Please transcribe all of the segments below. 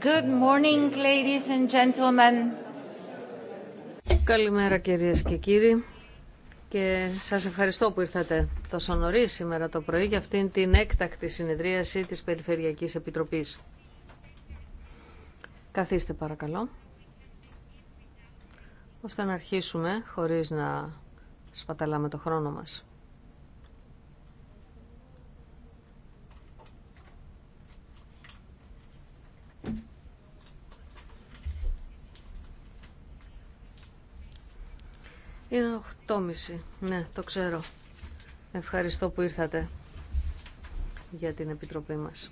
Good morning, ladies and gentlemen. Καλημέρα κυρίες και κύριοι και σας ευχαριστώ που ήρθατε τόσο νωρί σήμερα το πρωί για αυτήν την έκτακτη συνεδρίαση της Περιφερειακής Επιτροπής. Καθίστε παρακαλώ, ώστε να αρχίσουμε χωρίς να σπαταλάμε το χρόνο μας. Είναι 8.30. Ναι, το ξέρω. Ευχαριστώ που ήρθατε για την Επιτροπή μας.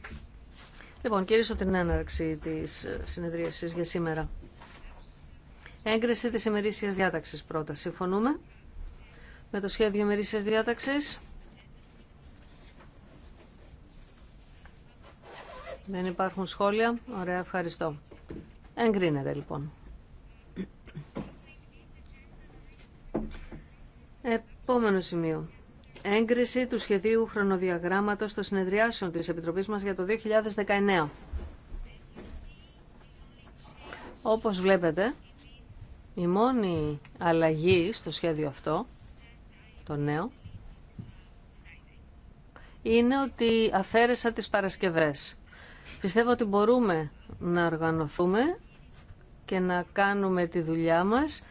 Λοιπόν, κυρίσω την έναρξη της συνεδρίασης για σήμερα. Έγκριση της ημερήσιας διάταξης πρώτα. Συμφωνούμε με το σχέδιο ημερήσιας διάταξης. Δεν υπάρχουν σχόλια. Ωραία, ευχαριστώ. Εγκρίνεται λοιπόν. Επόμενο σημείο. Έγκριση του σχεδίου χρονοδιαγράμματος των συνεδριάσεων της Επιτροπής μας για το 2019. Όπως βλέπετε, η μόνη αλλαγή στο σχέδιο αυτό, το νέο, είναι ότι αφαίρεσα τις Παρασκευές. Πιστεύω ότι μπορούμε να οργανωθούμε και να κάνουμε τη δουλειά μας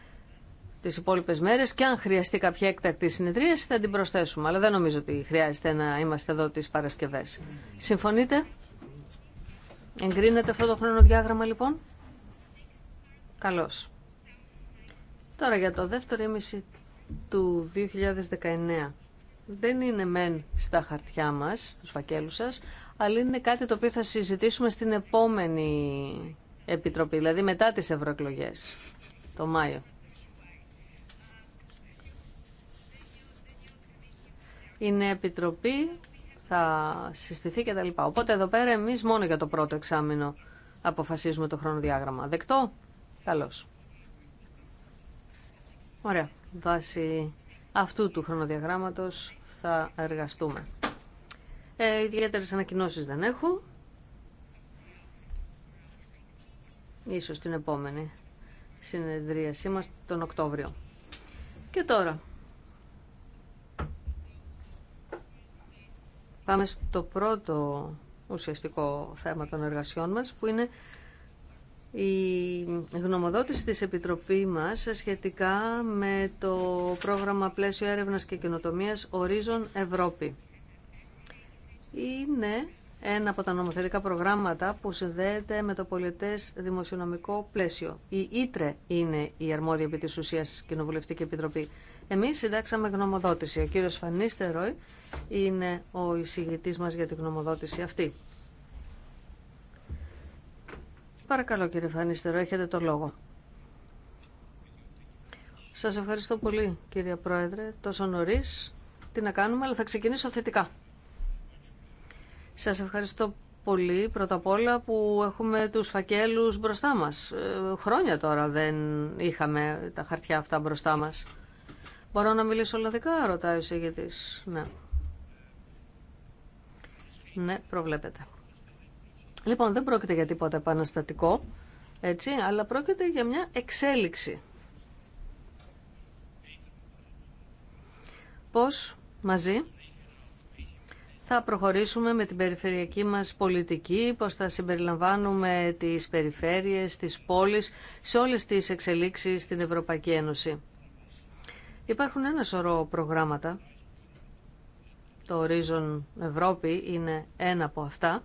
τις υπόλοιπες μέρες και αν χρειαστεί κάποια έκτακτη συνεδρία θα την προσθέσουμε. Αλλά δεν νομίζω ότι χρειάζεται να είμαστε εδώ τις Παρασκευές. Συμφωνείτε? Εγκρίνεται αυτό το χρονοδιάγραμμα λοιπόν? Καλώς. Τώρα για το δεύτερο ήμιση του 2019. Δεν είναι μεν στα χαρτιά μας, στους φακέλους σας, αλλά είναι κάτι το οποίο θα συζητήσουμε στην επόμενη επιτροπή, δηλαδή μετά τις ευρωεκλογέ, το Μάιο. η νέα επιτροπή θα συστηθεί κλπ. Οπότε εδώ πέρα εμεί μόνο για το πρώτο εξάμεινο αποφασίζουμε το χρονοδιάγραμμα. Δεκτό. Καλώ. Ωραία. Βάσει αυτού του χρονοδιαγράμματος θα εργαστούμε. Ε, ιδιαίτερες ανακοινώσεις δεν έχω. Ίσως την επόμενη συνεδρίασή μας τον Οκτώβριο. Και τώρα Πάμε στο πρώτο ουσιαστικό θέμα των εργασιών μας που είναι η γνωμοδότηση της Επιτροπή μας σχετικά με το πρόγραμμα πλαίσιο έρευνας και κοινοτομίας Ορίζων Ευρώπη. Είναι ένα από τα νομοθετικά προγράμματα που συνδέεται με το πολιτές δημοσιονομικό πλαίσιο. Η ΙΤΡΕ είναι η αρμόδια επί της ουσίας Κοινοβουλευτική Επιτροπή. Εμείς συντάξαμε γνωμοδότηση. Ο κύριος Φανίστεροι είναι ο εισηγητή μας για τη γνωμοδότηση αυτή. Παρακαλώ κύριε Φανίστερο, έχετε το λόγο. Σας ευχαριστώ πολύ κύριε Πρόεδρε, τόσο νωρί. Τι να κάνουμε, αλλά θα ξεκινήσω θετικά. Σας ευχαριστώ πολύ πρώτα απ' όλα που έχουμε τους φακέλους μπροστά μας. Ε, χρόνια τώρα δεν είχαμε τα χαρτιά αυτά μπροστά μας. Μπορώ να μιλήσω Ολλανδικά, ρωτάει ο εισηγητής. Ναι. Ναι, προβλέπετε. Λοιπόν, δεν πρόκειται για τίποτα επαναστατικό, έτσι, αλλά πρόκειται για μια εξέλιξη. Πώς μαζί θα προχωρήσουμε με την περιφερειακή μας πολιτική, πώς θα συμπεριλαμβάνουμε τις περιφέρειες, τις πόλεις, σε όλες τις εξελίξεις στην Ευρωπαϊκή Ένωση. Υπάρχουν ένα σωρό προγράμματα. Το Horizon Ευρώπη είναι ένα από αυτά.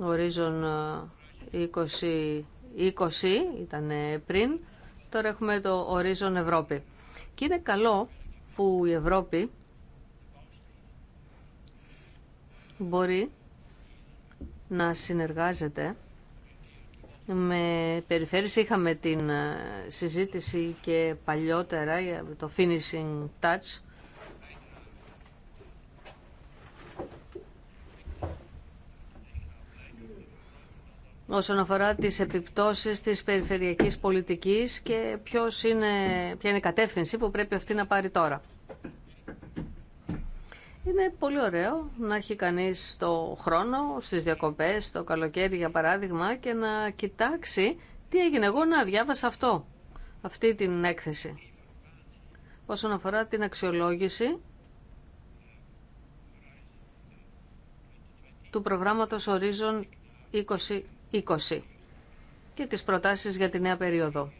Horizon 2020 ε, ήταν ε, πριν, τώρα έχουμε το Horizon Ευρώπη. Και είναι καλό που η Ευρώπη μπορεί να συνεργάζεται με περιφέρεις είχαμε την ε, συζήτηση και παλιότερα για το finishing touch όσον αφορά τις επιπτώσεις της περιφερειακής πολιτικής και ποιος είναι, ποια είναι η κατεύθυνση που πρέπει αυτή να πάρει τώρα. Είναι πολύ ωραίο να έχει κανείς το χρόνο στις διακοπές, το καλοκαίρι για παράδειγμα και να κοιτάξει τι έγινε εγώ να διάβασα αυτό, αυτή την έκθεση. Όσον αφορά την αξιολόγηση του προγράμματος Horizon 2020 και τις προτάσεις για τη νέα περίοδο.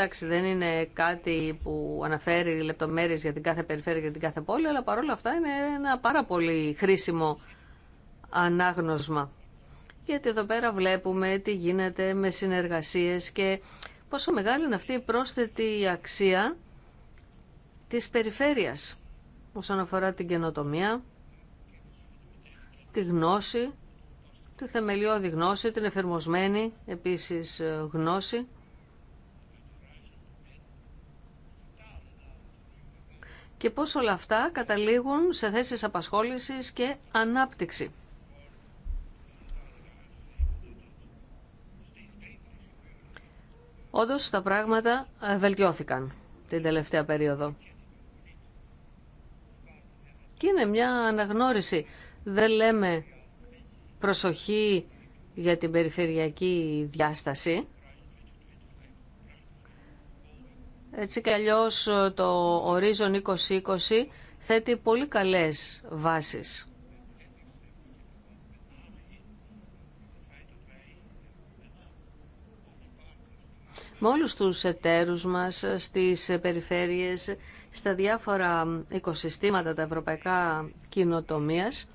Εντάξει, δεν είναι κάτι που αναφέρει λεπτομέρειες για την κάθε περιφέρεια και την κάθε πόλη, αλλά παρόλα αυτά είναι ένα πάρα πολύ χρήσιμο ανάγνωσμα. Γιατί εδώ πέρα βλέπουμε τι γίνεται με συνεργασίες και πόσο μεγάλη είναι αυτή η πρόσθετη αξία της περιφέρειας όσον αφορά την καινοτομία, τη γνώση, τη θεμελιώδη γνώση, την εφερμοσμένη επίσης γνώση και πώς όλα αυτά καταλήγουν σε θέσεις απασχόλησης και ανάπτυξη. Όντως τα πράγματα ε, βελτιώθηκαν την τελευταία περίοδο. Και είναι μια αναγνώριση. Δεν λέμε προσοχή για την περιφερειακή διάσταση, Έτσι κι αλλιώς ε, το Horizon 2020 θέτει πολύ καλές βάσεις. Με όλους τους εταίρους μας ε, στις περιφέρειες, στα διάφορα οικοσυστήματα τα ευρωπαϊκά κοινοτομίας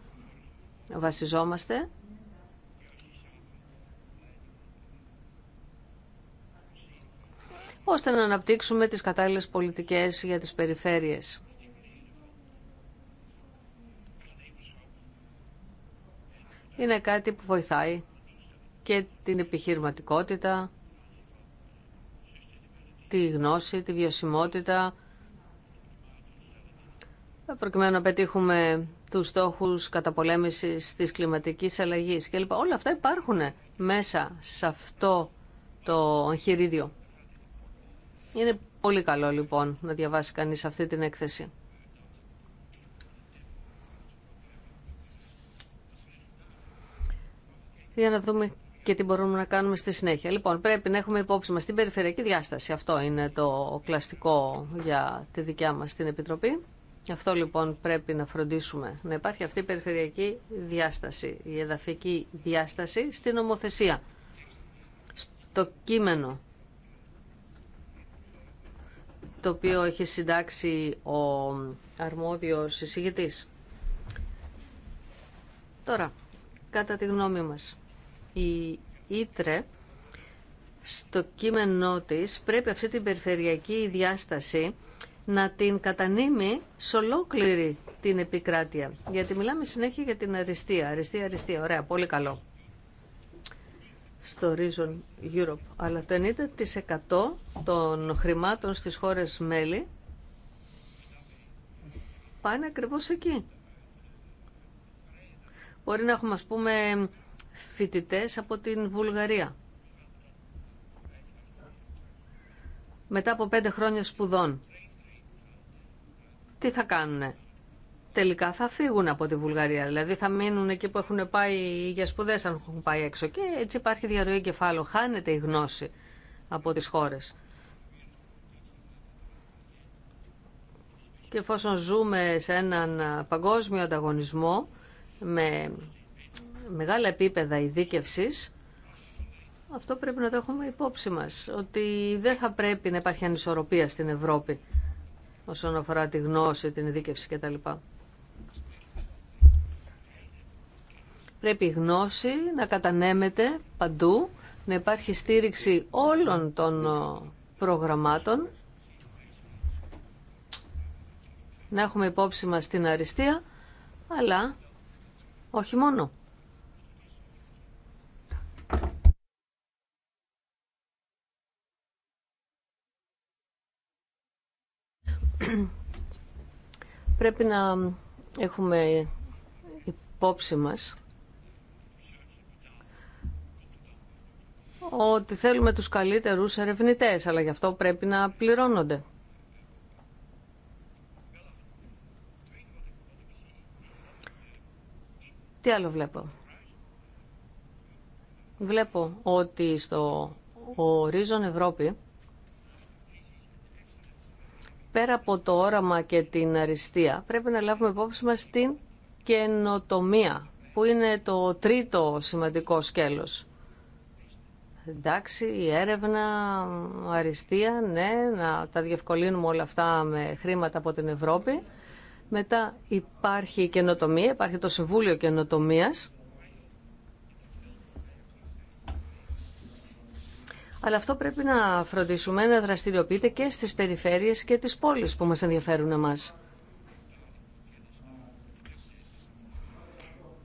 βασιζόμαστε ώστε να αναπτύξουμε τις κατάλληλες πολιτικές για τις περιφέρειες. Είναι κάτι που βοηθάει και την επιχειρηματικότητα, τη γνώση, τη βιωσιμότητα, προκειμένου να πετύχουμε τους στόχους καταπολέμησης της κλιματικής αλλαγής κλπ. Όλα αυτά υπάρχουν μέσα σε αυτό το εγχειρίδιο. Είναι πολύ καλό λοιπόν να διαβάσει κανείς αυτή την έκθεση. Για να δούμε και τι μπορούμε να κάνουμε στη συνέχεια. Λοιπόν, πρέπει να έχουμε υπόψη μας την περιφερειακή διάσταση. Αυτό είναι το κλαστικό για τη δικιά μας την Επιτροπή. Αυτό λοιπόν πρέπει να φροντίσουμε, να υπάρχει αυτή η περιφερειακή διάσταση, η εδαφική διάσταση στην ομοθεσία, στο κείμενο το οποίο έχει συντάξει ο αρμόδιος εισηγητής. Τώρα, κατά τη γνώμη μας, η Ήτρε στο κείμενό της πρέπει αυτή την περιφερειακή διάσταση να την κατανείμει σε ολόκληρη την επικράτεια. Γιατί μιλάμε συνέχεια για την αριστεία. Αριστεία, αριστεία. Ωραία, πολύ καλό στο Horizon Europe, αλλά το 90% των χρημάτων στις χώρες μέλη πάνε ακριβώς εκεί. Μπορεί να έχουμε, ας πούμε, φοιτητέ από την Βουλγαρία. Μετά από πέντε χρόνια σπουδών. Τι θα κάνουνε τελικά θα φύγουν από τη Βουλγαρία. Δηλαδή θα μείνουν εκεί που έχουν πάει για σπουδέ, αν έχουν πάει έξω. Και έτσι υπάρχει διαρροή κεφάλαιο. Χάνεται η γνώση από τι χώρε. Και εφόσον ζούμε σε έναν παγκόσμιο ανταγωνισμό με μεγάλα επίπεδα ειδίκευση, αυτό πρέπει να το έχουμε υπόψη μας, ότι δεν θα πρέπει να υπάρχει ανισορροπία στην Ευρώπη όσον αφορά τη γνώση, την ειδίκευση κτλ. Πρέπει η γνώση να κατανέμεται παντού, να υπάρχει στήριξη όλων των ε, προγραμμάτων, να έχουμε υπόψη μας την αριστεία, αλλά όχι μόνο. Πρέπει να έχουμε υπόψη μας ότι θέλουμε τους καλύτερους ερευνητές, αλλά γι' αυτό πρέπει να πληρώνονται. Τι άλλο βλέπω. Βλέπω ότι στο ορίζον Ευρώπη, πέρα από το όραμα και την αριστεία, πρέπει να λάβουμε υπόψη μας την καινοτομία, που είναι το τρίτο σημαντικό σκέλος εντάξει, η έρευνα, αριστεία, ναι, να τα διευκολύνουμε όλα αυτά με χρήματα από την Ευρώπη. Μετά υπάρχει η καινοτομία, υπάρχει το Συμβούλιο Καινοτομίας. Αλλά αυτό πρέπει να φροντίσουμε να δραστηριοποιείται και στις περιφέρειες και τις πόλεις που μας ενδιαφέρουν εμάς.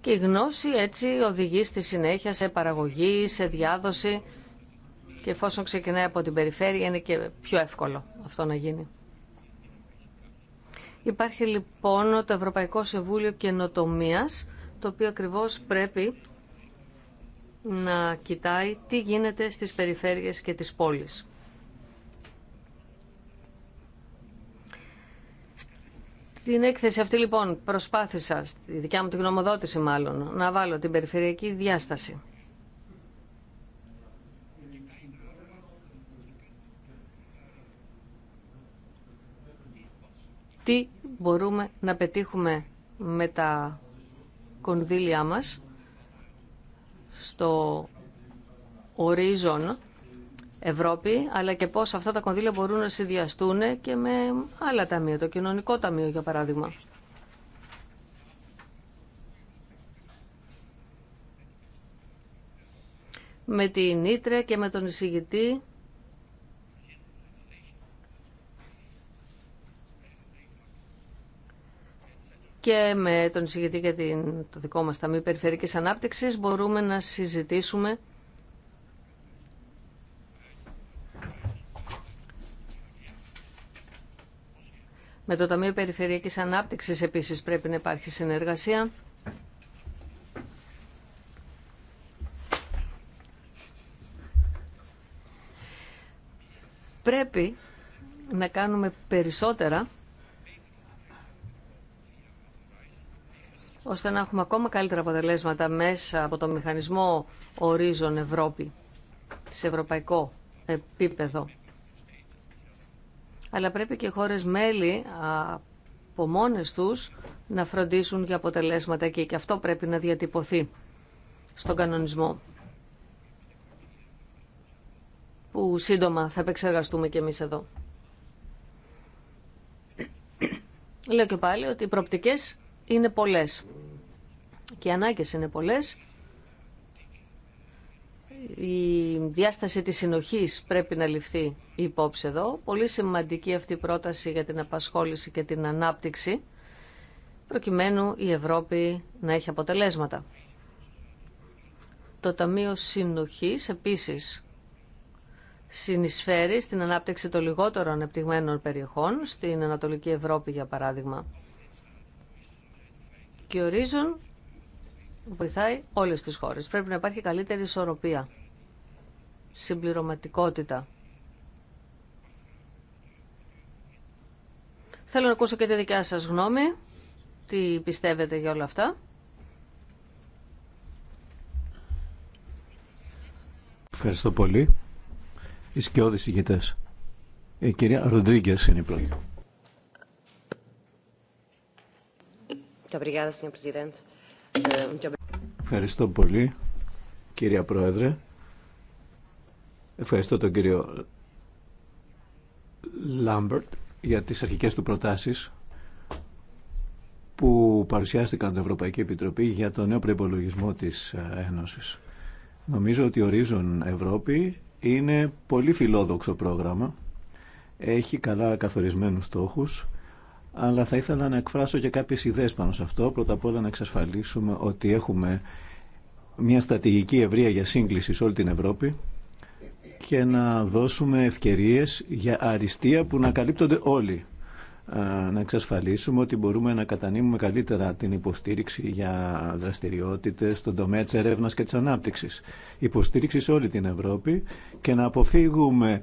Και η γνώση έτσι οδηγεί στη συνέχεια σε παραγωγή, σε διάδοση και εφόσον ξεκινάει από την περιφέρεια είναι και πιο εύκολο αυτό να γίνει. Υπάρχει λοιπόν το Ευρωπαϊκό Συμβούλιο Καινοτομίας, το οποίο ακριβώς πρέπει να κοιτάει τι γίνεται στις περιφέρειες και τις πόλεις. Στην έκθεση αυτή λοιπόν προσπάθησα, στη δικιά μου την γνωμοδότηση μάλλον, να βάλω την περιφερειακή διάσταση. Τι μπορούμε να πετύχουμε με τα κονδύλια μας στο ορίζον Ευρώπη, αλλά και πώς αυτά τα κονδύλια μπορούν να συνδυαστούν και με άλλα ταμεία, το κοινωνικό ταμείο για παράδειγμα. Με την Ήτρε και με τον εισηγητή και με τον εισηγητή για το δικό μας Ταμείο Περιφερικής Ανάπτυξης μπορούμε να συζητήσουμε Με το Ταμείο Περιφερειακής Ανάπτυξης επίσης πρέπει να υπάρχει συνεργασία. Πρέπει να κάνουμε περισσότερα ώστε να έχουμε ακόμα καλύτερα αποτελέσματα μέσα από το μηχανισμό ορίζων Ευρώπη σε ευρωπαϊκό επίπεδο αλλά πρέπει και οι χώρες μέλη από μόνες τους να φροντίσουν για αποτελέσματα και, και αυτό πρέπει να διατυπωθεί στον κανονισμό που σύντομα θα επεξεργαστούμε και εμείς εδώ. Λέω και πάλι ότι οι προπτικές είναι πολλές και οι ανάγκες είναι πολλές η διάσταση της συνοχής πρέπει να ληφθεί υπόψη εδώ. Πολύ σημαντική αυτή η πρόταση για την απασχόληση και την ανάπτυξη, προκειμένου η Ευρώπη να έχει αποτελέσματα. Το Ταμείο Συνοχής επίσης συνεισφέρει στην ανάπτυξη των λιγότερων ανεπτυγμένων περιοχών, στην Ανατολική Ευρώπη για παράδειγμα. Και ορίζουν βοηθάει όλες τις χώρες. Πρέπει να υπάρχει καλύτερη ισορροπία, συμπληρωματικότητα. Θέλω να ακούσω και τη δικιά σας γνώμη, τι πιστεύετε για όλα αυτά. Ευχαριστώ πολύ. Οι σκιώδεις ηγητές. Η κυρία Ροντρίγκες είναι η πρώτη. Ε, Ευχαριστώ πολύ, κυρία Πρόεδρε. Ευχαριστώ τον κύριο Λάμπερτ για τις αρχικές του προτάσεις που παρουσιάστηκαν την Ευρωπαϊκή Επιτροπή για το νέο προπολογισμό της ε, Ένωσης. Νομίζω ότι ορίζον Ευρώπη είναι πολύ φιλόδοξο πρόγραμμα, έχει καλά καθορισμένους στόχους αλλά θα ήθελα να εκφράσω και κάποιες ιδέες πάνω σε αυτό. Πρώτα απ' όλα να εξασφαλίσουμε ότι έχουμε μια στρατηγική ευρεία για σύγκληση σε όλη την Ευρώπη και να δώσουμε ευκαιρίες για αριστεία που να καλύπτονται όλοι. Να εξασφαλίσουμε ότι μπορούμε να κατανείμουμε καλύτερα την υποστήριξη για δραστηριότητες στον τομέα της ερεύνας και της ανάπτυξης. Υποστήριξη σε όλη την Ευρώπη και να αποφύγουμε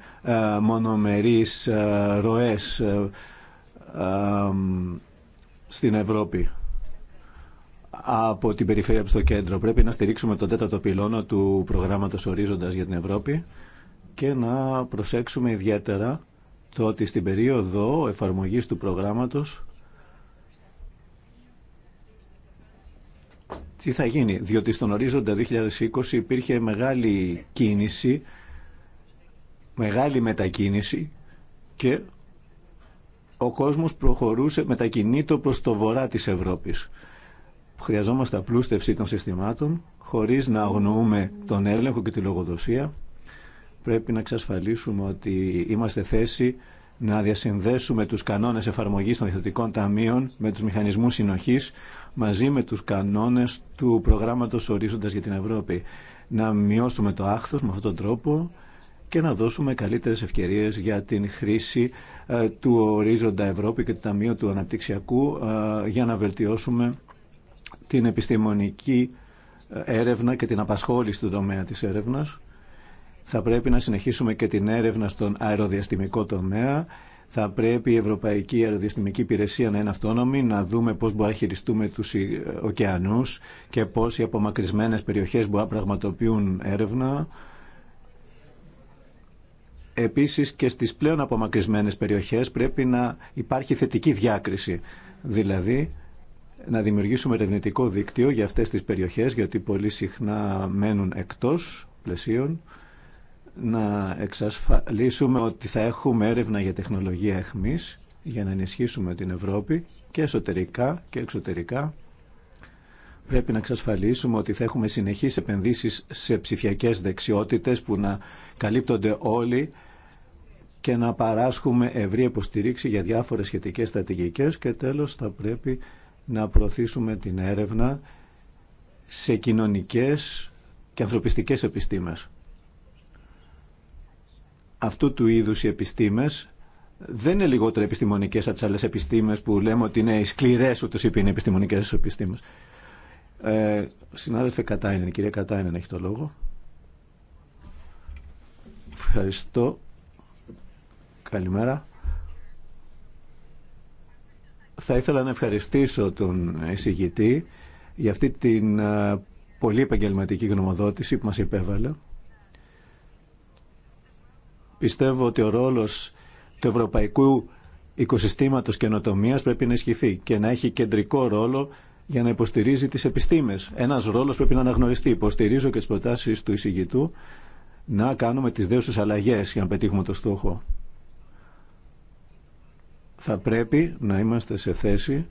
μονομερείς ροές στην Ευρώπη από την περιφέρεια το κέντρο. Πρέπει να στηρίξουμε τον τέταρτο πυλώνα του προγράμματος Ορίζοντας για την Ευρώπη και να προσέξουμε ιδιαίτερα το ότι στην περίοδο εφαρμογής του προγράμματος τι θα γίνει, διότι στον ορίζοντα 2020 υπήρχε μεγάλη κίνηση, μεγάλη μετακίνηση και ο κόσμος προχωρούσε, μετακινείτο προς το βορρά της Ευρώπης. Χρειαζόμαστε απλούστευση των συστημάτων, χωρίς να αγνοούμε τον έλεγχο και τη λογοδοσία. Πρέπει να εξασφαλίσουμε ότι είμαστε θέση να διασυνδέσουμε τους κανόνες εφαρμογής των διεθνωτικών ταμείων με τους μηχανισμούς συνοχής μαζί με τους κανόνες του προγράμματος ορίζοντας για την Ευρώπη. Να μειώσουμε το άχθος με αυτόν τον τρόπο, και να δώσουμε καλύτερες ευκαιρίες για την χρήση ε, του ορίζοντα Ευρώπη και του Ταμείου του Αναπτυξιακού ε, για να βελτιώσουμε την επιστημονική ε, έρευνα και την απασχόληση του τομέα της έρευνας. Θα πρέπει να συνεχίσουμε και την έρευνα στον αεροδιαστημικό τομέα. Θα πρέπει η Ευρωπαϊκή Αεροδιαστημική Υπηρεσία να είναι αυτόνομη, να δούμε πώς μπορεί να χειριστούμε τους ωκεανούς και πώς οι απομακρυσμένες περιοχές μπορούν να πραγματοποιούν έρευνα. Επίσης και στις πλέον απομακρυσμένες περιοχές πρέπει να υπάρχει θετική διάκριση. Δηλαδή να δημιουργήσουμε ερευνητικό δίκτυο για αυτές τις περιοχές γιατί πολύ συχνά μένουν εκτός πλαισίων να εξασφαλίσουμε ότι θα έχουμε έρευνα για τεχνολογία εχμής για να ενισχύσουμε την Ευρώπη και εσωτερικά και εξωτερικά. Πρέπει να εξασφαλίσουμε ότι θα έχουμε συνεχείς επενδύσεις σε ψηφιακές δεξιότητες που να καλύπτονται όλοι και να παράσχουμε ευρή υποστηρίξη για διάφορες σχετικές στρατηγικές και τέλος θα πρέπει να προωθήσουμε την έρευνα σε κοινωνικές και ανθρωπιστικές επιστήμες. Αυτού του είδους οι επιστήμες δεν είναι λιγότερο επιστημονικές από τι άλλες επιστήμες που λέμε ότι είναι οι σκληρές ούτως είπε είναι επιστημονικές επιστήμες. Ε, συνάδελφε Κατάινεν, κυρία Κατάινεν έχει το λόγο. Ευχαριστώ Καλημέρα. Θα ήθελα να ευχαριστήσω τον εισηγητή για αυτή την ε, πολύ επαγγελματική γνωμοδότηση που μας υπέβαλε. Πιστεύω ότι ο ρόλος του Ευρωπαϊκού Οικοσυστήματος Καινοτομίας πρέπει να ισχυθεί και να έχει κεντρικό ρόλο για να υποστηρίζει τις επιστήμες. Ένας ρόλος πρέπει να αναγνωριστεί. Υποστηρίζω και τις προτάσεις του εισηγητού να κάνουμε τις δέουσες αλλαγές για να πετύχουμε το στόχο θα πρέπει να είμαστε σε θέση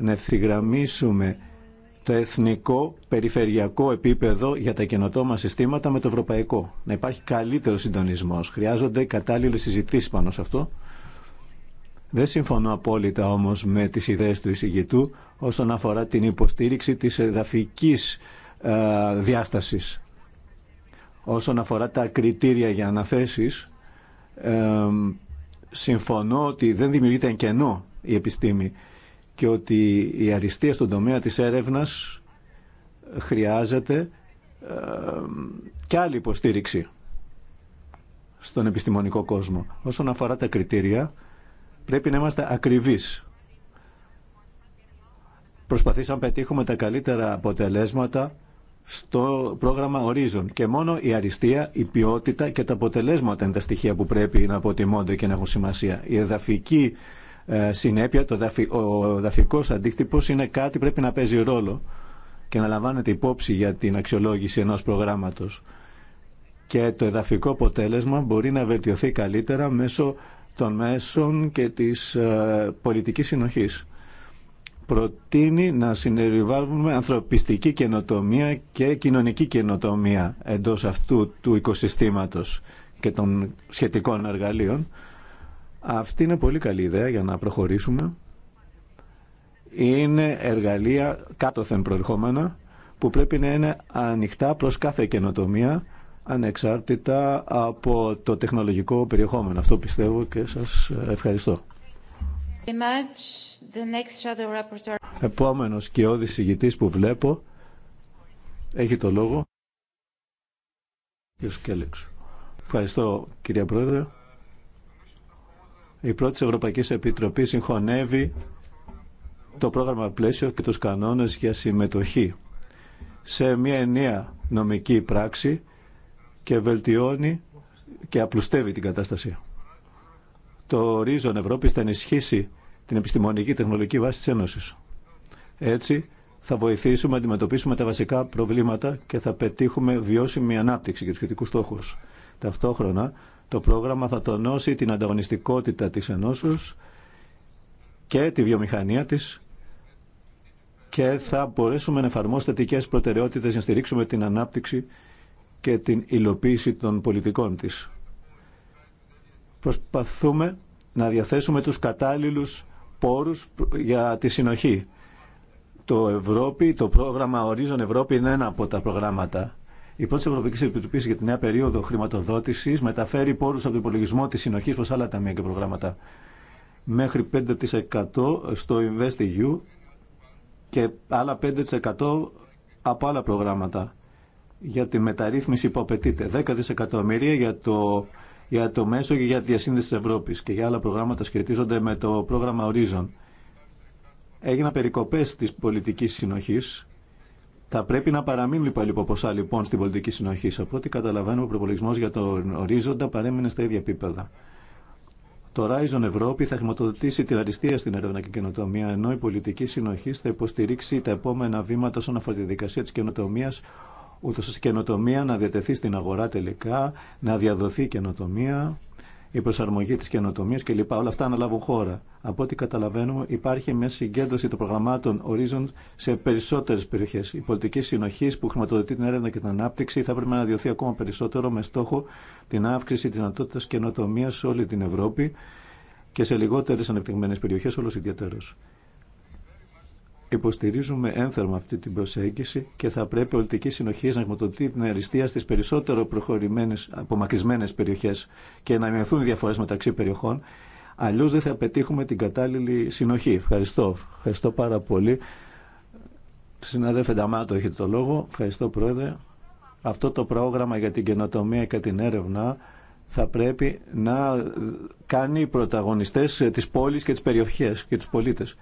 να ευθυγραμμίσουμε το εθνικό περιφερειακό επίπεδο για τα καινοτόμα συστήματα με το ευρωπαϊκό. Να υπάρχει καλύτερο συντονισμό. Χρειάζονται κατάλληλε συζητήσει πάνω σε αυτό. Δεν συμφωνώ απόλυτα όμω με τι ιδέε του εισηγητού όσον αφορά την υποστήριξη τη εδαφική ε, διάσταση. Όσον αφορά τα κριτήρια για αναθέσει, ε, συμφωνώ ότι δεν δημιουργείται εν κενό η επιστήμη και ότι η αριστεία στον τομέα της έρευνας χρειάζεται ε, και άλλη υποστήριξη στον επιστημονικό κόσμο. Όσον αφορά τα κριτήρια, πρέπει να είμαστε ακριβείς. Προσπαθήσαμε να πετύχουμε τα καλύτερα αποτελέσματα στο πρόγραμμα Horizon. Και μόνο η αριστεία, η ποιότητα και τα αποτελέσματα είναι τα στοιχεία που πρέπει να αποτιμώνται και να έχουν σημασία. Η εδαφική ε, συνέπεια, το δαφι, ο εδαφικό αντίκτυπο είναι κάτι πρέπει να παίζει ρόλο και να λαμβάνεται υπόψη για την αξιολόγηση ενός προγράμματος. Και το εδαφικό αποτέλεσμα μπορεί να βελτιωθεί καλύτερα μέσω των μέσων και της ε, πολιτικής συνοχής προτείνει να συνεριβάλλουμε ανθρωπιστική καινοτομία και κοινωνική καινοτομία εντός αυτού του οικοσυστήματος και των σχετικών εργαλείων. Αυτή είναι πολύ καλή ιδέα για να προχωρήσουμε. Είναι εργαλεία κάτωθεν προερχόμενα που πρέπει να είναι ανοιχτά προς κάθε καινοτομία ανεξάρτητα από το τεχνολογικό περιεχόμενο. Αυτό πιστεύω και σας ευχαριστώ. Επόμενος και ηγητής που βλέπω έχει το λόγο. Ευχαριστώ κυρία Πρόεδρε. Η πρώτη Ευρωπαϊκή Επιτροπή συγχωνεύει το πρόγραμμα πλαίσιο και τους κανόνες για συμμετοχή σε μια ενιαία νομική πράξη και βελτιώνει και απλουστεύει την κατάσταση το ορίζον Ευρώπης θα ενισχύσει την επιστημονική τεχνολογική βάση της Ένωσης. Έτσι θα βοηθήσουμε να αντιμετωπίσουμε τα βασικά προβλήματα και θα πετύχουμε βιώσιμη ανάπτυξη για τους σχετικούς στόχους. Ταυτόχρονα το πρόγραμμα θα τονώσει την ανταγωνιστικότητα της Ενώσης και τη βιομηχανία της και θα μπορέσουμε να εφαρμόσουμε θετικέ προτεραιότητες για να στηρίξουμε την ανάπτυξη και την υλοποίηση των πολιτικών της. Προσπαθούμε να διαθέσουμε τους κατάλληλους πόρους για τη συνοχή. Το Ευρώπη, το πρόγραμμα Horizon Ευρώπη είναι ένα από τα προγράμματα. Η πρώτη Ευρωπαϊκή Επιτροπή για τη νέα περίοδο χρηματοδότηση μεταφέρει πόρου από τον υπολογισμό τη συνοχή προ άλλα ταμεία και προγράμματα. Μέχρι 5% στο InvestEU και άλλα 5% από άλλα προγράμματα για τη μεταρρύθμιση που απαιτείται. 10 δισεκατομμύρια για το για το μέσο και για τη διασύνδεση τη Ευρώπη και για άλλα προγράμματα σχετίζονται με το πρόγραμμα Horizon. Έγιναν περικοπέ τη πολιτική συνοχή. Θα πρέπει να παραμείνουν πάλι λοιπόν ποσά λοιπόν στην πολιτική συνοχή. Από ό,τι καταλαβαίνουμε, ο προπολογισμό για τον ορίζοντα παρέμεινε στα ίδια επίπεδα. Το Horizon Ευρώπη θα χρηματοδοτήσει την αριστεία στην έρευνα και καινοτομία, ενώ η πολιτική συνοχή θα υποστηρίξει τα επόμενα βήματα όσον αφορά τη διαδικασία τη καινοτομία, ούτω ώστε καινοτομία να διατεθεί στην αγορά τελικά, να διαδοθεί καινοτομία, η προσαρμογή τη καινοτομία κλπ. Όλα αυτά αναλάβουν χώρα. Από ό,τι καταλαβαίνουμε, υπάρχει μια συγκέντρωση των προγραμμάτων Horizon σε περισσότερε περιοχέ. Η πολιτική συνοχή που χρηματοδοτεί την έρευνα και την ανάπτυξη θα πρέπει να διωθεί ακόμα περισσότερο με στόχο την αύξηση τη δυνατότητα καινοτομία σε όλη την Ευρώπη και σε λιγότερε ανεπτυγμένε περιοχέ, όλο ιδιαίτερω. Υποστηρίζουμε ένθερμα αυτή την προσέγγιση και θα πρέπει πολιτική συνοχή να χρηματοδοτεί την αριστεία στι περισσότερο προχωρημένε, απομακρυσμένε περιοχέ και να μειωθούν οι διαφορέ μεταξύ περιοχών. Αλλιώ δεν θα πετύχουμε την κατάλληλη συνοχή. Ευχαριστώ. Ευχαριστώ πάρα πολύ. Συνάδελφε Νταμάτο, έχετε το λόγο. Ευχαριστώ, Πρόεδρε. Αυτό το πρόγραμμα για την καινοτομία και την έρευνα θα πρέπει να κάνει πρωταγωνιστές τις πόλεις και τις περιοχές και τους πολίτες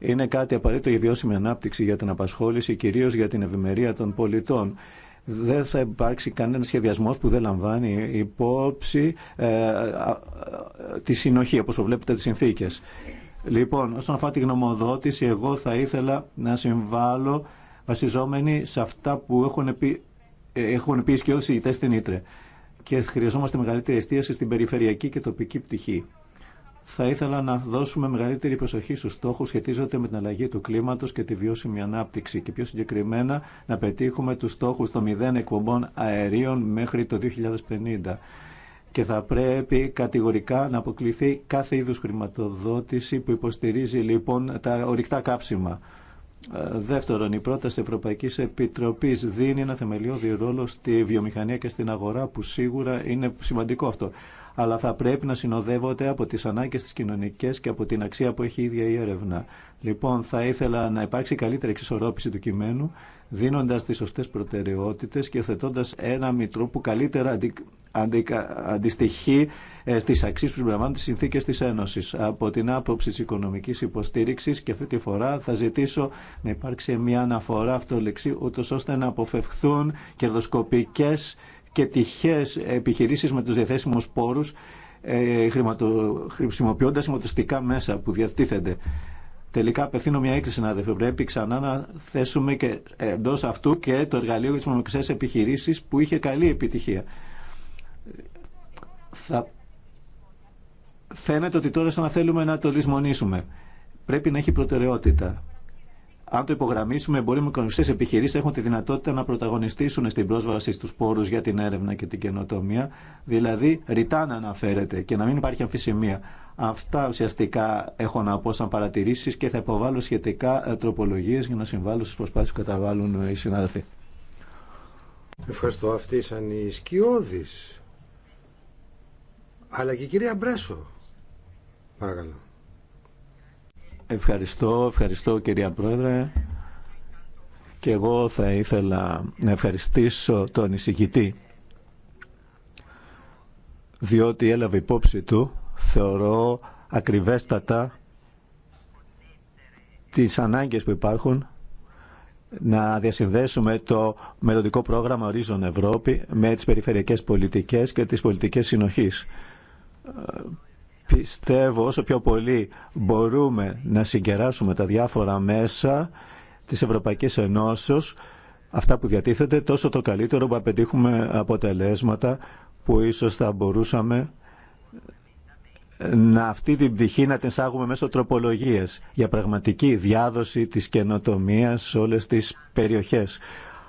είναι κάτι απαραίτητο για βιώσιμη ανάπτυξη, για την απασχόληση, κυρίω για την ευημερία των πολιτών. Δεν θα υπάρξει κανένα σχεδιασμός που δεν λαμβάνει υπόψη ε, τη συνοχή, όπως βλέπετε, τις συνθήκες. Λοιπόν, όσον αφορά τη γνωμοδότηση, εγώ θα ήθελα να συμβάλλω βασιζόμενοι σε αυτά που έχουν πει, έχουν πει οι σκιώδεις στην Ήτρε. Και χρειαζόμαστε μεγαλύτερη εστίαση στην περιφερειακή και τοπική πτυχή θα ήθελα να δώσουμε μεγαλύτερη προσοχή στους στόχους σχετίζονται με την αλλαγή του κλίματος και τη βιώσιμη ανάπτυξη και πιο συγκεκριμένα να πετύχουμε τους στόχους των μηδέν εκπομπών αερίων μέχρι το 2050 και θα πρέπει κατηγορικά να αποκληθεί κάθε είδους χρηματοδότηση που υποστηρίζει λοιπόν τα ορυκτά κάψιμα. Ε, δεύτερον, η πρόταση Ευρωπαϊκής Επιτροπής δίνει ένα θεμελιώδη ρόλο στη βιομηχανία και στην αγορά που σίγουρα είναι σημαντικό αυτό αλλά θα πρέπει να συνοδεύονται από τις ανάγκες της κοινωνικές και από την αξία που έχει η ίδια η έρευνα. Λοιπόν, θα ήθελα να υπάρξει καλύτερη εξισορρόπηση του κειμένου, δίνοντας τις σωστές προτεραιότητες και θετώντα ένα μητρό που καλύτερα αντι... αντιστοιχεί ε, στις αξίες που συμπεριλαμβάνουν τις συνθήκες της Ένωσης. Από την άποψη της οικονομικής υποστήριξης και αυτή τη φορά θα ζητήσω να υπάρξει μια αναφορά αυτολεξή, ούτως ώστε να αποφευχθούν κερδοσκοπικές και τυχαίες επιχειρήσεις με τους διαθέσιμους πόρους ε, χρησιμοποιώντα χρηματοστικά μέσα που διατίθενται. Τελικά απευθύνω μια έκκληση να πρέπει ξανά να θέσουμε και εντό αυτού και το εργαλείο για τις μονοξέ επιχειρήσεις που είχε καλή επιτυχία. Θα... Φαίνεται ότι τώρα σαν να θέλουμε να το λησμονήσουμε. Πρέπει να έχει προτεραιότητα αν το υπογραμμίσουμε, μπορεί οι μικρομεσαίε επιχειρήσει έχουν τη δυνατότητα να πρωταγωνιστήσουν στην πρόσβαση στου πόρου για την έρευνα και την καινοτομία. Δηλαδή, ρητά να αναφέρεται και να μην υπάρχει αμφισημία. Αυτά ουσιαστικά έχω να πω σαν παρατηρήσει και θα υποβάλω σχετικά ε, τροπολογίε για να συμβάλλω στι προσπάθειε που καταβάλουν ε, οι συνάδελφοι. Ευχαριστώ. Αυτή ήταν η Σκιώδη. Αλλά και η κυρία Μπρέσο. Παρακαλώ. Ευχαριστώ, ευχαριστώ κυρία Πρόεδρε. Και εγώ θα ήθελα να ευχαριστήσω τον εισηγητή διότι έλαβε υπόψη του, θεωρώ ακριβέστατα, τις ανάγκες που υπάρχουν να διασυνδέσουμε το μελλοντικό πρόγραμμα Ορίζον Ευρώπη με τις περιφερειακές πολιτικές και τις πολιτικές συνοχής Πιστεύω όσο πιο πολύ μπορούμε να συγκεράσουμε τα διάφορα μέσα της Ευρωπαϊκής Ενώσεως, αυτά που διατίθεται, τόσο το καλύτερο που απαιτήχουμε αποτελέσματα που ίσως θα μπορούσαμε να αυτή την πτυχή να την σάγουμε μέσω τροπολογίες για πραγματική διάδοση της καινοτομίας σε όλες τις περιοχές.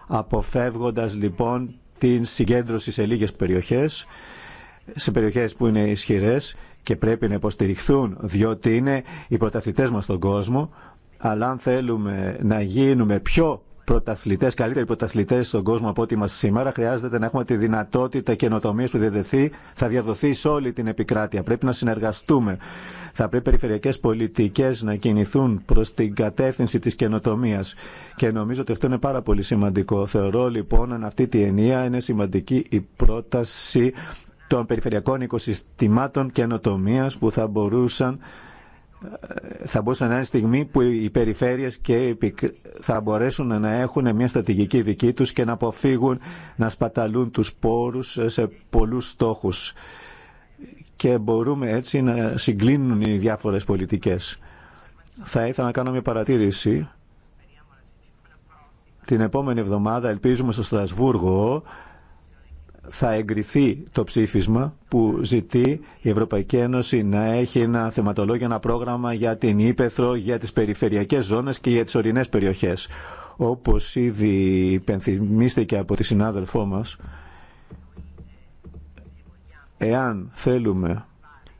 Αποφεύγοντας λοιπόν την συγκέντρωση σε λίγες περιοχές, σε περιοχές που είναι ισχυρές και πρέπει να υποστηριχθούν διότι είναι οι πρωταθλητές μας στον κόσμο αλλά αν θέλουμε να γίνουμε πιο πρωταθλητέ, καλύτεροι πρωταθλητέ στον κόσμο από ό,τι είμαστε σήμερα χρειάζεται να έχουμε τη δυνατότητα καινοτομία που διαδεθεί, θα διαδοθεί σε όλη την επικράτεια. Πρέπει να συνεργαστούμε. Θα πρέπει περιφερειακές πολιτικέ να κινηθούν προ την κατεύθυνση τη καινοτομία. Και νομίζω ότι αυτό είναι πάρα πολύ σημαντικό. Θεωρώ λοιπόν αν αυτή τη ενία είναι σημαντική η πρόταση των περιφερειακών οικοσυστημάτων και που θα μπορούσαν ε, θα μπορούσαν να είναι στιγμή που οι περιφέρειες και θα μπορέσουν να έχουν μια στρατηγική δική τους και να αποφύγουν να σπαταλούν τους πόρους σε πολλούς στόχους και μπορούμε έτσι να συγκλίνουν οι διάφορες πολιτικές. Θα ήθελα να κάνω μια παρατήρηση. Την επόμενη εβδομάδα ελπίζουμε στο Στρασβούργο θα εγκριθεί το ψήφισμα που ζητεί η Ευρωπαϊκή Ένωση να έχει ένα θεματολόγιο, ένα πρόγραμμα για την Ήπεθρο, για τις περιφερειακές ζώνες και για τις ορεινές περιοχές. Όπως ήδη υπενθυμίστηκε από τη συνάδελφό μας, εάν θέλουμε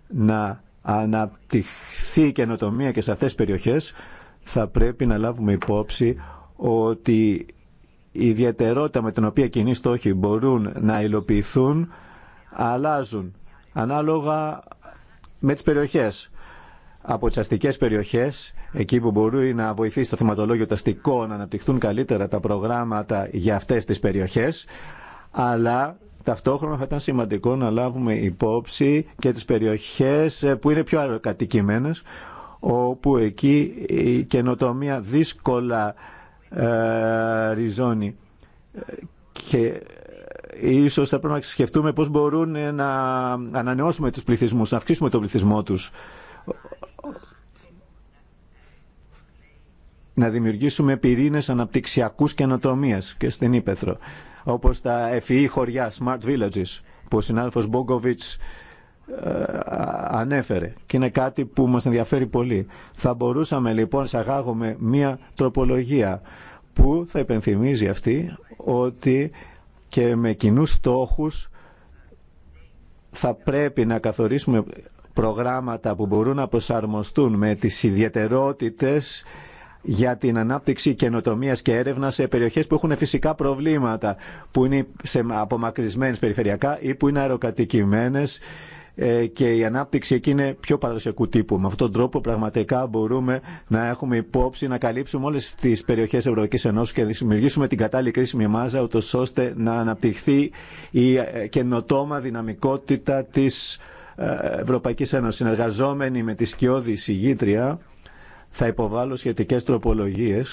να αναπτυχθεί η καινοτομία και σε αυτές τις περιοχές, θα πρέπει να λάβουμε υπόψη ότι η ιδιαιτερότητα με την οποία κοινοί στόχοι μπορούν να υλοποιηθούν αλλάζουν ανάλογα με τις περιοχές. Από τις αστικές περιοχές, εκεί που μπορεί να βοηθήσει το θεματολόγιο το αστικό να αναπτυχθούν καλύτερα τα προγράμματα για αυτές τις περιοχές, αλλά ταυτόχρονα θα ήταν σημαντικό να λάβουμε υπόψη και τις περιοχές που είναι πιο αεροκατοικημένες, όπου εκεί η καινοτομία δύσκολα ε, ριζώνει. Και ίσως θα πρέπει να σκεφτούμε πώς μπορούν να ανανεώσουμε τους πληθυσμούς, να αυξήσουμε τον πληθυσμό τους. Να δημιουργήσουμε πυρήνες αναπτυξιακούς και ανατομίας και στην Ήπεθρο. Όπως τα FEE χωριά, Smart Villages, που ο συνάδελφος Μπόγκοβιτς ε, ανέφερε και είναι κάτι που μας ενδιαφέρει πολύ. Θα μπορούσαμε λοιπόν να σαγάγουμε μία τροπολογία που θα υπενθυμίζει αυτή ότι και με κοινού στόχους θα πρέπει να καθορίσουμε προγράμματα που μπορούν να προσαρμοστούν με τις ιδιαιτερότητες για την ανάπτυξη καινοτομία και έρευνα σε περιοχέ που έχουν φυσικά προβλήματα, που είναι απομακρυσμένες απομακρυσμένε περιφερειακά ή που είναι αεροκατοικημένε ε, και η ανάπτυξη εκεί είναι πιο παραδοσιακού τύπου. Με αυτόν τον τρόπο πραγματικά μπορούμε να έχουμε υπόψη να καλύψουμε όλε τι περιοχέ Ευρωπαϊκή Ενώσης και να δημιουργήσουμε την κατάλληλη κρίσιμη μάζα, ούτω ώστε να αναπτυχθεί η ε, καινοτόμα δυναμικότητα τη ε, Ευρωπαϊκή Ένωση. Συνεργαζόμενοι με τη σκιώδη Συγήτρια, θα υποβάλω σχετικέ τροπολογίε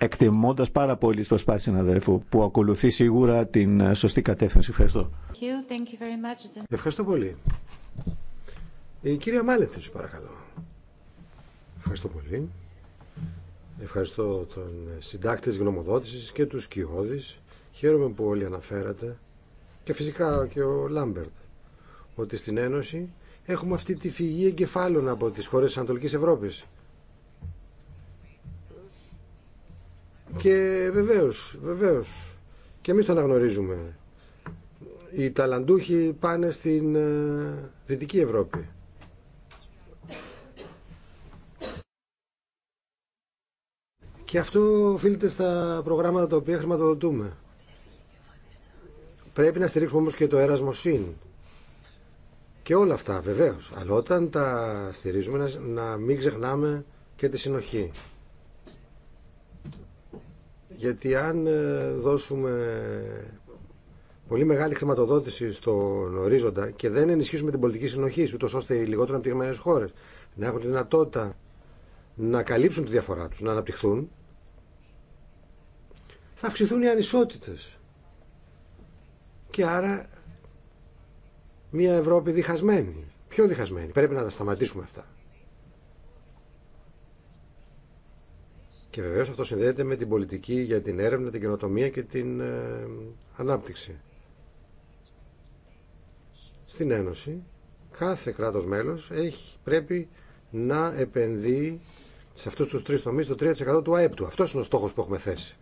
Εκτιμώντα πάρα πολύ τις προσπάθειες συναδελφού που ακολουθεί σίγουρα την ε, σωστή κατεύθυνση. Ευχαριστώ. Ευχαριστώ πολύ. Η κυρία Μάλεπτη, σου παρακαλώ. Ευχαριστώ πολύ. Ευχαριστώ τον συντάκτη της γνωμοδότησης και τους κοιόδης. Χαίρομαι που όλοι αναφέρατε και φυσικά και ο Λάμπερτ ότι στην Ένωση έχουμε αυτή τη φυγή εγκεφάλων από τις χώρες της Ανατολικής Ευρώπης Και βεβαίως, βεβαίως, και εμεί το αναγνωρίζουμε. Οι ταλαντούχοι πάνε στην ε, Δυτική Ευρώπη. Και αυτό οφείλεται στα προγράμματα τα οποία χρηματοδοτούμε. Πρέπει να στηρίξουμε όμως και το έρασμο ΣΥΝ. Και όλα αυτά βεβαίως. Αλλά όταν τα στηρίζουμε να μην ξεχνάμε και τη συνοχή. Γιατί αν ε, δώσουμε πολύ μεγάλη χρηματοδότηση στον ορίζοντα και δεν ενισχύσουμε την πολιτική συνοχή, ούτω ώστε οι λιγότερο αναπτυγμένε χώρε να έχουν τη δυνατότητα να καλύψουν τη διαφορά του, να αναπτυχθούν, θα αυξηθούν οι ανισότητε. Και άρα μια Ευρώπη διχασμένη. Πιο διχασμένη. Πρέπει να τα σταματήσουμε αυτά. Και βεβαίω αυτό συνδέεται με την πολιτική για την έρευνα, την καινοτομία και την ε, ανάπτυξη. Στην Ένωση κάθε κράτος μέλος έχει, πρέπει να επενδύει σε αυτούς τους τρεις τομείς το 3% του ΑΕΠ του. Αυτός είναι ο στόχος που έχουμε θέσει.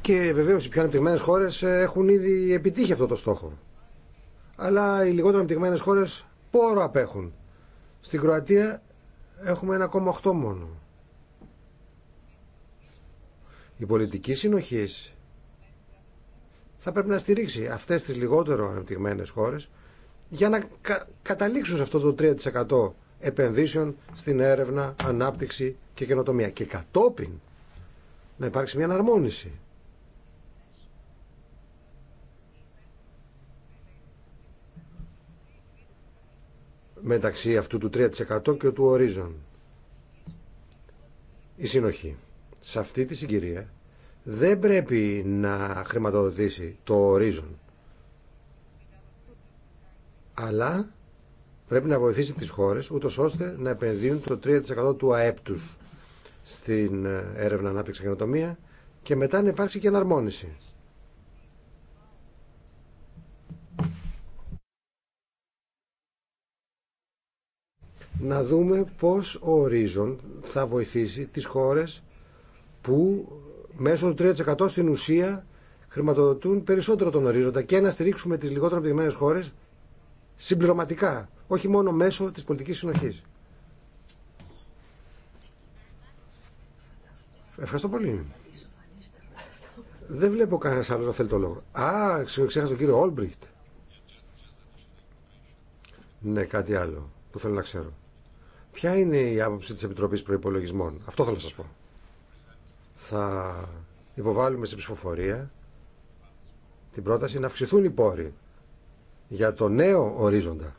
Και βεβαίω οι πιο ανεπτυγμένε χώρε ε, έχουν ήδη επιτύχει αυτό το στόχο. Αλλά οι λιγότερο ανεπτυγμένε χώρε πόρο απέχουν. Στην Κροατία έχουμε 1,8 μόνο. Η πολιτική συνοχή θα πρέπει να στηρίξει αυτές τις λιγότερο ανεπτυγμένες χώρες για να καταλήξουν σε αυτό το 3% επενδύσεων στην έρευνα, ανάπτυξη και καινοτομία. Και κατόπιν να υπάρξει μια αναρμόνιση μεταξύ αυτού του 3% και του ορίζον. Η συνοχή. Σε αυτή τη συγκυρία δεν πρέπει να χρηματοδοτήσει το ορίζον. Αλλά πρέπει να βοηθήσει τις χώρες ούτως ώστε να επενδύουν το 3% του ΑΕΠ τους στην ε, έρευνα ανάπτυξη και και μετά να υπάρξει και εναρμόνιση. να δούμε πώς ο ορίζον θα βοηθήσει τις χώρες που μέσω του 3% στην ουσία χρηματοδοτούν περισσότερο τον ορίζοντα και να στηρίξουμε τις λιγότερο αναπτυγμένες χώρες συμπληρωματικά, όχι μόνο μέσω της πολιτικής συνοχής. Ευχαριστώ πολύ. Δεν βλέπω κανένα άλλο να θέλει το λόγο. Α, ξέχασα τον κύριο Όλμπριχτ. Ναι, κάτι άλλο που θέλω να ξέρω. Ποια είναι η άποψη της Επιτροπής Προϋπολογισμών. Αυτό θέλω να σας πω. Θα υποβάλουμε σε ψηφοφορία την πρόταση να αυξηθούν οι πόροι για το νέο ορίζοντα.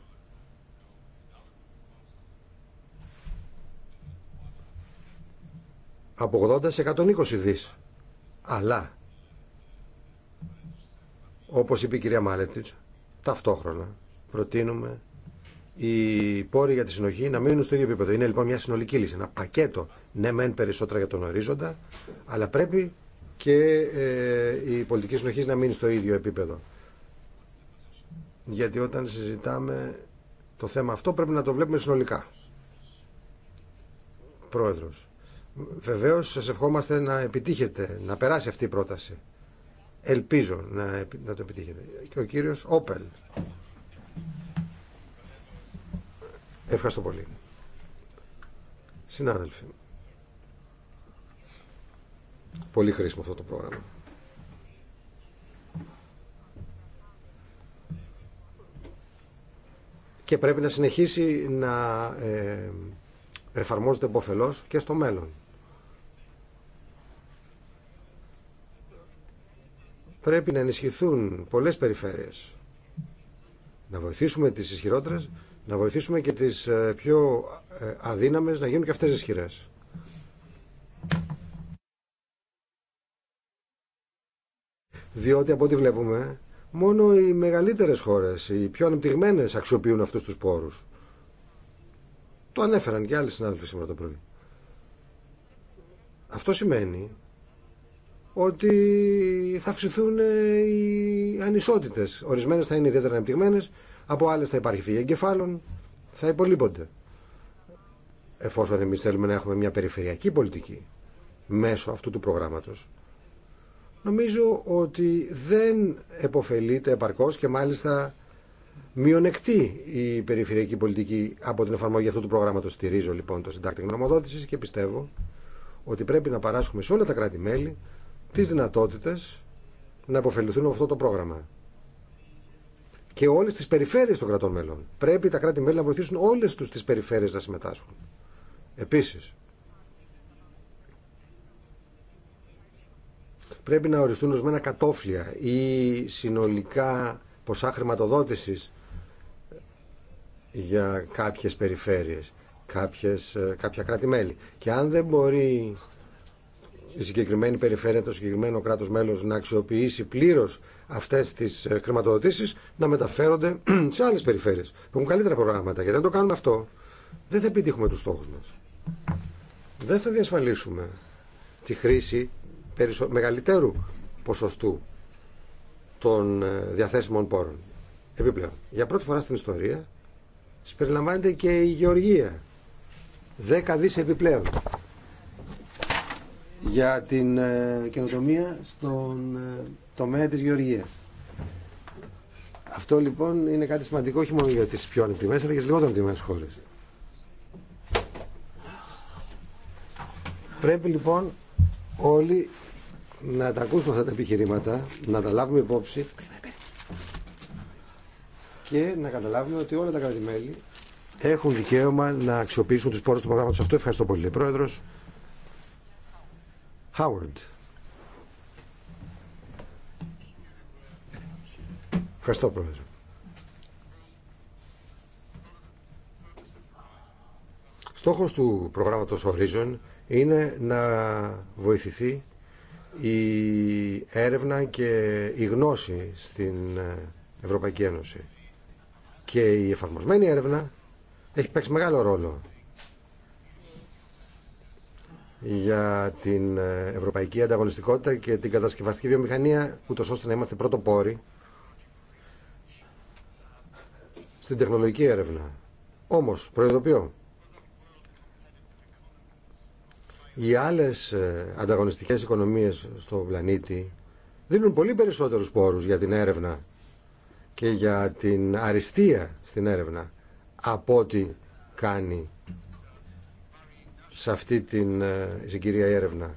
Από 80 σε 120 δις. Αλλά, όπως είπε η κυρία Μάλετιτς, ταυτόχρονα προτείνουμε οι πόροι για τη συνοχή να μείνουν στο ίδιο επίπεδο. Είναι λοιπόν μια συνολική λύση, ένα πακέτο. Ναι, μεν περισσότερα για τον ορίζοντα, αλλά πρέπει και ε, η πολιτική συνοχή να μείνει στο ίδιο επίπεδο. Γιατί όταν συζητάμε το θέμα αυτό πρέπει να το βλέπουμε συνολικά. πρόεδρο. Βεβαίω σα ευχόμαστε να επιτύχετε, να περάσει αυτή η πρόταση. Ελπίζω να, να το επιτύχετε. Και ο κύριο Όπελ. Ευχαριστώ πολύ. Συνάδελφοι, πολύ χρήσιμο αυτό το πρόγραμμα. Και πρέπει να συνεχίσει να ε, εφαρμόζεται εμποφελώς και στο μέλλον. Πρέπει να ενισχυθούν πολλές περιφέρειες. Να βοηθήσουμε τις ισχυρότερες να βοηθήσουμε και τις ε, πιο ε, αδύναμες να γίνουν και αυτές ισχυρέ. Διότι από ό,τι βλέπουμε, μόνο οι μεγαλύτερες χώρες, οι πιο ανεπτυγμένες αξιοποιούν αυτούς τους πόρους. Το ανέφεραν και άλλοι συνάδελφοι σήμερα το πρωί. Αυτό σημαίνει ότι θα αυξηθούν ε, οι ανισότητες. Ορισμένες θα είναι ιδιαίτερα ανεπτυγμένες από άλλε θα υπάρχει φύγη εγκεφάλων, θα υπολείπονται. Εφόσον εμεί θέλουμε να έχουμε μια περιφερειακή πολιτική μέσω αυτού του προγράμματος, νομίζω ότι δεν επωφελείται επαρκώς και μάλιστα μειονεκτεί η περιφερειακή πολιτική από την εφαρμογή αυτού του προγράμματος. Στηρίζω λοιπόν το συντάκτη γνωμοδότησης και πιστεύω ότι πρέπει να παράσχουμε σε όλα τα κράτη-μέλη τι δυνατότητε να υποφεληθούν από αυτό το πρόγραμμα και όλε τι περιφέρειες των κρατών μέλων. Πρέπει τα κράτη-μέλη να βοηθήσουν όλε του τι περιφέρειες να συμμετάσχουν. Επίση. πρέπει να οριστούν ορισμένα κατόφλια ή συνολικά ποσά χρηματοδότηση για κάποιε περιφερειες κάποιες, ε, κάποια κράτη-μέλη. Και αν δεν μπορεί η συγκεκριμένη περιφέρεια, το συγκεκριμένο κράτος μέλος να αξιοποιήσει πλήρω αυτές τις ε, χρηματοδοτήσεις να μεταφέρονται σε άλλες περιφέρειες που έχουν καλύτερα προγράμματα. Γιατί αν το κάνουμε αυτό δεν θα επιτύχουμε τους στόχους μας. Δεν θα διασφαλίσουμε τη χρήση περισσο... μεγαλύτερου ποσοστού των ε, διαθέσιμων πόρων. Επιπλέον, για πρώτη φορά στην ιστορία συμπεριλαμβάνεται και η γεωργία. δέκα δις επιπλέον για την ε, καινοτομία στον ε, τομέα της γεωργίας. Αυτό λοιπόν είναι κάτι σημαντικό όχι μόνο για τις πιο ανεπτυγμένες αλλά και τις λιγότερο χώρες. Πρέπει λοιπόν όλοι να τα ακούσουμε αυτά τα επιχειρήματα, να τα λάβουμε υπόψη και να καταλάβουμε ότι όλα τα κράτη-μέλη έχουν δικαίωμα να αξιοποιήσουν τους πόρους του προγράμματος. Αυτό ευχαριστώ πολύ, Πρόεδρος. Howard. Ευχαριστώ, Πρόεδρε. Στόχος του προγράμματος Horizon είναι να βοηθηθεί η έρευνα και η γνώση στην Ευρωπαϊκή Ένωση. Και η εφαρμοσμένη έρευνα έχει παίξει μεγάλο ρόλο για την ε, ευρωπαϊκή ανταγωνιστικότητα και την κατασκευαστική βιομηχανία, ούτω ώστε να είμαστε πρώτο πόροι στην τεχνολογική έρευνα. Όμως, προειδοποιώ, οι άλλες ε, ανταγωνιστικές οικονομίες στον πλανήτη δίνουν πολύ περισσότερους πόρους για την έρευνα και για την αριστεία στην έρευνα από ό,τι κάνει σε αυτή την ε, συγκυρία έρευνα.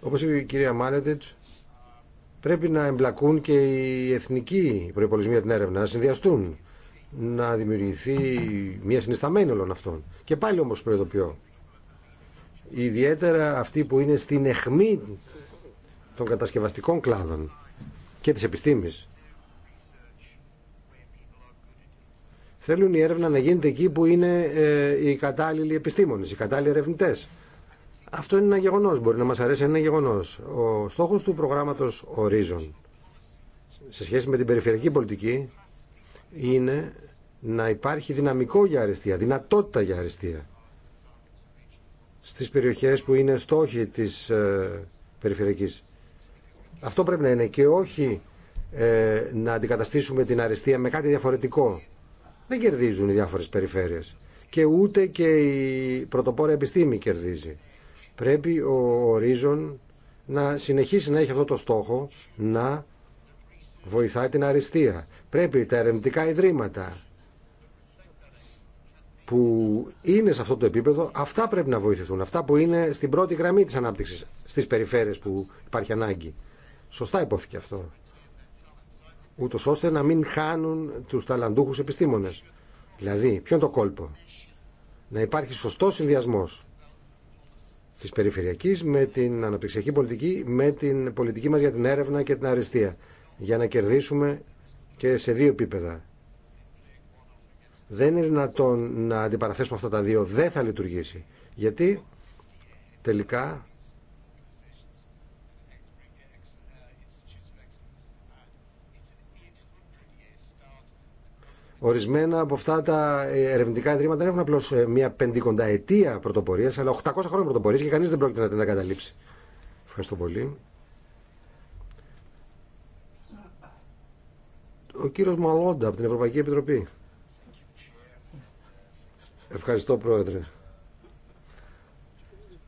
Όπως είπε η κυρία Μάλετιτς, πρέπει να εμπλακούν και οι εθνικοί προπολογισμοί για την έρευνα, να συνδυαστούν, να δημιουργηθεί μια συνισταμένη όλων αυτών. Και πάλι όμως προειδοποιώ, ιδιαίτερα αυτοί που είναι στην εχμή των κατασκευαστικών κλάδων και της επιστήμης, θέλουν η έρευνα να γίνεται εκεί που είναι ε, οι κατάλληλοι επιστήμονε, οι κατάλληλοι ερευνητέ. Αυτό είναι ένα γεγονό, μπορεί να μας αρέσει, ένα γεγονό. Ο στόχος του προγράμματος Horizon σε σχέση με την περιφερειακή πολιτική είναι να υπάρχει δυναμικό για αριστεία, δυνατότητα για αριστεία στις περιοχές που είναι στόχοι της ε, περιφερειακής. Αυτό πρέπει να είναι και όχι ε, να αντικαταστήσουμε την αριστεία με κάτι διαφορετικό δεν κερδίζουν οι διάφορες περιφέρειες και ούτε και η πρωτοπόρα επιστήμη κερδίζει. Πρέπει ο ορίζον να συνεχίσει να έχει αυτό το στόχο να βοηθάει την αριστεία. Πρέπει τα ερευνητικά ιδρύματα που είναι σε αυτό το επίπεδο, αυτά πρέπει να βοηθηθούν. Αυτά που είναι στην πρώτη γραμμή της ανάπτυξης, στις περιφέρειες που υπάρχει ανάγκη. Σωστά υπόθηκε αυτό ούτω ώστε να μην χάνουν τους ταλαντούχους επιστήμονες. Δηλαδή, ποιο είναι το κόλπο. Να υπάρχει σωστό συνδυασμό τη περιφερειακή με την αναπτυξιακή πολιτική, με την πολιτική μας για την έρευνα και την αριστεία. Για να κερδίσουμε και σε δύο επίπεδα. Δεν είναι δυνατόν να αντιπαραθέσουμε αυτά τα δύο. Δεν θα λειτουργήσει. Γιατί τελικά Ορισμένα από αυτά τα ε, ερευνητικά ιδρύματα δεν έχουν απλώ ε, μια πεντηκονταετία πρωτοπορία, αλλά 800 χρόνια πρωτοπορία και κανεί δεν πρόκειται να την εγκαταλείψει. Ευχαριστώ πολύ. Ο κύριο Μαλόντα από την Ευρωπαϊκή Επιτροπή. Ευχαριστώ Πρόεδρε.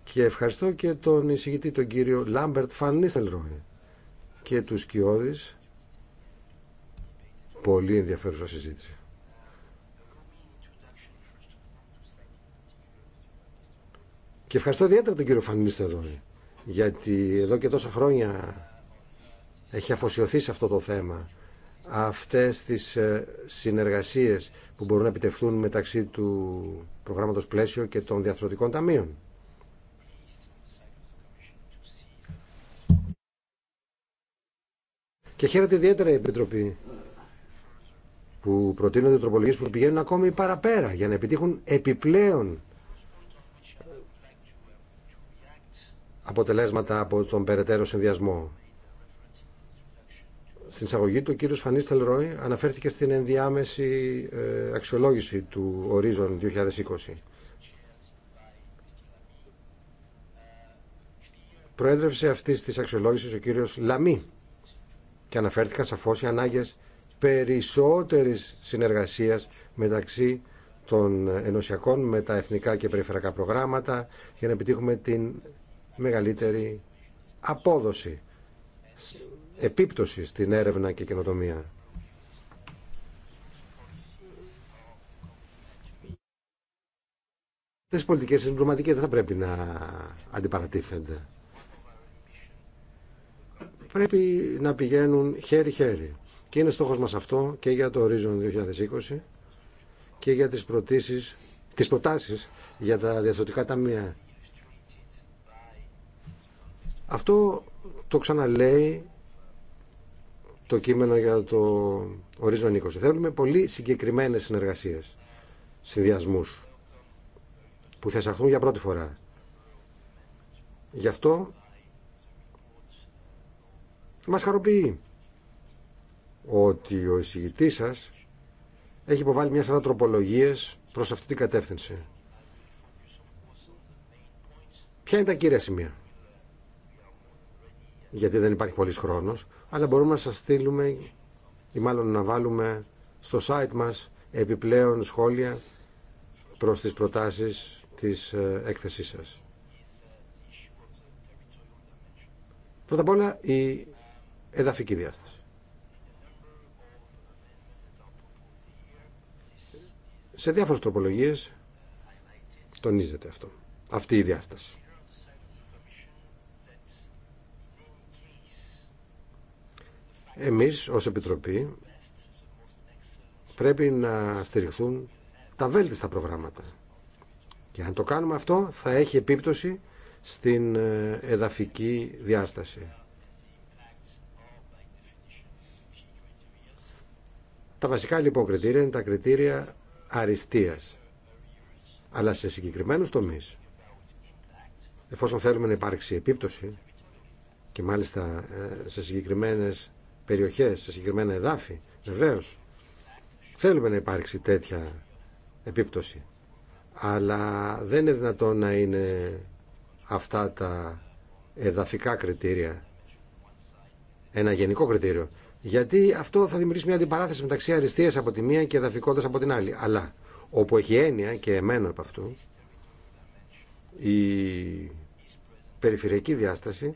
Και ευχαριστώ και τον εισηγητή τον κύριο Λάμπερτ Φανίστελροϊ και τους Κιώδης. Πολύ ενδιαφέρουσα συζήτηση. Και ευχαριστώ ιδιαίτερα τον κύριο Φανίστερο, γιατί εδώ και τόσα χρόνια έχει αφοσιωθεί σε αυτό το θέμα. Αυτές τις ε, συνεργασίες που μπορούν να επιτευχθούν μεταξύ του προγράμματος πλαίσιο και των διαθροτικών ταμείων. Και χαίρεται ιδιαίτερα η Επιτροπή που προτείνονται τροπολογίες που πηγαίνουν ακόμη παραπέρα για να επιτύχουν επιπλέον αποτελέσματα από τον περαιτέρω συνδυασμό. Στην εισαγωγή του, ο κύριος Φανίστελ Ρόι αναφέρθηκε στην ενδιάμεση ε, αξιολόγηση του Horizon 2020. Προέδρευσε αυτής της αξιολόγησης ο κύριος Λαμί και αναφέρθηκαν σαφώς οι ανάγκες περισσότερης συνεργασίας μεταξύ των ενωσιακών με τα εθνικά και περιφερειακά προγράμματα για να επιτύχουμε την μεγαλύτερη απόδοση, επίπτωση στην έρευνα και καινοτομία. Τις πολιτικέ συμπληρωματικέ δεν θα πρέπει να αντιπαρατίθενται. Πρέπει να πηγαίνουν χέρι-χέρι. Και είναι στόχος μας αυτό και για το Horizon 2020 και για τις, προτήσεις, τις προτάσεις για τα διαθωτικά ταμεία αυτό το ξαναλέει το κείμενο για το ορίζον 20. Θέλουμε πολύ συγκεκριμένες συνεργασίες, συνδυασμού που θα εισαχθούν για πρώτη φορά. Γι' αυτό μας χαροποιεί ότι ο εισηγητής σας έχει υποβάλει μια σειρά τροπολογίες προς αυτή την κατεύθυνση. Ποια είναι τα κύρια σημεία γιατί δεν υπάρχει πολύς χρόνος, αλλά μπορούμε να σας στείλουμε ή μάλλον να βάλουμε στο site μας επιπλέον σχόλια προς τις προτάσεις της ε, έκθεσής σας. Πρώτα απ' όλα η εδαφική διάσταση. Σε διάφορες τροπολογίες τονίζεται αυτό, αυτή η διάσταση. Εμείς ως Επιτροπή πρέπει να στηριχθούν τα βέλτιστα προγράμματα. Και αν το κάνουμε αυτό θα έχει επίπτωση στην ε, εδαφική διάσταση. Τα βασικά λοιπόν κριτήρια είναι τα κριτήρια αριστείας. Αλλά σε συγκεκριμένους τομείς, εφόσον θέλουμε να υπάρξει επίπτωση και μάλιστα ε, σε συγκεκριμένες περιοχές, σε συγκεκριμένα εδάφη. Βεβαίω. θέλουμε να υπάρξει τέτοια επίπτωση. Αλλά δεν είναι δυνατόν να είναι αυτά τα εδαφικά κριτήρια ένα γενικό κριτήριο. Γιατί αυτό θα δημιουργήσει μια αντιπαράθεση μεταξύ αριστεία από τη μία και εδαφικότητα από την άλλη. Αλλά όπου έχει έννοια και εμένα από αυτού, η περιφερειακή διάσταση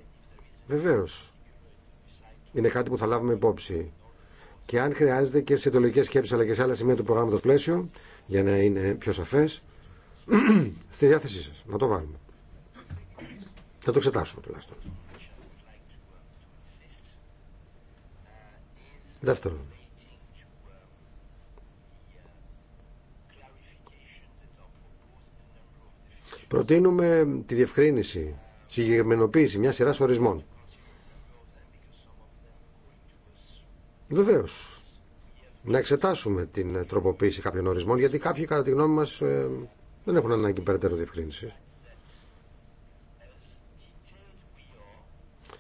βεβαίως είναι κάτι που θα λάβουμε υπόψη. Και αν χρειάζεται και σε ιδεολογικέ σκέψει αλλά και σε άλλα σημεία του προγράμματο πλαίσιο, για να είναι πιο σαφέ, στη διάθεσή σα. Να το βάλουμε. Θα το εξετάσουμε τουλάχιστον. Δεύτερον, προτείνουμε τη διευκρίνηση, συγκεκριμενοποίηση μια σειρά ορισμών. Βεβαίω, να εξετάσουμε την ε, τροποποίηση κάποιων ορισμών, γιατί κάποιοι κατά τη γνώμη μας ε, δεν έχουν ανάγκη περαιτέρω διευκρίνηση.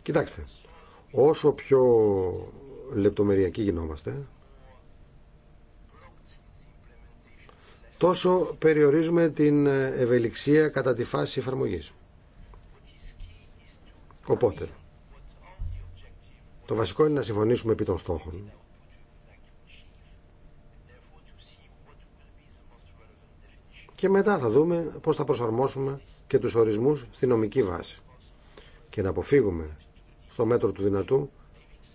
Κοιτάξτε, όσο πιο λεπτομεριακοί γινόμαστε, τόσο περιορίζουμε την ε, ευελιξία κατά τη φάση εφαρμογής. Οπότε, το βασικό είναι να συμφωνήσουμε επί των στόχων. Και μετά θα δούμε πώς θα προσαρμόσουμε και τους ορισμούς στη νομική βάση. Και να αποφύγουμε στο μέτρο του δυνατού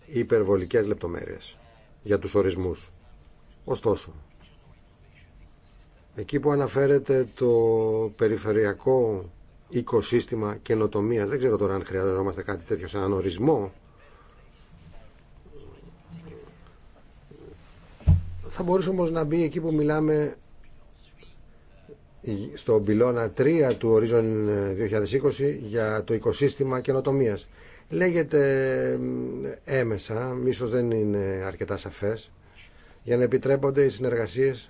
υπερβολικές λεπτομέρειες για τους ορισμούς. Ωστόσο, εκεί που αναφέρεται το περιφερειακό οικοσύστημα καινοτομίας, δεν ξέρω τώρα αν χρειαζόμαστε κάτι τέτοιο σε έναν ορισμό, Θα μπορούσε όμως να μπει εκεί που μιλάμε στο πυλώνα 3 του Horizon 2020 ε, για το οικοσύστημα καινοτομία. Λέγεται έμεσα, ίσως δεν είναι αρκετά σαφές, για να επιτρέπονται οι συνεργασίες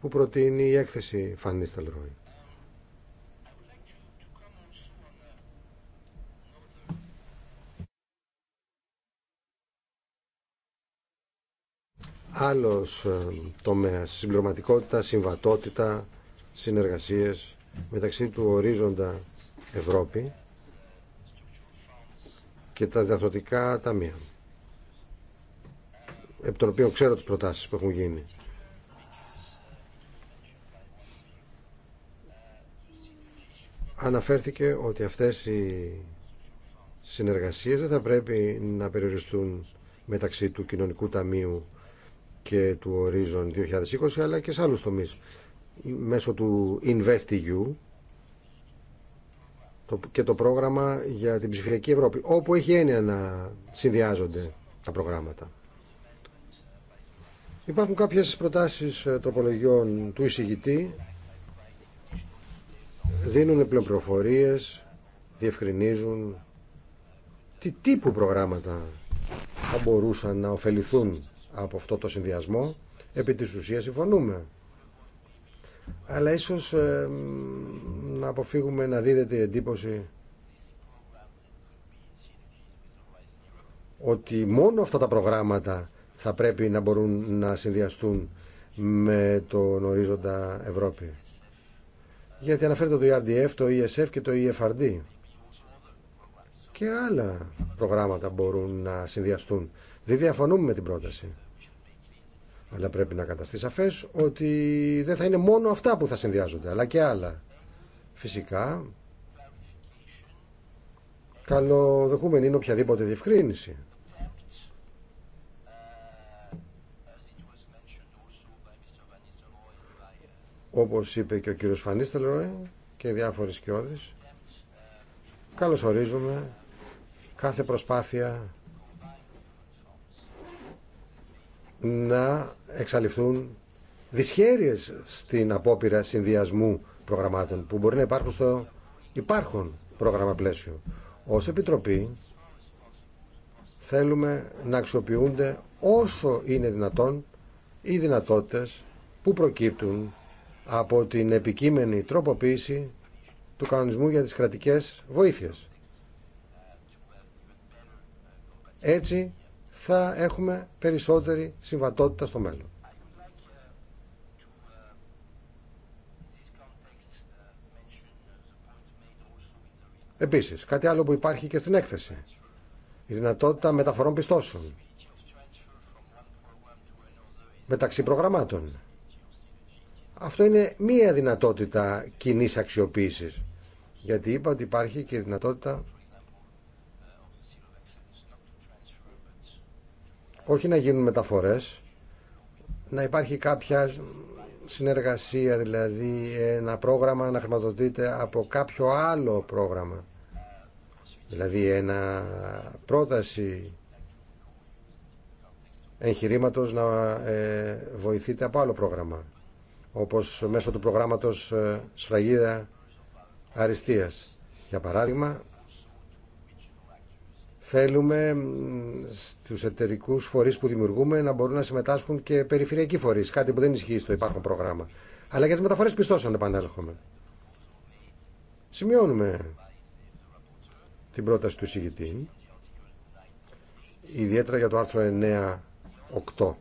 που προτείνει η έκθεση Φανίσταλ Ρόι. άλλος ε, τομέας, συμπληρωματικότητα, συμβατότητα, συνεργασίες μεταξύ του ορίζοντα Ευρώπη και τα διαθροτικά ταμεία επί των οποίων ξέρω τις προτάσεις που έχουν γίνει. Αναφέρθηκε ότι αυτές οι συνεργασίες δεν θα πρέπει να περιοριστούν μεταξύ του Κοινωνικού Ταμείου και του Horizon 2020 αλλά και σε άλλους τομείς μέσω του InvestEU και το πρόγραμμα για την ψηφιακή Ευρώπη όπου έχει έννοια να συνδυάζονται τα προγράμματα. Υπάρχουν κάποιες προτάσεις ε, τροπολογιών του εισηγητή δίνουν πληροφορίες, διευκρινίζουν τι τύπου προγράμματα θα μπορούσαν να ωφεληθούν από αυτό το συνδυασμό. Επί της ουσίας συμφωνούμε. Αλλά ίσως ε, να αποφύγουμε να δίδεται η εντύπωση ότι μόνο αυτά τα προγράμματα θα πρέπει να μπορούν να συνδυαστούν με τον ορίζοντα Ευρώπη. Γιατί αναφέρεται το ERDF, το ESF και το EFRD. Και άλλα προγράμματα μπορούν να συνδυαστούν δεν διαφωνούμε με την πρόταση. Αλλά πρέπει να καταστεί σαφέ ότι δεν θα είναι μόνο αυτά που θα συνδυάζονται, αλλά και άλλα. Φυσικά, καλοδεχούμενη είναι οποιαδήποτε διευκρίνηση. Όπως είπε και ο κύριος Φανίστελροε και οι διάφοροι σκιώδεις, καλωσορίζουμε κάθε προσπάθεια να εξαλειφθούν δυσχέρειες στην απόπειρα συνδυασμού προγραμμάτων που μπορεί να υπάρχουν στο υπάρχον πρόγραμμα πλαίσιο. Ως Επιτροπή θέλουμε να αξιοποιούνται όσο είναι δυνατόν οι δυνατότητες που προκύπτουν από την επικείμενη τροποποίηση του κανονισμού για τις κρατικές βοήθειες. Έτσι θα έχουμε περισσότερη συμβατότητα στο μέλλον. Επίσης, κάτι άλλο που υπάρχει και στην έκθεση. Η δυνατότητα μεταφορών πιστώσεων μεταξύ προγραμμάτων. Αυτό είναι μία δυνατότητα κοινή αξιοποίησης. Γιατί είπα ότι υπάρχει και η δυνατότητα όχι να γίνουν μεταφορές, να υπάρχει κάποια συνεργασία, δηλαδή ένα πρόγραμμα να χρηματοδοτείται από κάποιο άλλο πρόγραμμα. Δηλαδή ένα πρόταση εγχειρήματο να ε, βοηθείτε από άλλο πρόγραμμα, όπως μέσω του προγράμματος ε, Σφραγίδα Αριστείας. Για παράδειγμα, θέλουμε στους εταιρικούς φορείς που δημιουργούμε να μπορούν να συμμετάσχουν και περιφερειακοί φορείς, κάτι που δεν ισχύει στο υπάρχον πρόγραμμα. Αλλά για τις μεταφορές πιστώσεων επανέρχομαι. Σημειώνουμε την πρόταση του εισηγητή, ιδιαίτερα για το άρθρο 9.8.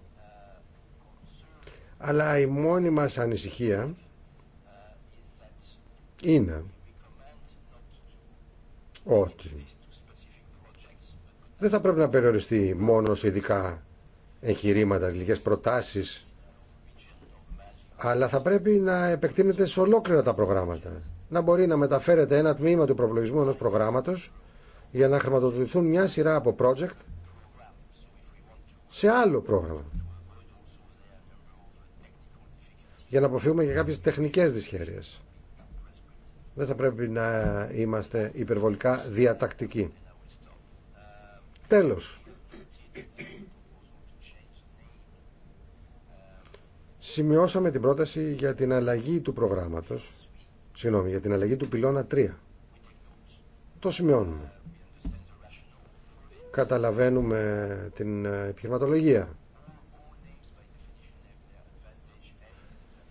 Αλλά η μόνη μας ανησυχία είναι ότι δεν θα πρέπει να περιοριστεί μόνο σε ειδικά εγχειρήματα, γλυκές προτάσεις, αλλά θα πρέπει να επεκτείνεται σε ολόκληρα τα προγράμματα. Να μπορεί να μεταφέρεται ένα τμήμα του προπολογισμού ενός προγράμματος για να χρηματοδοτηθούν μια σειρά από project σε άλλο πρόγραμμα. Για να αποφύγουμε και κάποιες τεχνικές δυσχέρειες. Δεν θα πρέπει να είμαστε υπερβολικά διατακτικοί. Τέλος. Σημειώσαμε την πρόταση για την αλλαγή του προγράμματος, συγγνώμη, για την αλλαγή του πυλώνα 3. Το σημειώνουμε. Καταλαβαίνουμε την ε, επιχειρηματολογία.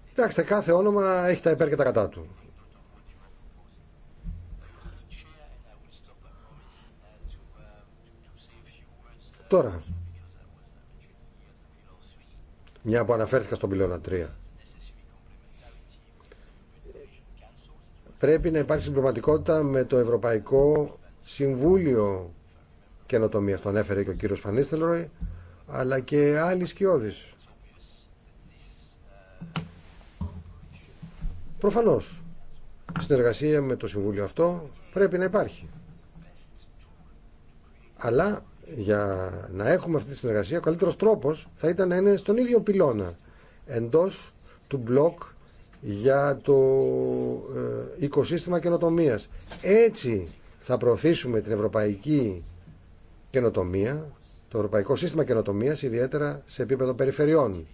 Κοιτάξτε, κάθε όνομα έχει τα υπέρ και τα κατά του. Τώρα, μια που αναφέρθηκα στον πυλώνα 3, πρέπει να υπάρχει συμπληρωματικότητα με το Ευρωπαϊκό Συμβούλιο καινοτομία, Τον έφερε και ο κύριος Φανίστελροϊ, αλλά και άλλοι σκιώδεις. Προφανώς, συνεργασία με το Συμβούλιο αυτό πρέπει να υπάρχει. Αλλά για να έχουμε αυτή τη συνεργασία, ο καλύτερος τρόπος θα ήταν να είναι στον ίδιο πυλώνα, εντός του μπλοκ για το ε, οικοσύστημα καινοτομία. Έτσι θα προωθήσουμε την ευρωπαϊκή καινοτομία, το ευρωπαϊκό σύστημα καινοτομία, ιδιαίτερα σε επίπεδο περιφερειών.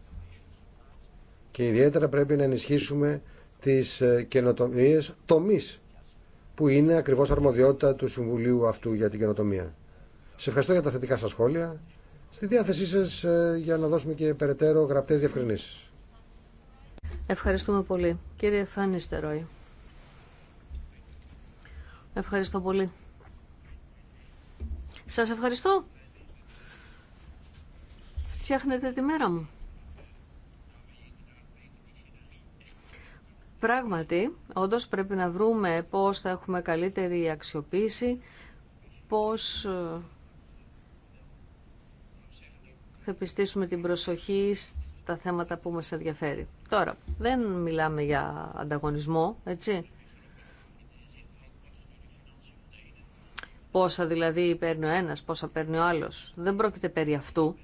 Και ιδιαίτερα πρέπει να ενισχύσουμε τις ε, καινοτομίε τομεί, που είναι ακριβώς αρμοδιότητα του Συμβουλίου αυτού για την καινοτομία. Σε ευχαριστώ για τα θετικά σας σχόλια. Στη διάθεσή σας ε, για να δώσουμε και περαιτέρω γραπτές διευκρινήσεις. Ευχαριστούμε πολύ. Κύριε Φανίστερόη. Ευχαριστώ πολύ. Σας ευχαριστώ. Φτιάχνετε τη μέρα μου. Πράγματι, όντως πρέπει να βρούμε πώς θα έχουμε καλύτερη αξιοποίηση, πώς ε, θα επιστήσουμε την προσοχή στα θέματα που μας ενδιαφέρει. Τώρα, δεν μιλάμε για ανταγωνισμό, έτσι. Πόσα δηλαδή παίρνει ο ένας, πόσα παίρνει ο άλλος. Δεν πρόκειται περί αυτού.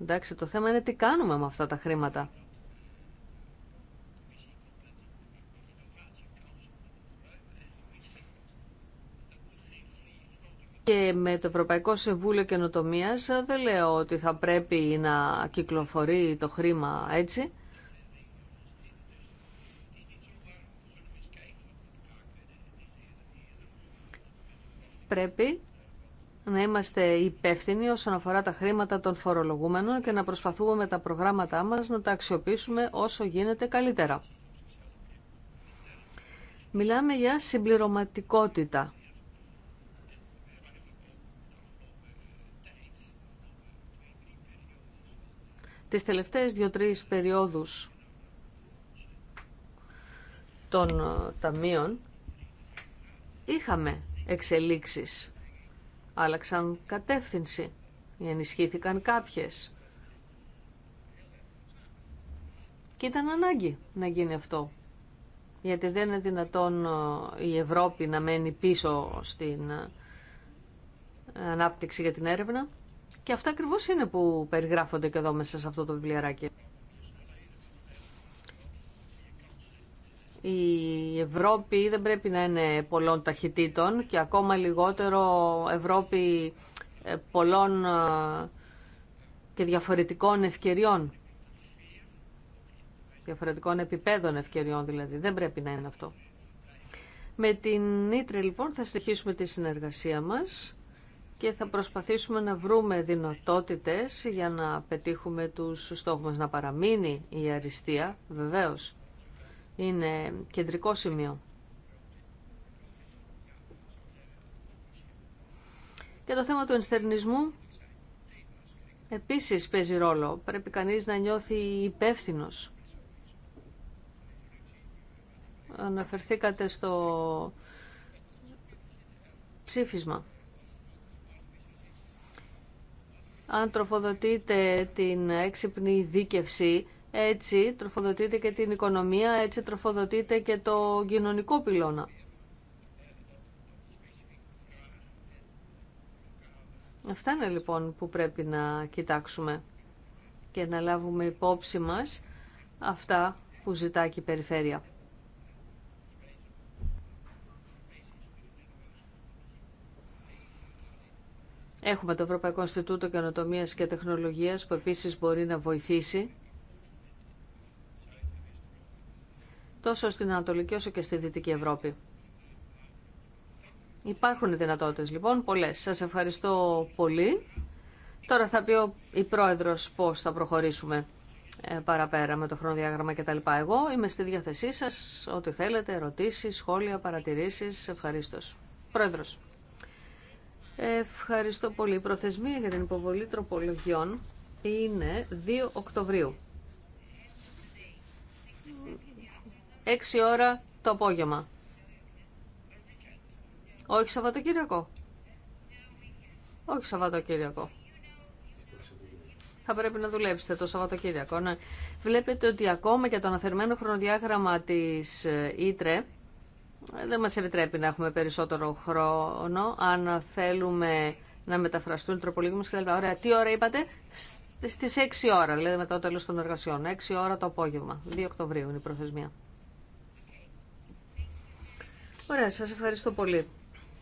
Εντάξει, το θέμα είναι τι κάνουμε με αυτά τα χρήματα. και με το Ευρωπαϊκό Συμβούλιο Καινοτομία ε, δεν λέω ότι θα πρέπει να κυκλοφορεί το χρήμα έτσι. Πρέπει να είμαστε υπεύθυνοι όσον αφορά τα χρήματα των φορολογούμενων και να προσπαθούμε με τα προγράμματά μας να τα αξιοποιήσουμε όσο γίνεται καλύτερα. Μιλάμε για συμπληρωματικότητα Τις τελευταίες δύο-τρεις περιόδους των ε, ταμείων είχαμε εξελίξεις. Άλλαξαν κατεύθυνση ή ενισχύθηκαν κάποιες. Και ήταν ανάγκη να γίνει αυτό. Γιατί δεν είναι δυνατόν ε, η Ευρώπη να μένει πίσω στην ε, ανάπτυξη για την έρευνα. Και αυτά ακριβώ είναι που περιγράφονται και εδώ μέσα σε αυτό το βιβλιαράκι. Η Ευρώπη δεν πρέπει να είναι πολλών ταχυτήτων και ακόμα λιγότερο Ευρώπη ε, πολλών ε, και διαφορετικών ευκαιριών. Διαφορετικών επιπέδων ευκαιριών δηλαδή. Δεν πρέπει να είναι αυτό. Με την Ήτρε λοιπόν θα συνεχίσουμε τη συνεργασία μας και θα προσπαθήσουμε να βρούμε δυνατότητες για να πετύχουμε τους στόχους μας. Να παραμείνει η αριστεία, βεβαίως, είναι κεντρικό σημείο. Και το θέμα του ενστερνισμού επίσης παίζει ρόλο. Πρέπει κανείς να νιώθει υπεύθυνο. Αναφερθήκατε στο ψήφισμα. αν τροφοδοτείτε την έξυπνη δίκευση, έτσι τροφοδοτείτε και την οικονομία, έτσι τροφοδοτείτε και το κοινωνικό πυλώνα. Αυτά είναι λοιπόν που πρέπει να κοιτάξουμε και να λάβουμε υπόψη μας αυτά που ζητάει και η περιφέρεια. Έχουμε το Ευρωπαϊκό Ινστιτούτο Καινοτομίας και Τεχνολογίας που επίσης μπορεί να βοηθήσει τόσο στην Ανατολική όσο και στη Δυτική Ευρώπη. Υπάρχουν δυνατότητες λοιπόν πολλές. Σας ευχαριστώ πολύ. Τώρα θα πει ο, η Πρόεδρος πώς θα προχωρήσουμε ε, παραπέρα με το χρονοδιάγραμμα κτλ. Εγώ είμαι στη διάθεσή σας, ό,τι θέλετε, ερωτήσεις, σχόλια, παρατηρήσεις. Ευχαρίστω. Πρόεδρος. Ευχαριστώ πολύ. Η προθεσμία για την υποβολή τροπολογιών είναι 2 Οκτωβρίου. 6 ώρα το απόγευμα. Όχι Σαββατοκύριακο. Όχι Σαββατοκύριακο. Θα πρέπει να δουλέψετε το Σαββατοκύριακο. Ναι. Βλέπετε ότι ακόμα και το αναθερμένο χρονοδιάγραμμα της ε, Ήτρε δεν μας επιτρέπει να έχουμε περισσότερο χρόνο. Αν θέλουμε να μεταφραστούν τροπολίγου μας, ωραία, τι ώρα είπατε, στις 6 ώρα, δηλαδή μετά το τέλος των εργασιών, 6 ώρα το απόγευμα, 2 Οκτωβρίου είναι η προθεσμία. Ωραία, σας ευχαριστώ πολύ.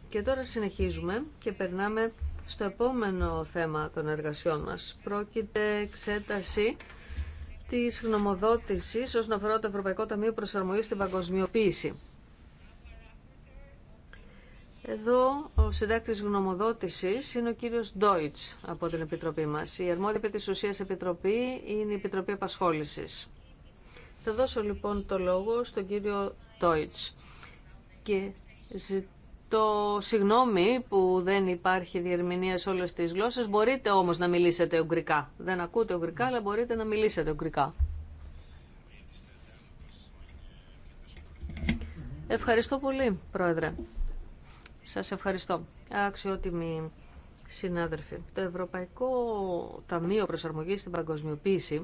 Και τώρα συνεχίζουμε και περνάμε στο επόμενο θέμα των εργασιών μας. Πρόκειται εξέταση της γνωμοδότησης όσον αφορά το Ευρωπαϊκό Ταμείο Προσαρμογής στην Παγκοσμιοποίηση. Εδώ ο συντάκτης γνωμοδότησης είναι ο κύριος Ντόιτς από την Επιτροπή μας. Η αρμόδια επί της ουσίας Επιτροπή είναι η Επιτροπή Απασχόλησης. Θα δώσω λοιπόν το λόγο στον κύριο Ντόιτς και ζητώ συγγνώμη που δεν υπάρχει διερμηνία σε όλες τις γλώσσες. Μπορείτε όμως να μιλήσετε ουγγρικά. Δεν ακούτε ουγγρικά, αλλά μπορείτε να μιλήσετε ουγγρικά. Ευχαριστώ πολύ, Πρόεδρε. Σας ευχαριστώ. Αξιότιμοι συνάδελφοι, το Ευρωπαϊκό Ταμείο Προσαρμογής στην Παγκοσμιοποίηση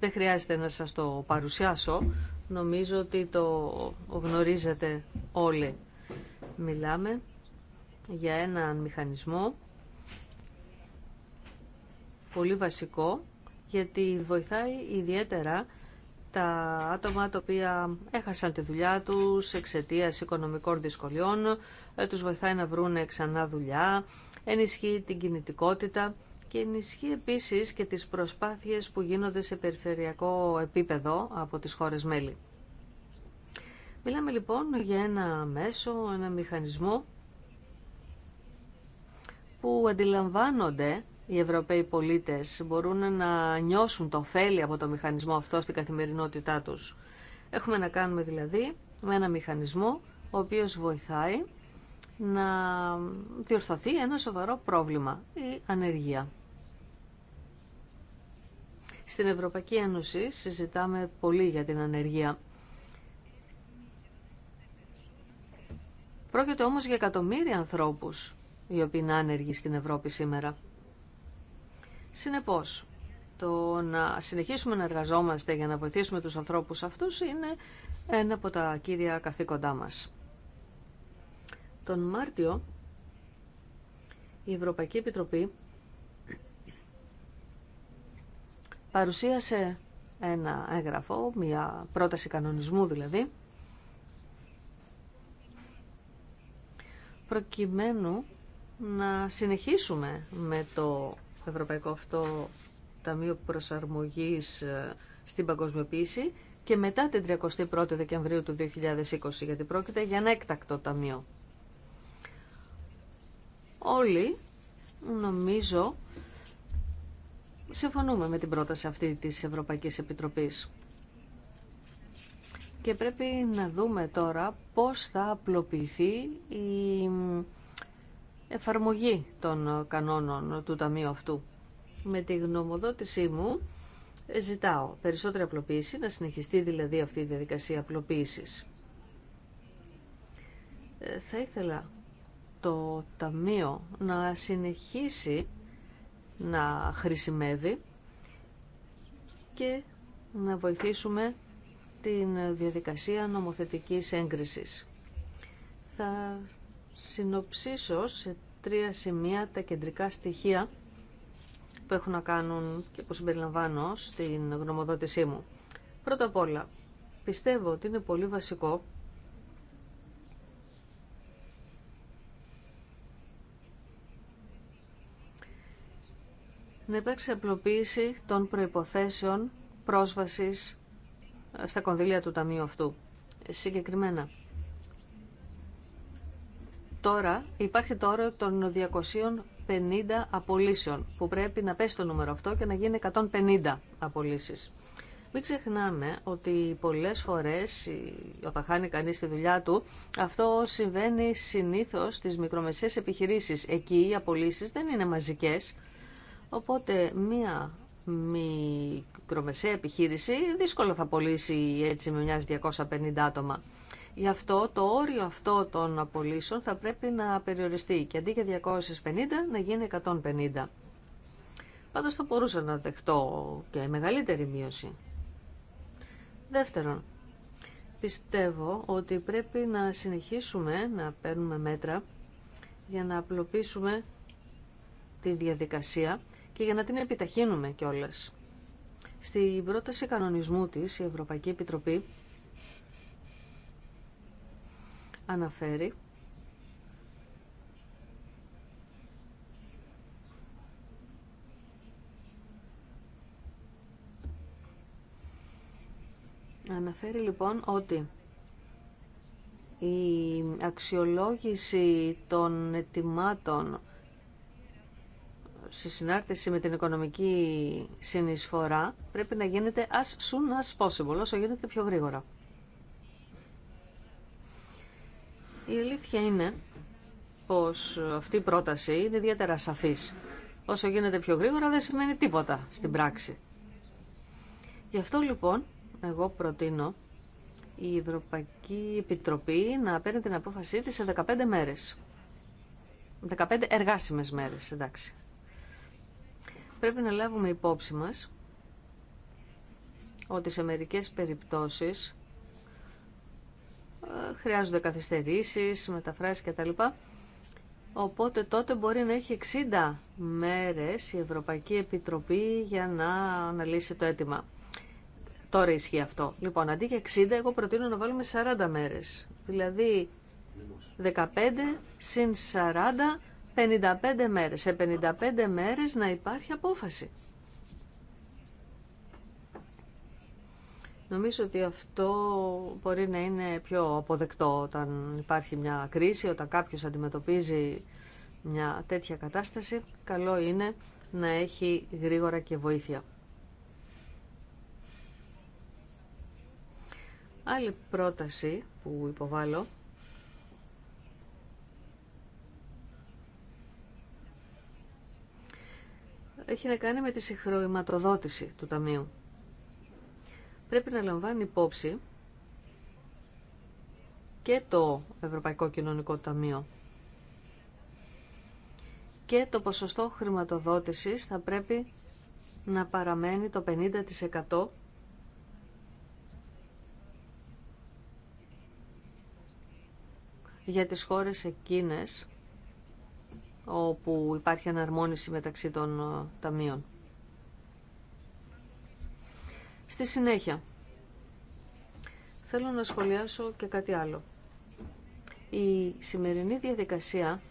δεν χρειάζεται να σας το παρουσιάσω. Νομίζω ότι το γνωρίζετε όλοι. Μιλάμε για έναν μηχανισμό πολύ βασικό γιατί βοηθάει ιδιαίτερα τα άτομα τα οποία έχασαν τη δουλειά τους εξαιτία οικονομικών δυσκολιών, ε, τους βοηθάει να βρουν ξανά δουλειά, ενισχύει την κινητικότητα και ενισχύει επίσης και τις προσπάθειες που γίνονται σε περιφερειακό επίπεδο από τις χώρες μέλη. Μιλάμε λοιπόν για ένα μέσο, ένα μηχανισμό που αντιλαμβάνονται οι Ευρωπαίοι πολίτες μπορούν να νιώσουν το ωφέλη από το μηχανισμό αυτό στην καθημερινότητά τους. Έχουμε να κάνουμε δηλαδή με ένα μηχανισμό ο οποίος βοηθάει να διορθωθεί ένα σοβαρό πρόβλημα, η ανεργία. Στην Ευρωπαϊκή Ένωση συζητάμε πολύ για την ανεργία. Πρόκειται όμως για εκατομμύρια ανθρώπους οι οποίοι είναι άνεργοι στην Ευρώπη σήμερα. Συνεπώς, το να συνεχίσουμε να εργαζόμαστε για να βοηθήσουμε τους ανθρώπους αυτούς είναι ένα από τα κύρια καθήκοντά μας. Τον Μάρτιο η Ευρωπαϊκή Επιτροπή παρουσίασε ένα έγγραφο, μια πρόταση κανονισμού δηλαδή, προκειμένου να συνεχίσουμε με το το Ευρωπαϊκό αυτό Ταμείο Προσαρμογής ε, στην Παγκοσμιοποίηση και μετά την 31η Δεκεμβρίου του 2020, γιατί πρόκειται για ένα έκτακτο ταμείο. Όλοι, νομίζω, συμφωνούμε με την πρόταση αυτή της Ευρωπαϊκής Επιτροπής. Και πρέπει να δούμε τώρα πώς θα απλοποιηθεί η εφαρμογή των κανόνων του Ταμείου αυτού. Με τη γνωμοδότησή μου ζητάω περισσότερη απλοποίηση, να συνεχιστεί δηλαδή αυτή η διαδικασία απλοποίησης. Ε, θα ήθελα το Ταμείο να συνεχίσει να χρησιμεύει και να βοηθήσουμε την διαδικασία νομοθετικής έγκρισης. Θα συνοψίσω σε τρία σημεία τα κεντρικά στοιχεία που έχουν να κάνουν και που συμπεριλαμβάνω στην γνωμοδότησή μου. Πρώτα απ' όλα, πιστεύω ότι είναι πολύ βασικό να υπάρξει απλοποίηση των προϋποθέσεων πρόσβασης στα κονδύλια του Ταμείου αυτού. Συγκεκριμένα, Τώρα υπάρχει το των 250 απολύσεων που πρέπει να πέσει το νούμερο αυτό και να γίνει 150 απολύσεις. Μην ξεχνάμε ότι πολλές φορές όταν χάνει κανείς τη δουλειά του αυτό συμβαίνει συνήθως στις μικρομεσαίες επιχειρήσεις. Εκεί οι απολύσεις δεν είναι μαζικές οπότε μία μικρομεσαία επιχείρηση δύσκολο θα απολύσει έτσι με μιας 250 άτομα. Γι' αυτό το όριο αυτό των απολύσεων θα πρέπει να περιοριστεί και αντί για 250 να γίνει 150. Πάντως θα μπορούσα να δεχτώ και μεγαλύτερη μείωση. Δεύτερον, πιστεύω ότι πρέπει να συνεχίσουμε να παίρνουμε μέτρα για να απλοποιήσουμε τη διαδικασία και για να την επιταχύνουμε κιόλας. Στην πρόταση κανονισμού της, η Ευρωπαϊκή Επιτροπή αναφέρει Αναφέρει λοιπόν ότι η αξιολόγηση των ετοιμάτων σε συνάρτηση με την οικονομική συνεισφορά πρέπει να γίνεται as soon as possible, όσο γίνεται πιο γρήγορα. Η αλήθεια είναι πως αυτή η πρόταση είναι ιδιαίτερα σαφής. Όσο γίνεται πιο γρήγορα δεν σημαίνει τίποτα στην πράξη. Γι' αυτό λοιπόν εγώ προτείνω η Ευρωπαϊκή Επιτροπή να παίρνει την απόφασή της σε 15 μέρες. 15 εργάσιμες μέρες, εντάξει. Πρέπει να λάβουμε υπόψη μας ότι σε μερικές περιπτώσεις χρειάζονται καθυστερήσεις, μεταφράσεις κτλ. Οπότε τότε μπορεί να έχει 60 μέρες η Ευρωπαϊκή Επιτροπή για να αναλύσει το αίτημα. Τώρα ισχύει αυτό. Λοιπόν, αντί για 60, εγώ προτείνω να βάλουμε 40 μέρες. Δηλαδή 15 συν 40, 55 μέρες. Σε 55 μέρες να υπάρχει απόφαση. Νομίζω ότι αυτό μπορεί να είναι πιο αποδεκτό όταν υπάρχει μια κρίση, όταν κάποιος αντιμετωπίζει μια τέτοια κατάσταση. Καλό είναι να έχει γρήγορα και βοήθεια. Άλλη πρόταση που υποβάλλω έχει να κάνει με τη συγχρωηματοδότηση του Ταμείου πρέπει να λαμβάνει υπόψη και το Ευρωπαϊκό Κοινωνικό Ταμείο. Και το ποσοστό χρηματοδότησης θα πρέπει να παραμένει το 50% για τις χώρες εκείνες όπου υπάρχει αναρμόνιση μεταξύ των ε, ταμείων. Στη συνέχεια, θέλω να σχολιάσω και κάτι άλλο. Η σημερινή διαδικασία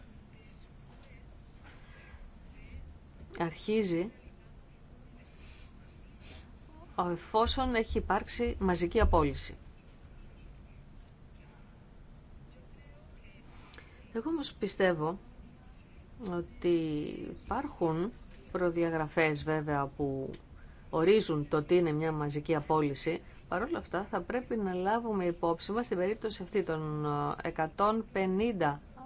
αρχίζει εφόσον έχει υπάρξει μαζική απόλυση. Εγώ όμως πιστεύω ότι υπάρχουν προδιαγραφές βέβαια που ορίζουν το τι είναι μια μαζική απόλυση, παρόλα αυτά θα πρέπει να λάβουμε υπόψη μας την περίπτωση αυτή των 150 ε,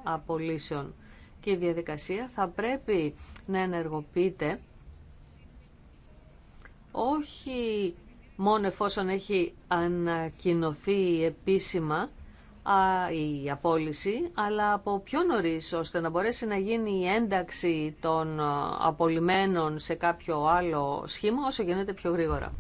απολύσεων και η διαδικασία θα πρέπει να ενεργοποιείται όχι μόνο εφόσον έχει ανακοινωθεί επίσημα, η απόλυση, αλλά από πιο νωρί ώστε να μπορέσει να γίνει η ένταξη των ε, απολυμένων σε κάποιο άλλο σχήμα, όσο γίνεται πιο γρήγορα.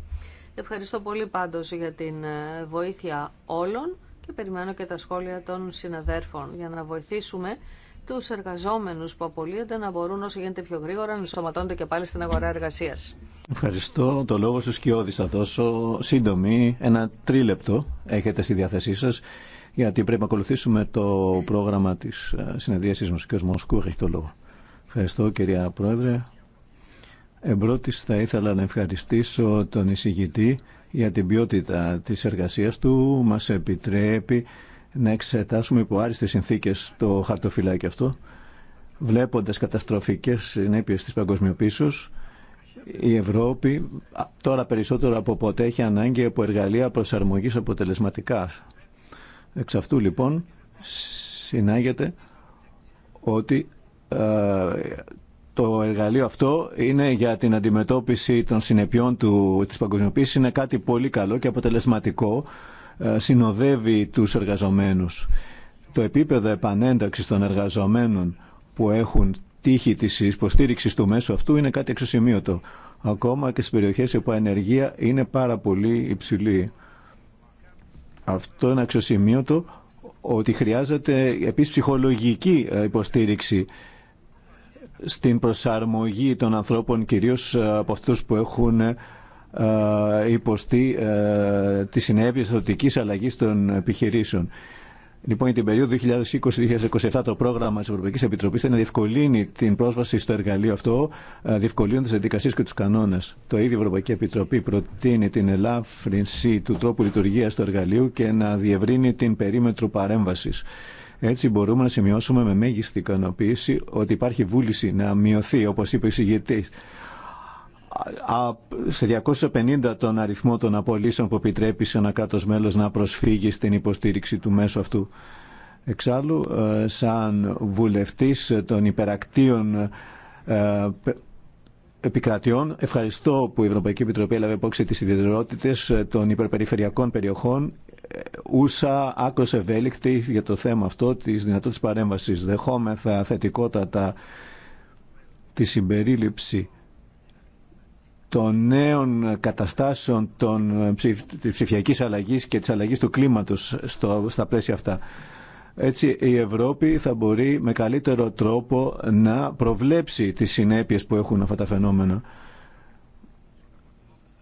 Ευχαριστώ πολύ πάντως για την ε, βοήθεια όλων και περιμένω και τα σχόλια των συναδέρφων για να βοηθήσουμε τους εργαζόμενους που απολύονται να μπορούν όσο γίνεται πιο γρήγορα να ενσωματώνται και πάλι στην αγορά εργασίας. Ευχαριστώ. Το λόγο σου, Σκιώδης θα δώσω σύντομη, ένα τρίλεπτο έχετε στη διάθεσή σας γιατί πρέπει να ακολουθήσουμε το πρόγραμμα της ε, συνεδρίασής μας. Ο κ. έχει το λόγο. Ευχαριστώ κυρία Πρόεδρε. Εμπρότης θα ήθελα να ευχαριστήσω τον εισηγητή για την ποιότητα της εργασίας του. Μας επιτρέπει να εξετάσουμε υπό άριστες συνθήκες το χαρτοφυλάκι αυτό, βλέποντας καταστροφικές συνέπειες της παγκοσμιοποίησης. Η Ευρώπη τώρα περισσότερο από ποτέ έχει ανάγκη από εργαλεία προσαρμογής αποτελεσματικά Εξ αυτού λοιπόν συνάγεται ότι ε, το εργαλείο αυτό είναι για την αντιμετώπιση των συνεπειών του, της παγκοσμιοποίησης είναι κάτι πολύ καλό και αποτελεσματικό ε, συνοδεύει τους εργαζομένους. Το επίπεδο επανένταξης των εργαζομένων που έχουν τύχη της υποστήριξης του μέσου αυτού είναι κάτι εξωσημείωτο. Ακόμα και στις περιοχές όπου η ανεργία είναι πάρα πολύ υψηλή. Αυτό είναι αξιοσημείωτο ότι χρειάζεται επίσης ψυχολογική ε, υποστήριξη στην προσαρμογή των ανθρώπων, κυρίως ε, από αυτούς που έχουν ε, υποστεί τη συνέπειες θετικής αλλαγής των επιχειρήσεων. Λοιπόν, για την περίοδο 2020-2027 το πρόγραμμα τη Ευρωπαϊκή Επιτροπή θα είναι να διευκολύνει την πρόσβαση στο εργαλείο αυτό, ε, διευκολύνοντας τι διαδικασίε και του κανόνε. Το ίδιο η Ευρωπαϊκή Επιτροπή προτείνει την ελάφρυνση του τρόπου λειτουργία του εργαλείου και να διευρύνει την περίμετρο παρέμβαση. Έτσι μπορούμε να σημειώσουμε με μέγιστη ικανοποίηση ότι υπάρχει βούληση να μειωθεί, όπω είπε ο σε 250 τον αριθμό των απολύσεων που επιτρέπει σε ένα κράτος μέλος να προσφύγει στην υποστήριξη του μέσου αυτού. Εξάλλου, ε, σαν βουλευτής των υπερακτίων ε, επικρατιών, ευχαριστώ που η Ευρωπαϊκή Επιτροπή έλαβε υπόψη τις ιδιαιτερότητες των υπερπεριφερειακών περιοχών ε, ούσα άκρος ευέλικτη για το θέμα αυτό της δυνατότητας παρέμβασης. Δεχόμεθα θετικότατα τη συμπερίληψη των νέων καταστάσεων των ε, της ψηφιακής αλλαγής και της αλλαγής του κλίματος στο, στα πλαίσια αυτά. Έτσι η Ευρώπη θα μπορεί με καλύτερο τρόπο να προβλέψει τις συνέπειες που έχουν αυτά τα φαινόμενα.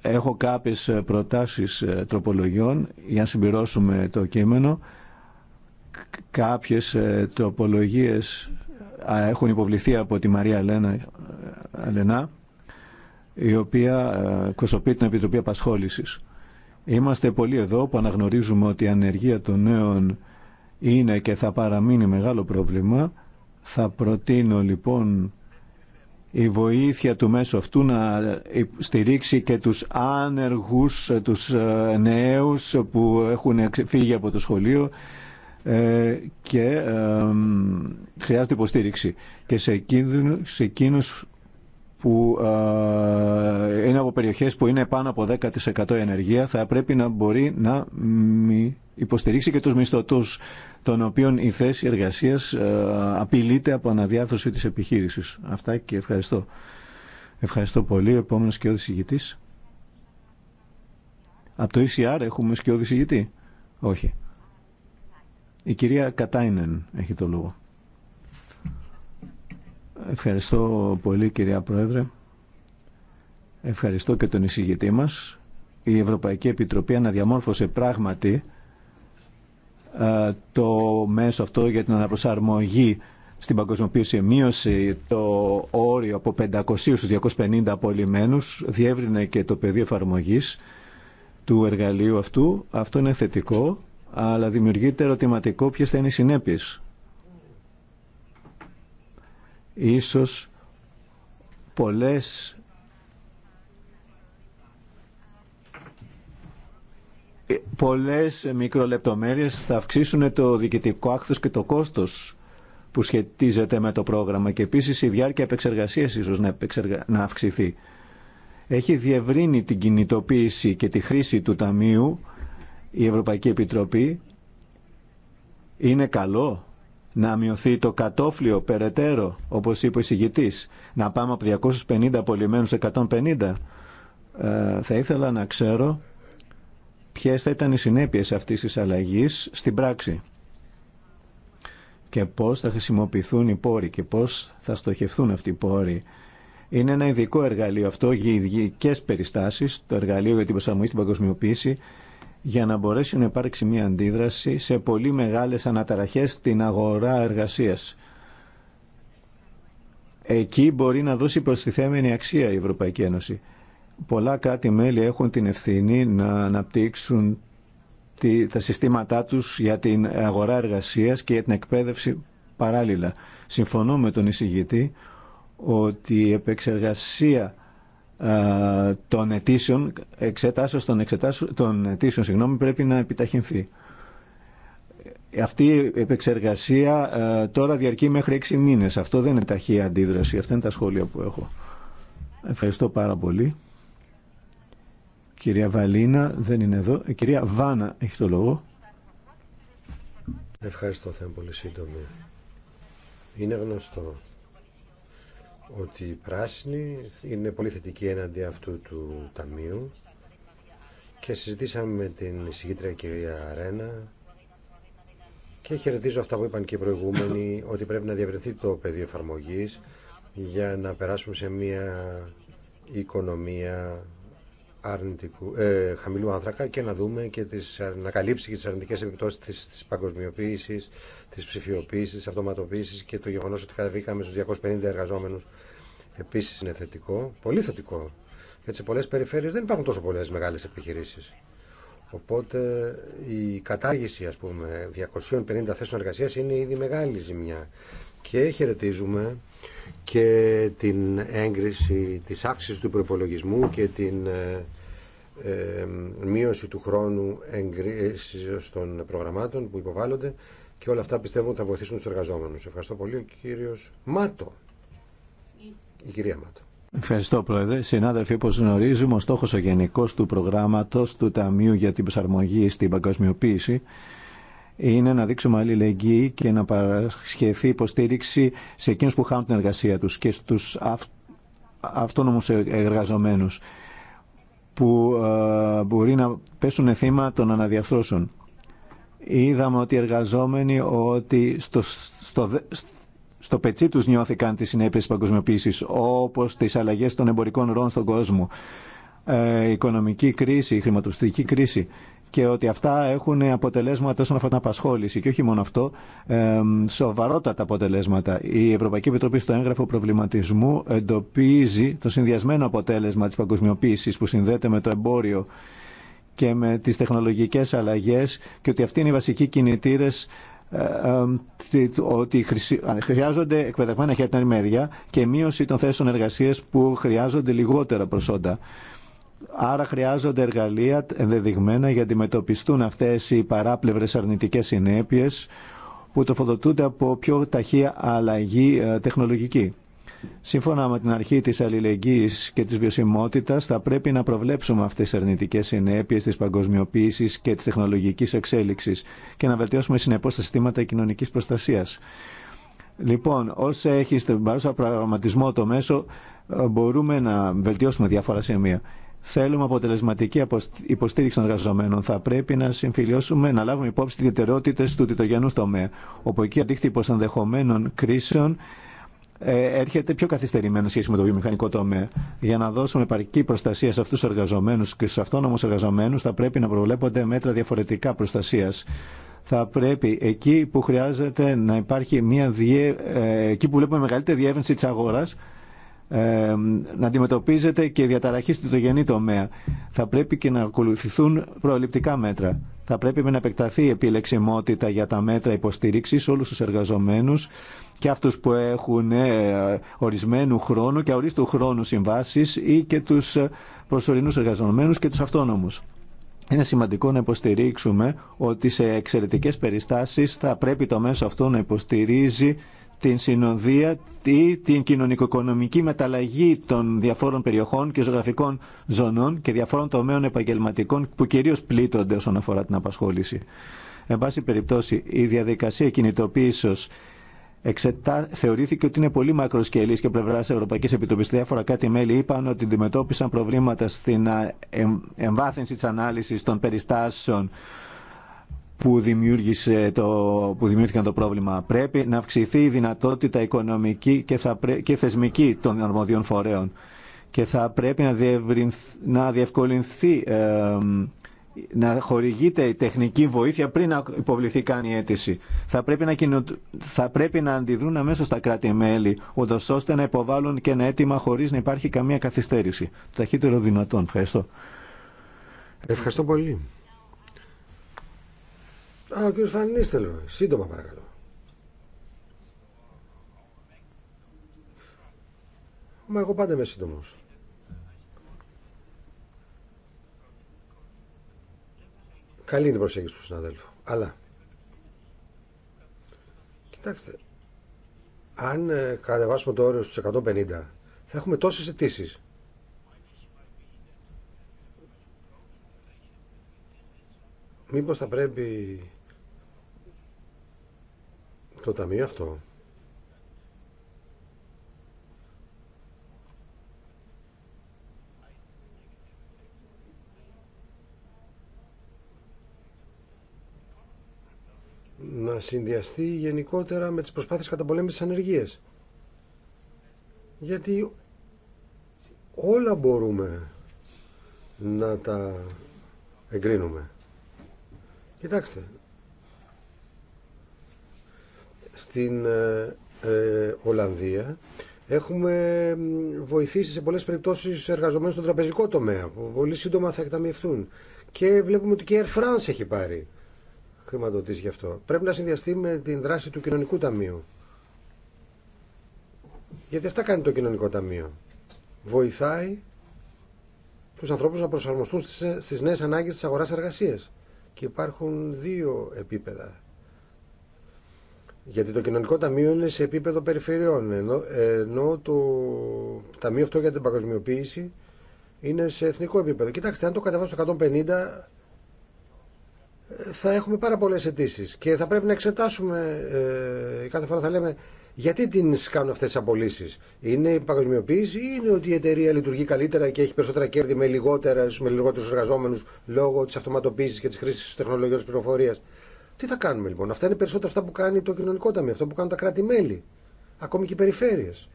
Έχω κάποιες προτάσεις ε, τροπολογιών για να συμπληρώσουμε το κείμενο. Κάποιες ε, τροπολογίες έχουν υποβληθεί από τη Μαρία Αλένα, Αλενά η οποία ε, εκπροσωπεί την Επιτροπή Απασχόλησης. Είμαστε πολύ εδώ που αναγνωρίζουμε ότι η ανεργία των νέων είναι και θα παραμείνει μεγάλο πρόβλημα. Θα προτείνω λοιπόν η βοήθεια του μέσου αυτού να ε, στηρίξει και τους άνεργους, ε, τους νέους που έχουν φύγει από το σχολείο και χρειάζεται υποστήριξη. Και σε εκείνους, που ε, είναι από περιοχές που είναι πάνω από 10% ενεργεία θα πρέπει να μπορεί να υποστηρίξει και τους μισθωτούς των οποίων η θέση εργασίας ε, απειλείται από αναδιάθρωση της επιχείρησης. Αυτά και ευχαριστώ. Ευχαριστώ πολύ. Επόμενο και ηγητής. Από το ECR έχουμε σκιώδη ηγητή. Όχι. Η κυρία Κατάινεν έχει το λόγο. Ευχαριστώ πολύ κυρία Πρόεδρε. Ευχαριστώ και τον εισηγητή μας. Η Ευρωπαϊκή Επιτροπή αναδιαμόρφωσε πράγματι ε, το μέσο αυτό για την αναπροσαρμογή στην παγκοσμιοποίηση μείωση το όριο από 500 στους 250 απολυμμένους διεύρυνε και το πεδίο εφαρμογή του εργαλείου αυτού. Αυτό είναι θετικό, αλλά δημιουργείται ερωτηματικό ποιες θα είναι οι συνέπειες. Ίσως πολλές πολλές μικρολεπτομέρειες θα αυξήσουν το διοικητικό άκθος και το κόστος που σχετίζεται με το πρόγραμμα και επίσης η διάρκεια επεξεργασίας ίσως να αυξηθεί. Έχει διευρύνει την κινητοποίηση και τη χρήση του Ταμείου η Ευρωπαϊκή Επιτροπή. Είναι καλό να μειωθεί το κατόφλιο περαιτέρω, όπως είπε ο εισηγητής, να πάμε από 250 απολυμμένους σε 150. Ε, θα ήθελα να ξέρω ποιες θα ήταν οι συνέπειες αυτής της αλλαγής στην πράξη και πώς θα χρησιμοποιηθούν οι πόροι και πώς θα στοχευθούν αυτοί οι πόροι. Είναι ένα ειδικό εργαλείο αυτό για ειδικέ περιστάσεις, το εργαλείο για την προσαρμογή στην παγκοσμιοποίηση για να μπορέσει να υπάρξει μια αντίδραση σε πολύ μεγάλες αναταραχές στην αγορά εργασίας. Εκεί μπορεί να δώσει προστιθέμενη αξία η Ευρωπαϊκή Ένωση. κάτι κράτη-μέλη έχουν την ευθύνη να αναπτύξουν τα συστήματά τους για την αγορά εργασίας και για την εκπαίδευση παράλληλα. Συμφωνώ με τον εισηγητή ότι η επεξεργασία ε, των αιτήσεων, εξετάσεως των, εξετάσεων, των αιτήσεων συγγνώμη, πρέπει να επιταχυνθεί. Αυτή η επεξεργασία ε, τώρα διαρκεί μέχρι 6 μήνες. Αυτό δεν είναι ταχεία αντίδραση. Αυτά είναι τα σχόλια που έχω. Ευχαριστώ πάρα πολύ. Κυρία Βαλίνα δεν είναι εδώ. Η ε, κυρία Βάνα έχει το λόγο. Ευχαριστώ, θα πολύ σύντομη. Είναι γνωστό ότι οι πράσινοι είναι πολύ θετικοί έναντι αυτού του ταμείου και συζητήσαμε με την συγκήτρια κυρία Ρένα και χαιρετίζω αυτά που είπαν και οι προηγούμενοι ότι πρέπει να διαβρεθεί το πεδίο εφαρμογή για να περάσουμε σε μια οικονομία αρνητικού, ε, χαμηλού άνθρακα και να δούμε και τις, να καλύψει και τις αρνητικές επιπτώσεις της, παγκοσμιοποίηση, παγκοσμιοποίησης, της ψηφιοποίησης, της και το γεγονός ότι καταβήκαμε στους 250 εργαζόμενους επίσης είναι θετικό, πολύ θετικό. Γιατί σε πολλές περιφέρειες δεν υπάρχουν τόσο πολλές μεγάλες επιχειρήσεις. Οπότε η κατάργηση ας πούμε 250 θέσεων εργασίας είναι ήδη μεγάλη ζημιά. Και χαιρετίζουμε και την έγκριση της αύξησης του προπολογισμού και την ε, ε, μείωση του χρόνου έγκρισης των προγραμμάτων που υποβάλλονται και όλα αυτά πιστεύω θα βοηθήσουν τους εργαζόμενους. Ευχαριστώ πολύ. Ο κύριος Μάτο. Η κυρία Μάτο. Ευχαριστώ, Πρόεδρε. Συνάδελφοι, όπω γνωρίζουμε, ο στόχο ο γενικό του προγράμματο του Ταμείου για την Προσαρμογή στην Παγκοσμιοποίηση είναι να δείξουμε αλληλεγγύη και να παρασχεθεί υποστήριξη σε εκείνους που χάνουν την εργασία τους και στους αυ... αυτόνομους εργαζομένους που ε, μπορεί να πέσουν θύμα των αναδιαφθρώσεων. Είδαμε ότι οι εργαζόμενοι ότι στο, στο, στο πετσί τους νιώθηκαν τις συνέπειες της παγκοσμιοποίησης, όπως τις αλλαγές των εμπορικών ροών στον κόσμο, η ε, οικονομική κρίση, η χρηματοπιστική κρίση και ότι αυτά έχουν αποτελέσματα όσον αφορά την απασχόληση. Και όχι μόνο αυτό, σοβαρότατα αποτελέσματα. Η Ευρωπαϊκή Επιτροπή στο έγγραφο προβληματισμού εντοπίζει το συνδυασμένο αποτέλεσμα τη παγκοσμιοποίηση που συνδέεται με το εμπόριο και με τι τεχνολογικέ αλλαγέ και ότι αυτοί είναι οι βασικοί κινητήρε, ε, ότι χρειάζονται εκπαιδευμένα χέρια και μείωση των θέσεων εργασίας που χρειάζονται λιγότερα προσόντα. Άρα χρειάζονται εργαλεία ενδεδειγμένα για να αντιμετωπιστούν αυτές οι παράπλευρες αρνητικές συνέπειες που τοφοδοτούνται από πιο ταχεία αλλαγή ε, τεχνολογική. Σύμφωνα με την αρχή της αλληλεγγύης και της βιωσιμότητας θα πρέπει να προβλέψουμε αυτές τις αρνητικές συνέπειες της παγκοσμιοποίησης και της τεχνολογικής εξέλιξης και να βελτιώσουμε συνεπώς τα συστήματα κοινωνικής προστασίας. Λοιπόν, όσο έχει στον παρόν προγραμματισμό το μέσο ε, μπορούμε να βελτιώσουμε διάφορα σημεία. Θέλουμε αποτελεσματική υποστήριξη των εργαζομένων. Θα πρέπει να συμφιλιώσουμε, να λάβουμε υπόψη τι ιδιαιτερότητε του τιτογενού τομέα, όπου εκεί αντίκτυπο ενδεχομένων κρίσεων ε, έρχεται πιο καθυστερημένο σχέση με το βιομηχανικό τομέα. Για να δώσουμε επαρκή προστασία σε αυτού του εργαζομένου και στου αυτόνομου εργαζομένου, θα πρέπει να προβλέπονται μέτρα διαφορετικά προστασία. Θα πρέπει εκεί που χρειάζεται να υπάρχει μια διε... Ε, εκεί που βλέπουμε μεγαλύτερη διεύρυνση τη αγορά, ε, να αντιμετωπίζεται και η διαταραχή του τουγενή τομέα. Θα πρέπει και να ακολουθηθούν προληπτικά μέτρα. Θα πρέπει να επεκταθεί η επιλεξιμότητα για τα μέτρα υποστήριξης όλους τους εργαζομένους και αυτούς που έχουν ε, ορισμένου χρόνου και ορίστου χρόνου συμβάσεις ή και τους προσωρινούς εργαζομένους και τους αυτόνομους. Είναι σημαντικό να υποστηρίξουμε ότι σε εξαιρετικές περιστάσεις θα πρέπει το μέσο αυτό να υποστηρίζει την συνοδεία ή την κοινωνικο-οικονομική μεταλλαγή των διαφόρων περιοχών και ζωγραφικών ζωνών και διαφόρων τομέων επαγγελματικών που κυρίως πλήττονται όσον αφορά την απασχόληση. Εν πάση περιπτώσει, η διαδικασία κινητοποίησεως Εξετά... θεωρήθηκε ότι είναι πολύ μακροσκελή και πλευρά τη Ευρωπαϊκή Επιτροπή. Διάφορα κάτι μέλη είπαν ότι αντιμετώπισαν προβλήματα στην ε, εμβάθυνση τη ανάλυση των διαφορων περιοχων και ζωγραφικων ζωνων και διαφορων τομεων επαγγελματικων που κυριως πληττονται οσον αφορα την απασχοληση εν παση περιπτωσει η διαδικασια κινητοποιησης εξετα θεωρηθηκε οτι ειναι πολυ μακροσκελη και πλευρα τη ευρωπαικη επιτροπη διαφορα κατι μελη ειπαν οτι αντιμετωπισαν προβληματα στην εμβαθυνση τη αναλυση των περιστασεων που, δημιούργησε το, που δημιούργηκαν το πρόβλημα. Πρέπει να αυξηθεί η δυνατότητα οικονομική και, θα και θεσμική των αρμοδίων φορέων και θα πρέπει να, να διευκολυνθεί, ε, να χορηγείται η τεχνική βοήθεια πριν να υποβληθεί καν η αίτηση. Θα πρέπει να, κοινο, θα πρέπει να αντιδρούν αμέσω τα κράτη-μέλη, ώστε να υποβάλουν και ένα αίτημα χωρί να υπάρχει καμία καθυστέρηση. Το ταχύτερο δυνατόν. Ευχαριστώ. Ευχαριστώ πολύ. Α, ο κύριος Φανίστελ, σύντομα παρακαλώ. Μα εγώ πάντα είμαι σύντομος. Καλή είναι η προσέγγιση του συναδέλφου. Αλλά, κοιτάξτε, αν ε, κατεβάσουμε το όριο στους 150, θα έχουμε τόσες αιτήσει. Μήπως θα πρέπει το ταμείο αυτό να συνδυαστεί γενικότερα με τις προσπάθειες καταπολέμησης της ανεργίας. Γιατί όλα μπορούμε να τα εγκρίνουμε. Κοιτάξτε, στην ε, ε, Ολλανδία έχουμε βοηθήσει σε πολλές περιπτώσεις εργαζομένους στον τραπεζικό τομέα που πολύ σύντομα θα εκταμιευτούν και βλέπουμε ότι και η Air France έχει πάρει χρηματοδοτήσει γι' αυτό. Πρέπει να συνδυαστεί με την δράση του κοινωνικού ταμείου. Γιατί αυτά κάνει το κοινωνικό ταμείο. Βοηθάει τους ανθρώπους να προσαρμοστούν στις νέες ανάγκες της αγοράς εργασίας. Και υπάρχουν δύο επίπεδα γιατί το κοινωνικό ταμείο είναι σε επίπεδο περιφερειών, ενώ, το ταμείο αυτό για την παγκοσμιοποίηση είναι σε εθνικό επίπεδο. Κοιτάξτε, αν το κατεβάσουμε στο 150 ε, θα έχουμε πάρα πολλές αιτήσει και θα πρέπει να εξετάσουμε ε, κάθε φορά θα λέμε γιατί την κάνουν αυτές τις απολύσεις. Είναι η παγκοσμιοποίηση ή είναι ότι η εταιρεία λειτουργεί καλύτερα και έχει περισσότερα κέρδη με, με λιγότερους εργαζόμενους λόγω της αυτοματοποίησης και της χρήσης της τεχνολογίας της τι θα κάνουμε λοιπόν. Αυτά είναι περισσότερα αυτά που κάνει το κοινωνικό ταμείο, αυτό που κάνουν τα κράτη-μέλη, ακόμη και οι περιφέρειες.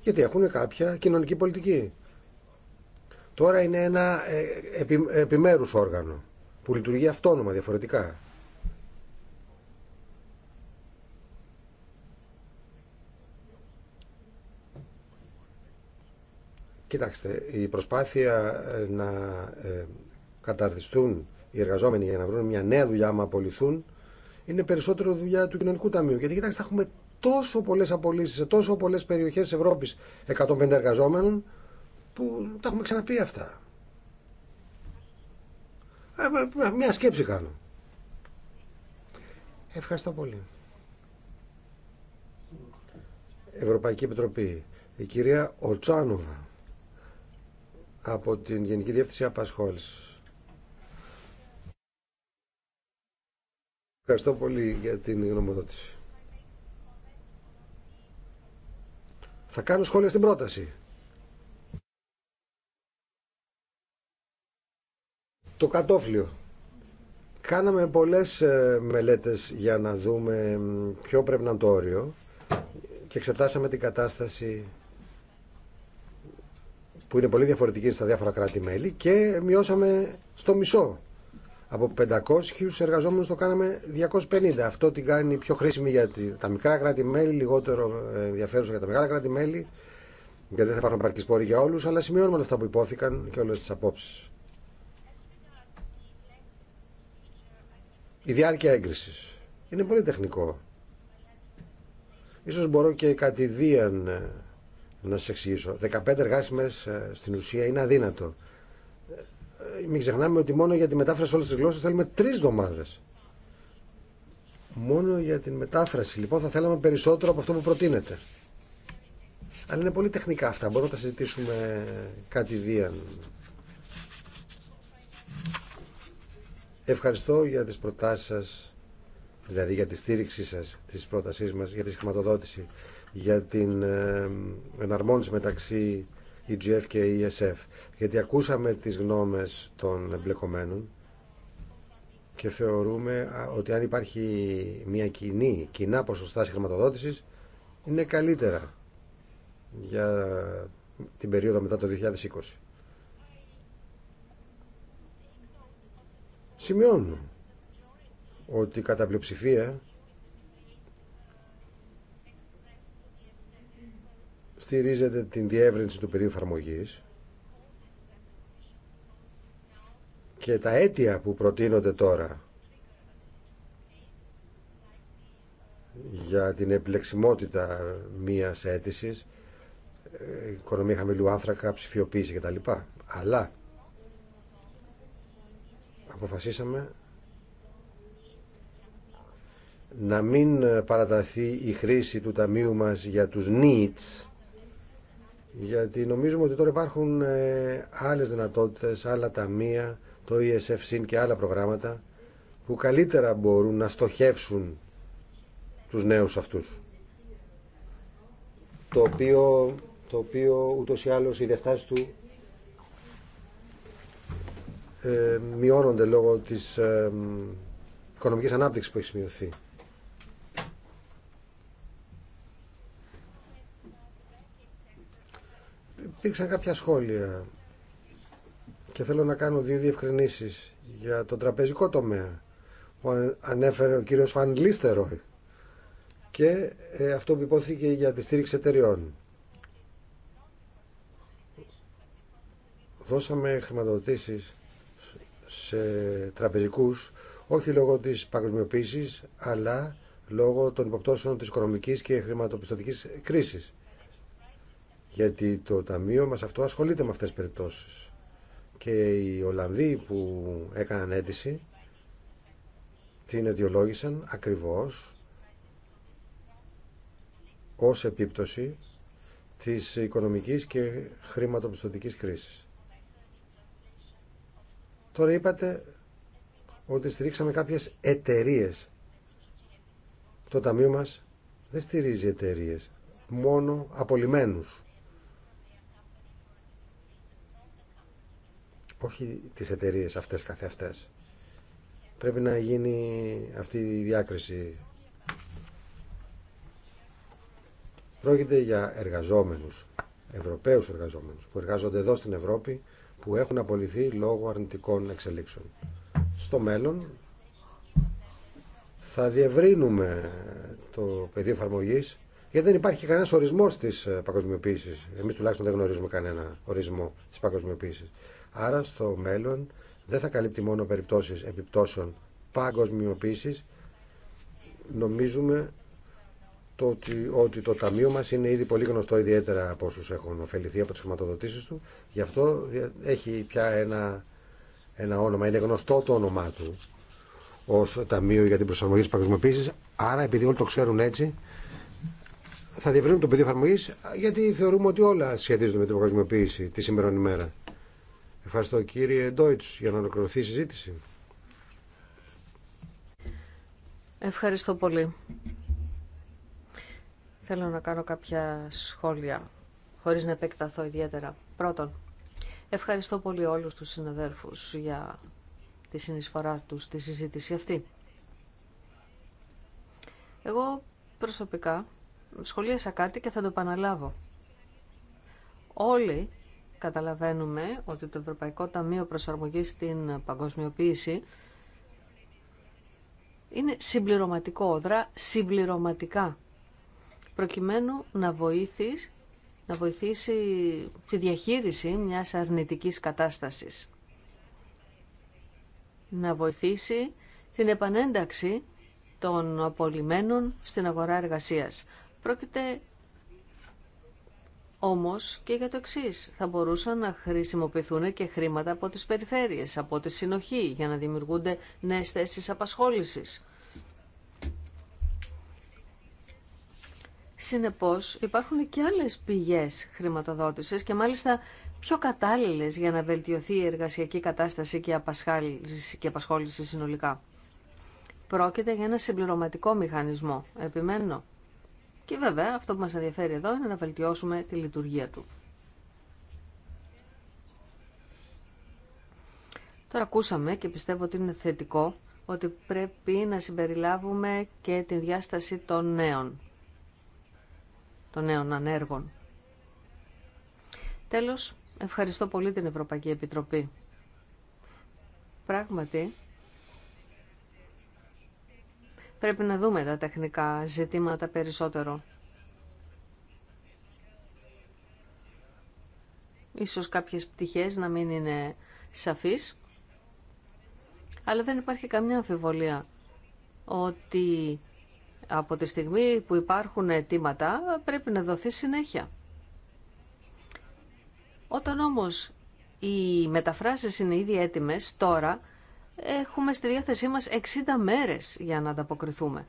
Γιατί έχουν κάποια κοινωνική πολιτική. Τώρα είναι ένα ε, επι, επιμέρους όργανο που λειτουργεί αυτόνομα διαφορετικά. Κοιτάξτε, η προσπάθεια ε, να ε, καταρτιστούν οι εργαζόμενοι για να βρουν μια νέα δουλειά, άμα απολυθούν, είναι περισσότερο δουλειά του κοινωνικού ταμείου. Γιατί κοιτάξτε, έχουμε τόσο πολλέ απολύσει σε τόσο πολλέ περιοχέ τη Ευρώπη 150 εργαζόμενων, που τα έχουμε ξαναπεί αυτά. Ε, ε, ε, μια σκέψη κάνω. Ευχαριστώ πολύ. Ευρωπαϊκή Επιτροπή. Η κυρία Οτσάνοβα από την Γενική Διεύθυνση Απασχόλησης. Ευχαριστώ πολύ για την γνωμοδότηση. Θα κάνω σχόλια στην πρόταση. Το κατόφλιο. Κάναμε πολλές ε, μελέτες για να δούμε ποιο πρέπει να είναι το όριο και εξετάσαμε την κατάσταση που είναι πολύ διαφορετική στα διάφορα κράτη-μέλη και μειώσαμε στο μισό από 500 εργαζόμενους το κάναμε 250. Αυτό την κάνει πιο χρήσιμη για τα μικρά κράτη-μέλη, λιγότερο ε, ενδιαφέρουσα για τα μεγάλα κράτη-μέλη, γιατί δεν θα υπάρχουν επαρκή πόροι για όλους, αλλά σημειώνουμε αυτά που υπόθηκαν και όλες τις απόψεις. Η διάρκεια έγκρισης. Είναι πολύ τεχνικό. Ίσως μπορώ και κατηδίαν ε, να σας εξηγήσω. 15 εργάσιμες ε, στην ουσία είναι αδύνατο ε, μην ξεχνάμε ότι μόνο για τη μετάφραση όλες τις γλώσσες θέλουμε τρεις εβδομάδε. Μόνο για την μετάφραση. Λοιπόν, θα θέλαμε περισσότερο από αυτό που προτείνεται. Αλλά είναι πολύ τεχνικά αυτά. Μπορούμε να τα συζητήσουμε κάτι δίαν. Ευχαριστώ για τις προτάσεις σας, δηλαδή για τη στήριξή σας, τις πρότασή μας, για τη σχηματοδότηση, για την ε, εναρμόνιση μεταξύ G.F και η ESF, γιατί ακούσαμε τις γνώμες των εμπλεκομένων και θεωρούμε ότι αν υπάρχει μια κοινή, κοινά ποσοστά χρηματοδότησης, είναι καλύτερα για την περίοδο μετά το 2020. Σημειώνω ότι κατά πλειοψηφία στηρίζεται την διεύρυνση του πεδίου εφαρμογή και τα αίτια που προτείνονται τώρα για την επιλεξιμότητα μίας αίτηση, ε, οικονομία χαμηλού άνθρακα, ψηφιοποίηση κτλ. Αλλά αποφασίσαμε να μην παραταθεί η χρήση του ταμείου μας για τους needs γιατί νομίζουμε ότι τώρα υπάρχουν ε, άλλες δυνατότητες, άλλα ταμεία, το ESF συν και άλλα προγράμματα που καλύτερα μπορούν να στοχεύσουν τους νέους αυτούς. Το οποίο, το οποίο ούτως ή άλλως οι διαστάσεις του ε, μειώνονται λόγω της ε, οικονομικής ανάπτυξης που έχει σημειωθεί. Υπήρξαν κάποια σχόλια και θέλω να κάνω δύο διευκρινήσεις για τον τραπεζικό τομέα που ανέφερε ο κύριος Φαν Λίστεροι και ε, αυτό που υπόθηκε για τη στήριξη εταιριών. Δώσαμε χρηματοδοτήσεις σε τραπεζικούς όχι λόγω της παγκοσμιοποίησης αλλά λόγω των υποπτώσεων της οικονομικής και χρηματοπιστωτικής κρίσης γιατί το Ταμείο μας αυτό ασχολείται με αυτές τις περιπτώσεις. Και οι Ολλανδοί που έκαναν αίτηση την αιτιολόγησαν ακριβώς ως επίπτωση της οικονομικής και χρηματοπιστωτικής κρίσης. Τώρα είπατε ότι στηρίξαμε κάποιες εταιρείε. Το Ταμείο μας δεν στηρίζει εταιρείε, μόνο απολυμένους. όχι τις εταιρείε αυτές καθεαυτές. Πρέπει να γίνει αυτή η διάκριση. Πρόκειται για εργαζόμενους, Ευρωπαίους εργαζόμενους, που εργάζονται εδώ στην Ευρώπη, που έχουν απολυθεί λόγω αρνητικών εξελίξεων. Στο μέλλον θα διευρύνουμε το πεδίο εφαρμογή, γιατί δεν υπάρχει κανένα ορισμό τη παγκοσμιοποίηση. Εμεί τουλάχιστον δεν γνωρίζουμε κανένα ορισμό τη παγκοσμιοποίηση. Άρα στο μέλλον δεν θα καλύπτει μόνο περιπτώσεις επιπτώσεων παγκοσμιοποίησης. Νομίζουμε το ότι, ότι το ταμείο μας είναι ήδη πολύ γνωστό ιδιαίτερα από όσους έχουν ωφεληθεί από τις χρηματοδοτήσεις του. Γι' αυτό έχει πια ένα, ένα όνομα. Είναι γνωστό το όνομά του ως Ταμείο για την Προσαρμογή της Παγκοσμιοποίησης. Άρα επειδή όλοι το ξέρουν έτσι θα διευρύνουμε το πεδίο εφαρμογή γιατί θεωρούμε ότι όλα σχετίζονται με την παγκοσμιοποίηση τη σήμερα ημέρα. Ευχαριστώ κύριε Ντόιτς για να ολοκληρωθεί η συζήτηση. Ευχαριστώ πολύ. Θέλω να κάνω κάποια σχόλια, χωρίς να επεκταθώ ιδιαίτερα. Πρώτον, ευχαριστώ πολύ όλους τους συναδέλφους για τη συνεισφορά τους στη συζήτηση αυτή. Εγώ προσωπικά σχολίασα κάτι και θα το επαναλάβω. Όλοι καταλαβαίνουμε ότι το Ευρωπαϊκό Ταμείο Προσαρμογής στην Παγκοσμιοποίηση είναι συμπληρωματικό, οδρά συμπληρωματικά, προκειμένου να βοηθήσει, να βοηθήσει τη διαχείριση μιας αρνητικής κατάστασης. Να βοηθήσει την επανένταξη των απολυμένων στην αγορά εργασίας. Πρόκειται όμως και για το εξή. Θα μπορούσαν να χρησιμοποιηθούν και χρήματα από τις περιφέρειες, από τη συνοχή, για να δημιουργούνται νέες θέσει απασχόλησης. Συνεπώς υπάρχουν και άλλες πηγές χρηματοδότησης και μάλιστα πιο κατάλληλε για να βελτιωθεί η εργασιακή κατάσταση και η απασχόληση συνολικά. Πρόκειται για ένα συμπληρωματικό μηχανισμό, επιμένω, και βέβαια αυτό που μας ενδιαφέρει εδώ είναι να βελτιώσουμε τη λειτουργία του. Τώρα ακούσαμε και πιστεύω ότι είναι θετικό ότι πρέπει να συμπεριλάβουμε και τη διάσταση των νέων, των νέων ανέργων. Τέλος, ευχαριστώ πολύ την Ευρωπαϊκή Επιτροπή. Πράγματι, Πρέπει να δούμε τα τεχνικά ζητήματα περισσότερο. Ίσως κάποιες πτυχές να μην είναι σαφείς, αλλά δεν υπάρχει καμιά αμφιβολία ότι από τη στιγμή που υπάρχουν αιτήματα πρέπει να δοθεί συνέχεια. Όταν όμως οι μεταφράσεις είναι ήδη έτοιμες τώρα, έχουμε στη διάθεσή μας 60 μέρες για να ανταποκριθούμε.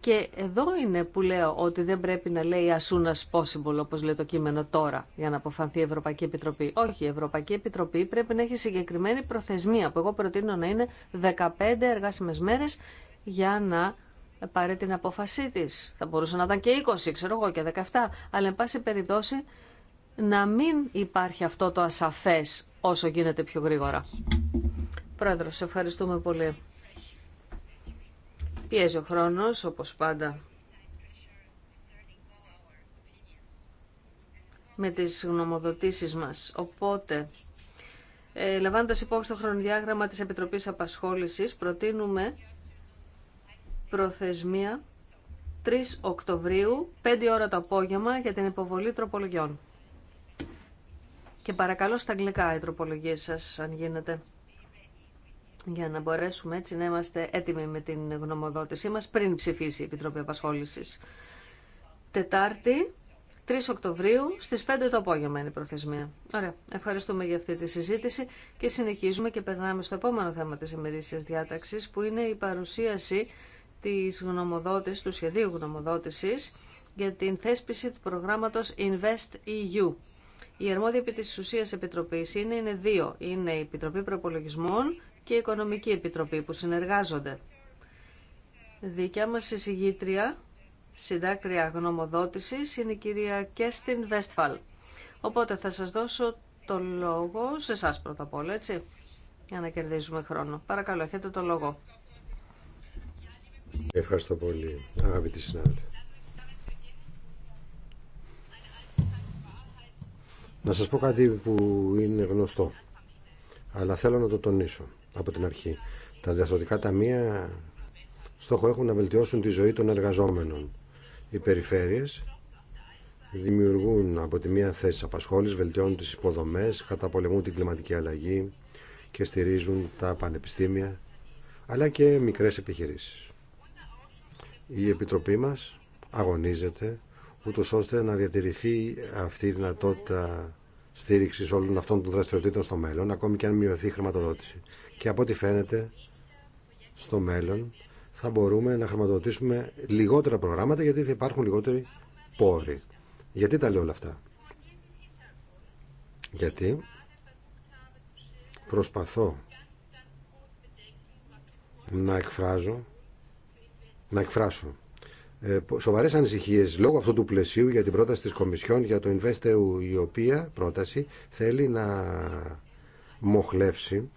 Και εδώ είναι που λέω ότι δεν πρέπει να λέει as soon as possible, όπως λέει το κείμενο τώρα, για να αποφανθεί η Ευρωπαϊκή Επιτροπή. Όχι, η Ευρωπαϊκή Επιτροπή πρέπει να έχει συγκεκριμένη προθεσμία, που εγώ προτείνω να είναι 15 εργάσιμες μέρες για να πάρει την απόφασή της. Θα μπορούσε να ήταν και 20, ξέρω εγώ, και 17, αλλά εν πάση περιπτώσει να μην υπάρχει αυτό το ασαφές όσο γίνεται πιο γρήγορα. Πρόεδρο, σε ευχαριστούμε πολύ. Πιέζει ο χρόνος, όπως πάντα. με τις γνωμοδοτήσεις μας. Οπότε, ε, λαμβάνοντας υπόψη το χρονοδιάγραμμα της Επιτροπής Απασχόλησης, προτείνουμε προθεσμία 3 Οκτωβρίου, 5 ώρα το απόγευμα, για την υποβολή τροπολογιών. Και παρακαλώ στα αγγλικά οι τροπολογίες σας, αν γίνεται, για να μπορέσουμε έτσι να είμαστε έτοιμοι με την γνωμοδότησή μας πριν ψηφίσει η Επιτροπή Απασχόλησης. Τετάρτη, 3 Οκτωβρίου στις 5 το απόγευμα είναι η προθεσμία. Ωραία. Ευχαριστούμε για αυτή τη συζήτηση και συνεχίζουμε και περνάμε στο επόμενο θέμα της ημερήσιας διάταξης που είναι η παρουσίαση της γνωμοδότησης, του σχεδίου γνωμοδότησης για την θέσπιση του προγράμματος Invest EU. Η αρμόδια επί της ουσίας επιτροπής είναι, είναι δύο. Είναι η Επιτροπή Προπολογισμών και η Οικονομική Επιτροπή που συνεργάζονται. Δικιά μας εισηγήτρια, συντάκτρια γνωμοδότησης, είναι η κυρία Κέστιν Βέστφαλ. Οπότε θα σας δώσω το λόγο σε εσά πρώτα απ' όλα, έτσι, για να κερδίζουμε χρόνο. Παρακαλώ, έχετε το λόγο. Ευχαριστώ πολύ, αγαπητοί συνάδελφοι. Να σας πω κάτι που είναι γνωστό, αλλά θέλω να το τονίσω από την αρχή. Τα διαφθορτικά ταμεία στόχο έχουν να βελτιώσουν τη ζωή των εργαζόμενων. Οι περιφέρειες δημιουργούν από τη μία θέση απασχόληση, βελτιώνουν τις υποδομές, καταπολεμούν την κλιματική αλλαγή και στηρίζουν τα πανεπιστήμια, αλλά και μικρές επιχειρήσεις. Η Επιτροπή μας αγωνίζεται ούτω ώστε να διατηρηθεί αυτή η δυνατότητα στήριξη όλων αυτών των δραστηριοτήτων στο μέλλον, ακόμη και αν μειωθεί η χρηματοδότηση. Και από ό,τι φαίνεται, στο μέλλον θα μπορούμε να χρηματοδοτήσουμε λιγότερα προγράμματα γιατί θα υπάρχουν λιγότεροι πόροι. Γιατί τα λέω όλα αυτά. Γιατί προσπαθώ να εκφράζω, να εκφράσω ε, σοβαρέ ανησυχίε λόγω αυτού του πλαισίου για την πρόταση τη Κομισιόν για το InvestEU, η οποία πρόταση θέλει να μοχλεύσει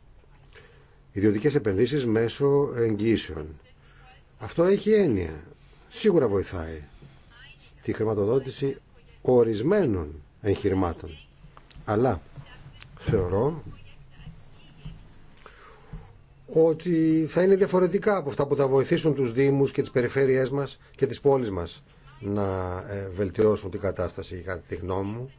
ιδιωτικέ επενδύσεις μέσω εγγύσεων. Αυτό έχει έννοια. Σίγουρα βοηθάει τη χρηματοδότηση ορισμένων εγχειρημάτων. Αλλά θεωρώ ότι θα είναι διαφορετικά από αυτά που θα βοηθήσουν τους Δήμους και τις περιφέρειές μας και τις πόλεις μας να ε, βελτιώσουν την κατάσταση κατά τη γνώμη μου.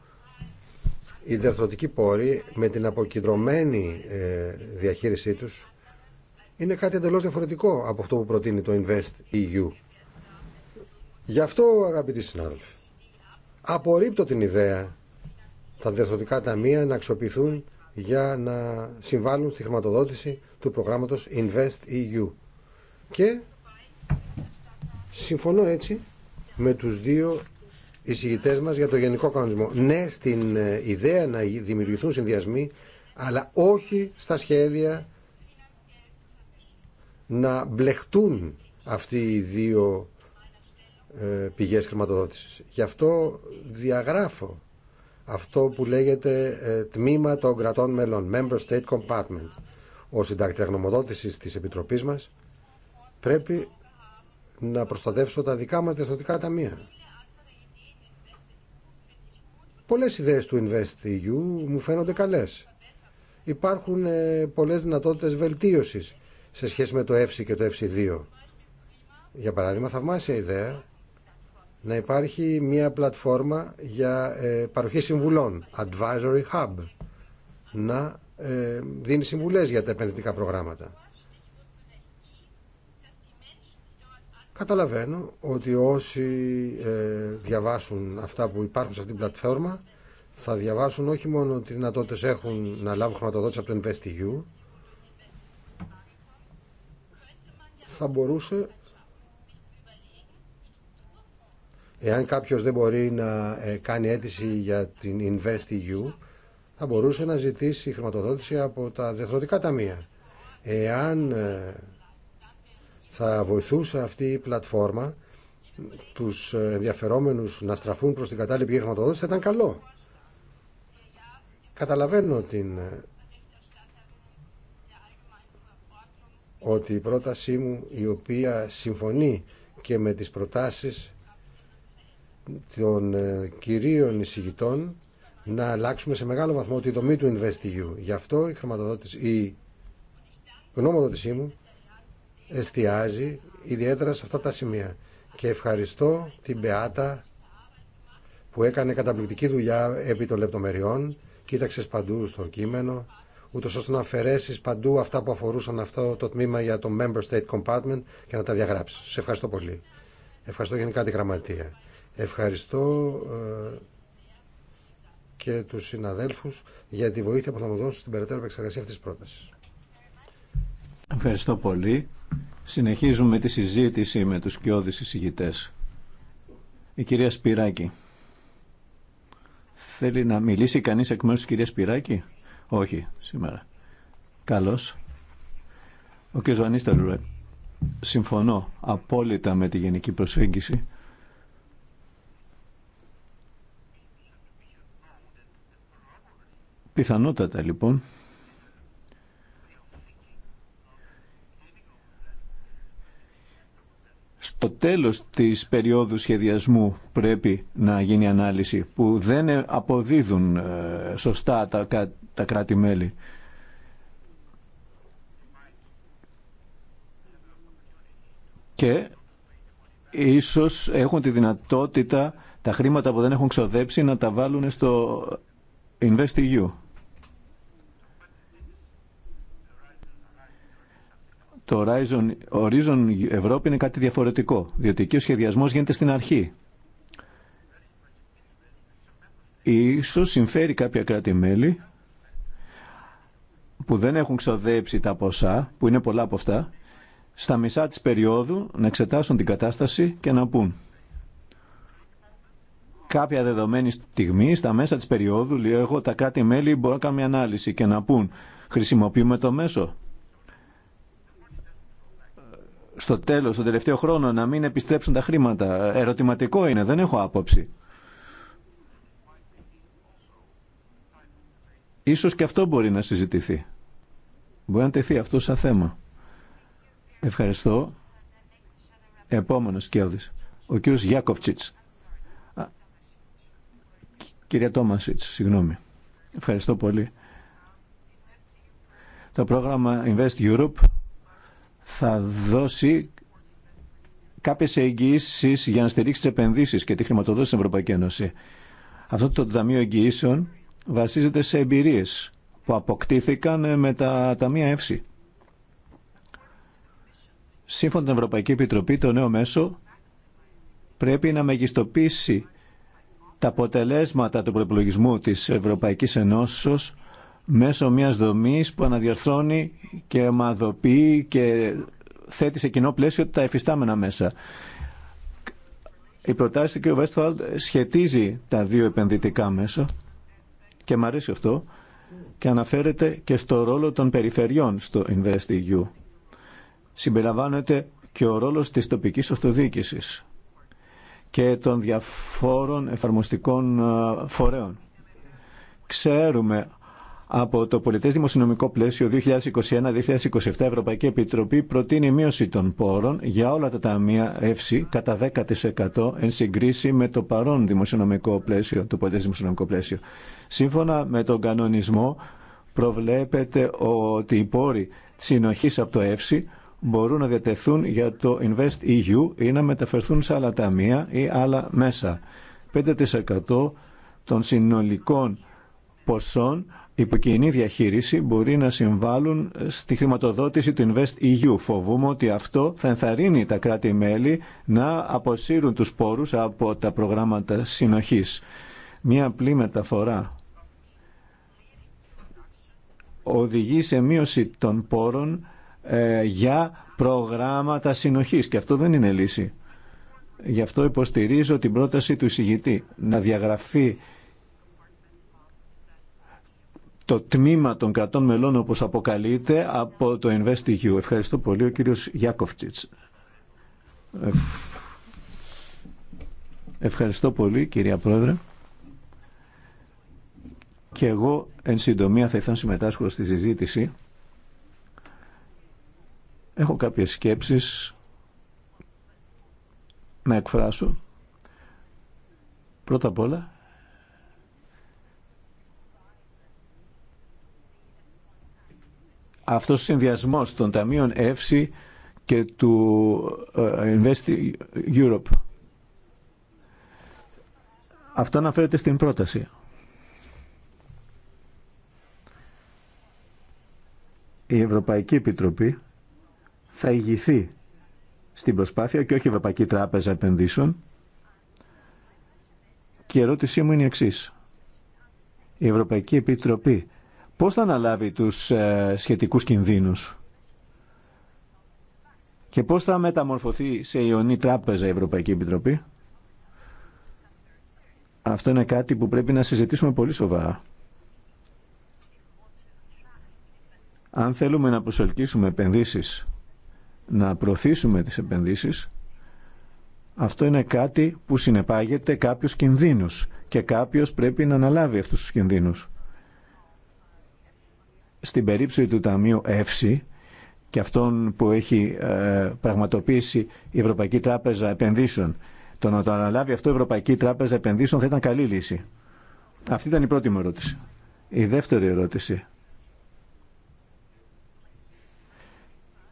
Οι διαρθρωτικοί πόροι με την αποκεντρωμένη ε, διαχείρισή τους είναι κάτι εντελώς διαφορετικό από αυτό που προτείνει το Invest EU. Γι' αυτό αγαπητοί συνάδελφοι, απορρίπτω την ιδέα τα διαρθρωτικά ταμεία να αξιοποιηθούν για να συμβάλλουν στη χρηματοδότηση του προγράμματος Invest EU. Και συμφωνώ έτσι με τους δύο εισηγητές μας για το γενικό κανονισμό. Ναι στην ε, ιδέα να δημιουργηθούν συνδυασμοί, αλλά όχι στα σχέδια να μπλεχτούν αυτοί οι δύο ε, πηγές χρηματοδότησης. Γι' αυτό διαγράφω αυτό που λέγεται ε, τμήμα των κρατών μελών, Member State Compartment. Ο συντάκτη της Επιτροπής μας πρέπει να προστατεύσω τα δικά μας διευθυντικά ταμεία. Πολλές ιδέες του InvestEU μου φαίνονται καλές. Υπάρχουν ε, πολλές δυνατότητες βελτίωσης σε σχέση με το ΕΦΣΙ και το ΕΦΣΙ 2. Για παράδειγμα, θαυμάσια ιδέα να υπάρχει μια πλατφόρμα για ε, παροχή συμβουλών, advisory hub, να ε, δίνει συμβουλές για τα επενδυτικά προγράμματα. Καταλαβαίνω ότι όσοι ε, διαβάσουν αυτά που υπάρχουν σε αυτήν την πλατφόρμα θα διαβάσουν όχι μόνο τι δυνατότητε έχουν να λάβουν χρηματοδότηση από το InvestEU, θα μπορούσε Εάν κάποιος δεν μπορεί να ε, κάνει αίτηση για την InvestEU, θα μπορούσε να ζητήσει χρηματοδότηση από τα διεθνωτικά ταμεία. Εάν ε, θα βοηθούσε αυτή η πλατφόρμα τους ενδιαφερόμενους να στραφούν προς την κατάλληλη χρηματοδότηση, θα ήταν καλό. Καταλαβαίνω την... Ε, ότι η πρότασή μου, η οποία συμφωνεί και με τις προτάσεις των ε, κυρίων εισηγητών να αλλάξουμε σε μεγάλο βαθμό τη δομή του InvestEU. Γι' αυτό η, η γνώμοδότησή μου εστιάζει ιδιαίτερα σε αυτά τα σημεία. Και ευχαριστώ την Πεάτα που έκανε καταπληκτική δουλειά επί των λεπτομεριών, κοίταξε παντού στο κείμενο, ούτως ώστε να αφαιρέσει παντού αυτά που αφορούσαν αυτό το τμήμα για το Member State Compartment και να τα διαγράψει. Σε ευχαριστώ πολύ. Ευχαριστώ γενικά τη γραμματεία. Ευχαριστώ ε, και τους συναδέλφους για τη βοήθεια που θα μου δώσουν στην περαιτέρω επεξεργασία αυτής της πρότασης. Ευχαριστώ πολύ. Συνεχίζουμε τη συζήτηση με τους κοιόδης εισηγητές. Η κυρία Σπυράκη. Θέλει να μιλήσει κανείς εκ μέρους της κυρίας Σπυράκη. Όχι, σήμερα. Καλώς. Ο κ. Βανίστερ Συμφωνώ απόλυτα με τη γενική προσέγγιση. Πιθανότατα λοιπόν στο τέλος της περίοδου σχεδιασμού πρέπει να γίνει ανάλυση που δεν αποδίδουν ε, σωστά τα, τα κράτη-μέλη. Και ίσως έχουν τη δυνατότητα τα χρήματα που δεν έχουν ξοδέψει να τα βάλουν στο InvestEU. Το Horizon, Horizon Ευρώπη είναι κάτι διαφορετικό, διότι εκεί ο σχεδιασμός γίνεται στην αρχή. Ίσως συμφέρει κάποια κράτη-μέλη που δεν έχουν ξοδέψει τα ποσά, που είναι πολλά από αυτά, στα μισά της περίοδου να εξετάσουν την κατάσταση και να πούν. Κάποια δεδομένη στιγμή, στα μέσα της περίοδου, λέω εγώ, τα κράτη-μέλη μπορούν να κάνουν μια ανάλυση και να πούν χρησιμοποιούμε το μέσο στο τέλος, στο τελευταίο χρόνο, να μην επιστρέψουν τα χρήματα. Ερωτηματικό είναι, δεν έχω άποψη. Ίσως και αυτό μπορεί να συζητηθεί. Μπορεί να τεθεί αυτό σαν θέμα. Ευχαριστώ. Επόμενος κέρδης. Ο κύριος Γιάκοφτσιτς. Κυρία Τόμασιτς, συγγνώμη. Ευχαριστώ πολύ. Το πρόγραμμα Invest Europe θα δώσει κάποιες εγγυήσεις για να στηρίξει τις επενδύσεις και τη χρηματοδότηση στην Ευρωπαϊκή Ένωση. Αυτό το Ταμείο Εγγυήσεων βασίζεται σε εμπειρίες που αποκτήθηκαν με τα Ταμεία Εύση. Σύμφωνα την Ευρωπαϊκή Επιτροπή, το νέο μέσο πρέπει να μεγιστοποιήσει τα αποτελέσματα του προπολογισμού της Ευρωπαϊκής Ενώσεως μέσω μιας δομής που αναδιαρθρώνει και ομαδοποιεί και θέτει σε κοινό πλαίσιο τα εφιστάμενα μέσα. Η προτάση του κ. Βέστφαλτ σχετίζει τα δύο επενδυτικά μέσα και μου αρέσει αυτό και αναφέρεται και στο ρόλο των περιφερειών στο InvestEU. Συμπεριλαμβάνεται και ο ρόλος της τοπικής αυτοδιοίκησης και των διαφόρων εφαρμοστικών ε, φορέων. Ξέρουμε από το πολιτές δημοσιονομικό πλαίσιο 2021-2027 Ευρωπαϊκή Επιτροπή προτείνει μείωση των πόρων για όλα τα ταμεία ΕΦΣΥ κατά 10% εν συγκρίση με το παρόν δημοσιονομικό πλαίσιο, το πολιτές δημοσιονομικό πλαίσιο. Σύμφωνα με τον κανονισμό προβλέπεται ότι οι πόροι συνοχής από το ΕΦΣΥ μπορούν να διατεθούν για το Invest EU ή να μεταφερθούν σε άλλα ταμεία ή άλλα μέσα. 5% των συνολικών ποσών υποκοινή διαχείριση μπορεί να συμβάλλουν ε, στη χρηματοδότηση του Invest EU. Φοβούμαι ότι αυτό θα ενθαρρύνει τα κράτη-μέλη να αποσύρουν τους πόρους από τα προγράμματα συνοχής. Μία απλή μεταφορά οδηγεί σε μείωση των πόρων ε, για προγράμματα συνοχής και αυτό δεν είναι λύση. Γι' αυτό υποστηρίζω την πρόταση του εισηγητή να διαγραφεί το τμήμα των κρατών μελών όπως αποκαλείται από το InvestEU. Ευχαριστώ πολύ ο κύριος Γιάκοφτσιτς. Ευχαριστώ πολύ κυρία Πρόεδρε. Και εγώ εν συντομία θα ήθελα να συμμετάσχω στη συζήτηση. Έχω κάποιες σκέψεις να εκφράσω. Πρώτα απ' όλα Αυτός ο συνδυασμός των ταμείων ΕΦΣΥ και του ε, Invest Europe. Αυτό αναφέρεται στην πρόταση. Η Ευρωπαϊκή Επιτροπή θα ηγηθεί στην προσπάθεια και όχι η Ευρωπαϊκή Τράπεζα Επενδύσεων. Και η ερώτησή μου είναι η εξής. Η Ευρωπαϊκή Επιτροπή πώς θα αναλάβει τους ε, σχετικούς κινδύνους και πώς θα μεταμορφωθεί σε ιονή τράπεζα η Ευρωπαϊκή Επιτροπή. Αυτό είναι κάτι που πρέπει να συζητήσουμε πολύ σοβαρά. Αν θέλουμε να προσελκύσουμε επενδύσεις, να προωθήσουμε τις επενδύσεις, αυτό είναι κάτι που συνεπάγεται κάποιους κινδύνους και κάποιος πρέπει να αναλάβει αυτούς τους κινδύνους στην περίπτωση του Ταμείου ΕΦΣΥ και αυτόν που έχει ε, πραγματοποιήσει η Ευρωπαϊκή Τράπεζα Επενδύσεων, το να το αναλάβει αυτό η Ευρωπαϊκή Τράπεζα Επενδύσεων θα ήταν καλή λύση. Αυτή ήταν η πρώτη μου ερώτηση. Η δεύτερη ερώτηση.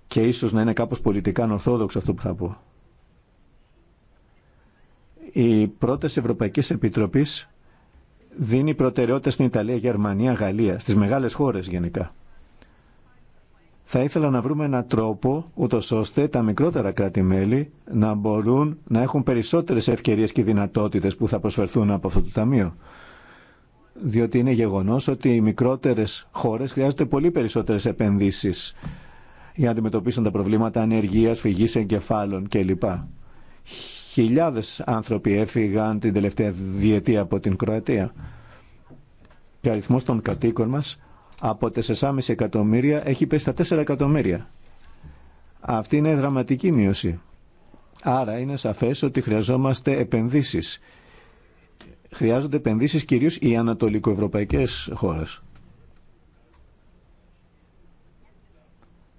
Και ίσως να είναι κάπως πολιτικά ορθόδοξο αυτό που θα πω. Οι πρώτες Ευρωπαϊκής Επιτροπής δίνει προτεραιότητα στην Ιταλία, Γερμανία, Γαλλία, στις μεγάλες χώρες γενικά. Θα ήθελα να βρούμε έναν τρόπο, ούτω ώστε τα μικρότερα κράτη-μέλη να μπορούν να έχουν περισσότερες ευκαιρίες και δυνατότητες που θα προσφερθούν από αυτό το Ταμείο. Διότι είναι γεγονός ότι οι μικρότερες χώρες χρειάζονται πολύ περισσότερες επενδύσεις για να αντιμετωπίσουν τα προβλήματα ανεργίας, φυγής εγκεφάλων κλπ. Χιλιάδες άνθρωποι έφυγαν την τελευταία διετία από την Κροατία. Και ο αριθμός των κατοίκων μας από 4,5 εκατομμύρια έχει πέσει στα 4 εκατομμύρια. Αυτή είναι δραματική μείωση. Άρα είναι σαφές ότι χρειαζόμαστε επενδύσεις. Χρειάζονται επενδύσεις κυρίως οι ανατολικοευρωπαϊκές χώρες.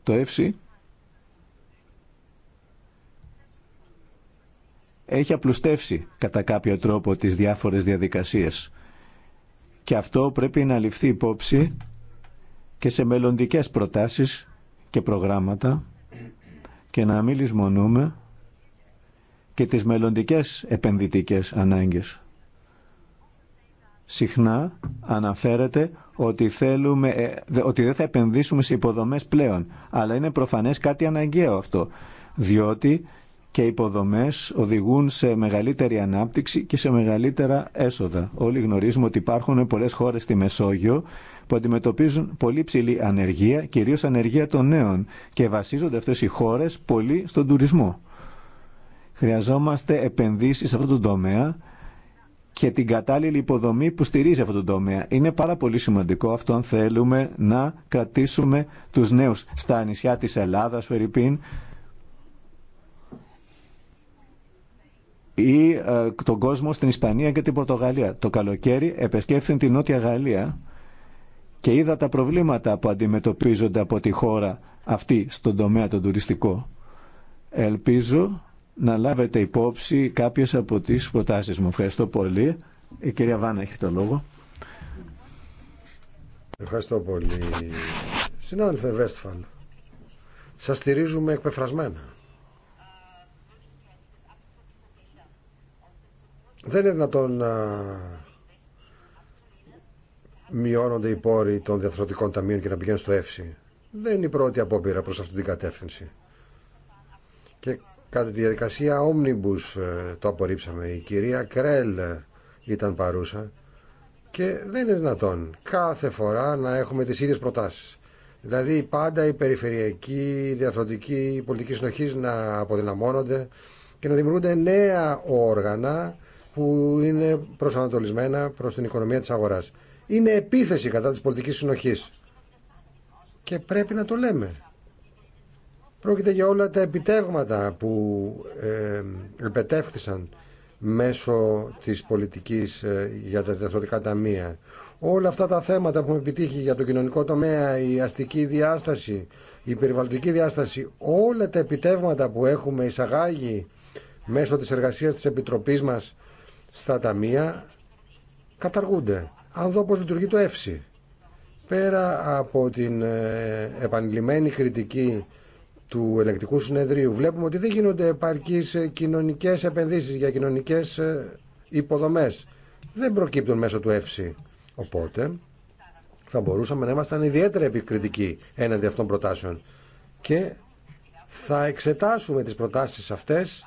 Το ΕΦΣΥ έχει απλουστεύσει κατά κάποιο τρόπο τις διάφορες διαδικασίες. Και αυτό πρέπει να ληφθεί υπόψη και σε μελλοντικές προτάσεις και προγράμματα και να μην λησμονούμε και τις μελλοντικές επενδυτικές ανάγκες. Συχνά αναφέρεται ότι, θέλουμε, ε, ότι δεν θα επενδύσουμε σε υποδομές πλέον, αλλά είναι προφανές κάτι αναγκαίο αυτό, διότι και υποδομές οδηγούν σε μεγαλύτερη ανάπτυξη και σε μεγαλύτερα έσοδα. Όλοι γνωρίζουμε ότι υπάρχουν πολλές χώρες στη Μεσόγειο που αντιμετωπίζουν πολύ ψηλή ανεργία, κυρίως ανεργία των νέων και βασίζονται αυτές οι χώρες πολύ στον τουρισμό. Χρειαζόμαστε επενδύσεις σε αυτό τον τομέα και την κατάλληλη υποδομή που στηρίζει αυτό τον τομέα. Είναι πάρα πολύ σημαντικό αυτό αν θέλουμε να κρατήσουμε τους νέους στα νησιά της Ελλάδας, Φερρυπίν, ή ε, τον κόσμο στην Ισπανία και την Πορτογαλία. Το καλοκαίρι επεσκέφθην την Νότια Γαλλία και είδα τα προβλήματα που αντιμετωπίζονται από τη χώρα αυτή στον τομέα τον τουριστικό. Ελπίζω να λάβετε υπόψη κάποιες από τις προτάσεις μου. Ευχαριστώ πολύ. Η κυρία Βάνα έχει το λόγο. Ευχαριστώ πολύ. Συνάδελφε Βέστφαλ, σας στηρίζουμε εκπεφρασμένα. Δεν είναι δυνατόν να μειώνονται οι πόροι των διαθροτικών ταμείων και να πηγαίνουν στο ΕΦΣΙ. Δεν είναι η πρώτη απόπειρα προς αυτή την κατεύθυνση. Και κατά τη διαδικασία Omnibus ε, το απορρίψαμε. Η κυρία Κρέλ ε, ήταν παρούσα και δεν είναι δυνατόν κάθε φορά να έχουμε τις ίδιες προτάσεις. Δηλαδή πάντα η περιφερειακή, η διαθροτική, η πολιτική συνοχή να αποδυναμώνονται και να δημιουργούνται νέα όργανα που είναι προσανατολισμένα προς την οικονομία της αγοράς. Είναι επίθεση κατά της πολιτικής συνοχής. Και πρέπει να το λέμε. Πρόκειται για όλα τα επιτεύγματα που ε, μέσω της πολιτικής ε, για τα διευθυντικά ταμεία. Όλα αυτά τα θέματα που έχουμε επιτύχει για το κοινωνικό τομέα, η αστική διάσταση, η περιβαλλοντική διάσταση, όλα τα επιτεύγματα που έχουμε εισαγάγει μέσω της εργασίας της Επιτροπής μας στα ταμεία καταργούνται. Αν δω πώς λειτουργεί το ΕΦΣΥ, πέρα από την ε, επανειλημμένη κριτική του ελεκτικού συνεδρίου, βλέπουμε ότι δεν γίνονται επαρκείς ε, κοινωνικές επενδύσεις για κοινωνικές ε, υποδομές. Δεν προκύπτουν μέσω του ΕΦΣΥ. Οπότε, θα μπορούσαμε να ήμασταν ιδιαίτερα επικριτικοί έναντι αυτών προτάσεων. Και θα εξετάσουμε τις προτάσεις αυτές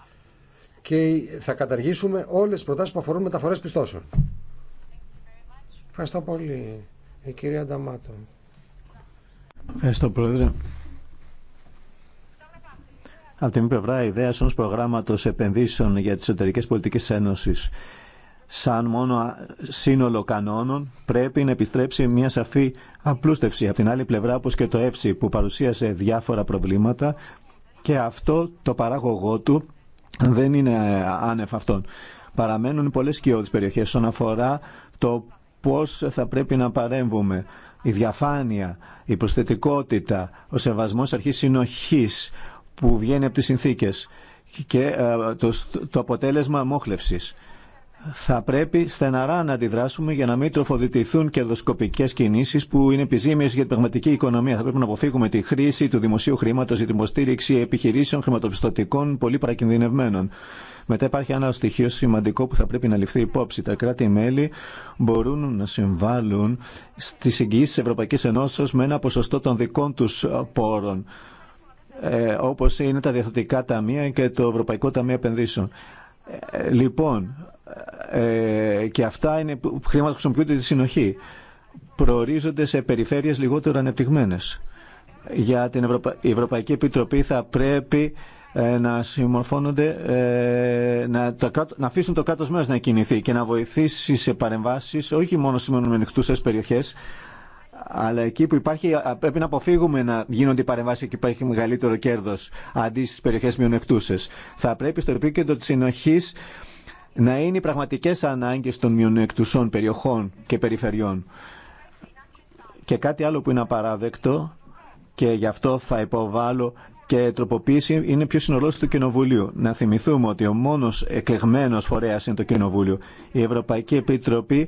και θα καταργήσουμε όλες τις προτάσεις που αφορούν μεταφορές πιστώσεων. Ευχαριστώ πολύ, η κυρία Νταμάτων. Ευχαριστώ, Πρόεδρε. Από την πλευρά, η ιδέα ενό προγράμματο επενδύσεων για τι εσωτερικέ πολιτικέ ένωση, σαν μόνο σύνολο κανόνων, πρέπει να επιστρέψει μια σαφή απλούστευση. Από την άλλη πλευρά, όπω και το ΕΦΣΙ, που παρουσίασε διάφορα προβλήματα και αυτό το παράγωγό του δεν είναι ε, άνευ αυτών. Παραμένουν πολλές σκιώδεις περιοχές όσον αφορά το πώς θα πρέπει να παρέμβουμε. Η διαφάνεια, η προσθετικότητα, ο σεβασμός αρχής συνοχής που βγαίνει από τις συνθήκες και ε, το αποτέλεσμα μόχλευσης θα πρέπει στεναρά να αντιδράσουμε για να μην τροφοδητηθούν κερδοσκοπικέ κινήσει που είναι επιζήμιε για την πραγματική οικονομία. Θα πρέπει να αποφύγουμε τη χρήση του δημοσίου χρήματο για την υποστήριξη επιχειρήσεων χρηματοπιστωτικών πολύ παρακινδυνευμένων. Μετά υπάρχει ένα στοιχείο σημαντικό που θα πρέπει να ληφθεί υπόψη. Τα κράτη-μέλη μπορούν να συμβάλλουν στι εγγυήσει τη Ευρωπαϊκή Ενώσεω με ένα ποσοστό των δικών του πόρων. Ε, όπως είναι τα διαθετικά ταμεία και το Ευρωπαϊκό Ταμείο Επενδύσεων. Ε, λοιπόν, ε, και αυτά είναι χρήματα που χρησιμοποιούνται στη συνοχή. Προορίζονται σε περιφέρειες λιγότερο ανεπτυγμένες. Για την Η Ευρωπαϊκή Επιτροπή θα πρέπει ε, να συμμορφώνονται, ε, να, να αφήσουν το κάτω μέρος να κινηθεί και να βοηθήσει σε παρεμβάσεις όχι μόνο σε μονομενιχτούσες περιοχές, αλλά εκεί που υπάρχει, πρέπει να αποφύγουμε να γίνονται οι παρεμβάσει και υπάρχει μεγαλύτερο κέρδο αντί στι περιοχέ μειονεκτούσε. Θα πρέπει στο επίκεντρο τη συνοχή να είναι οι πραγματικές ανάγκες των μειονεκτουσών περιοχών και περιφερειών. Και κάτι άλλο που είναι απαράδεκτο και γι' αυτό θα υποβάλω και τροποποίηση είναι πιο συνολός του Κοινοβουλίου. Να θυμηθούμε ότι ο μόνος εκλεγμένος φορέας είναι το Κοινοβούλιο. Η Ευρωπαϊκή Επιτροπή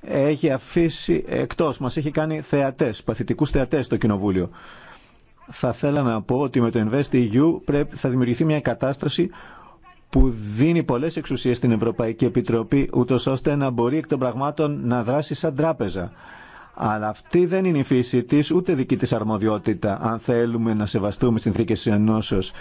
έχει αφήσει εκτός, μας έχει κάνει θεατέ, παθητικού θεατέ το Κοινοβούλιο. Θα θέλα να πω ότι με το InvestEU θα δημιουργηθεί μια κατάσταση που δίνει πολλές εξουσίες στην Ευρωπαϊκή Επιτροπή, ούτω ώστε να μπορεί εκ των πραγμάτων να δράσει σαν τράπεζα. Αλλά αυτή δεν είναι η φύση της ούτε δική της αρμοδιότητα, αν θέλουμε να σεβαστούμε συνθήκες ενώσεως.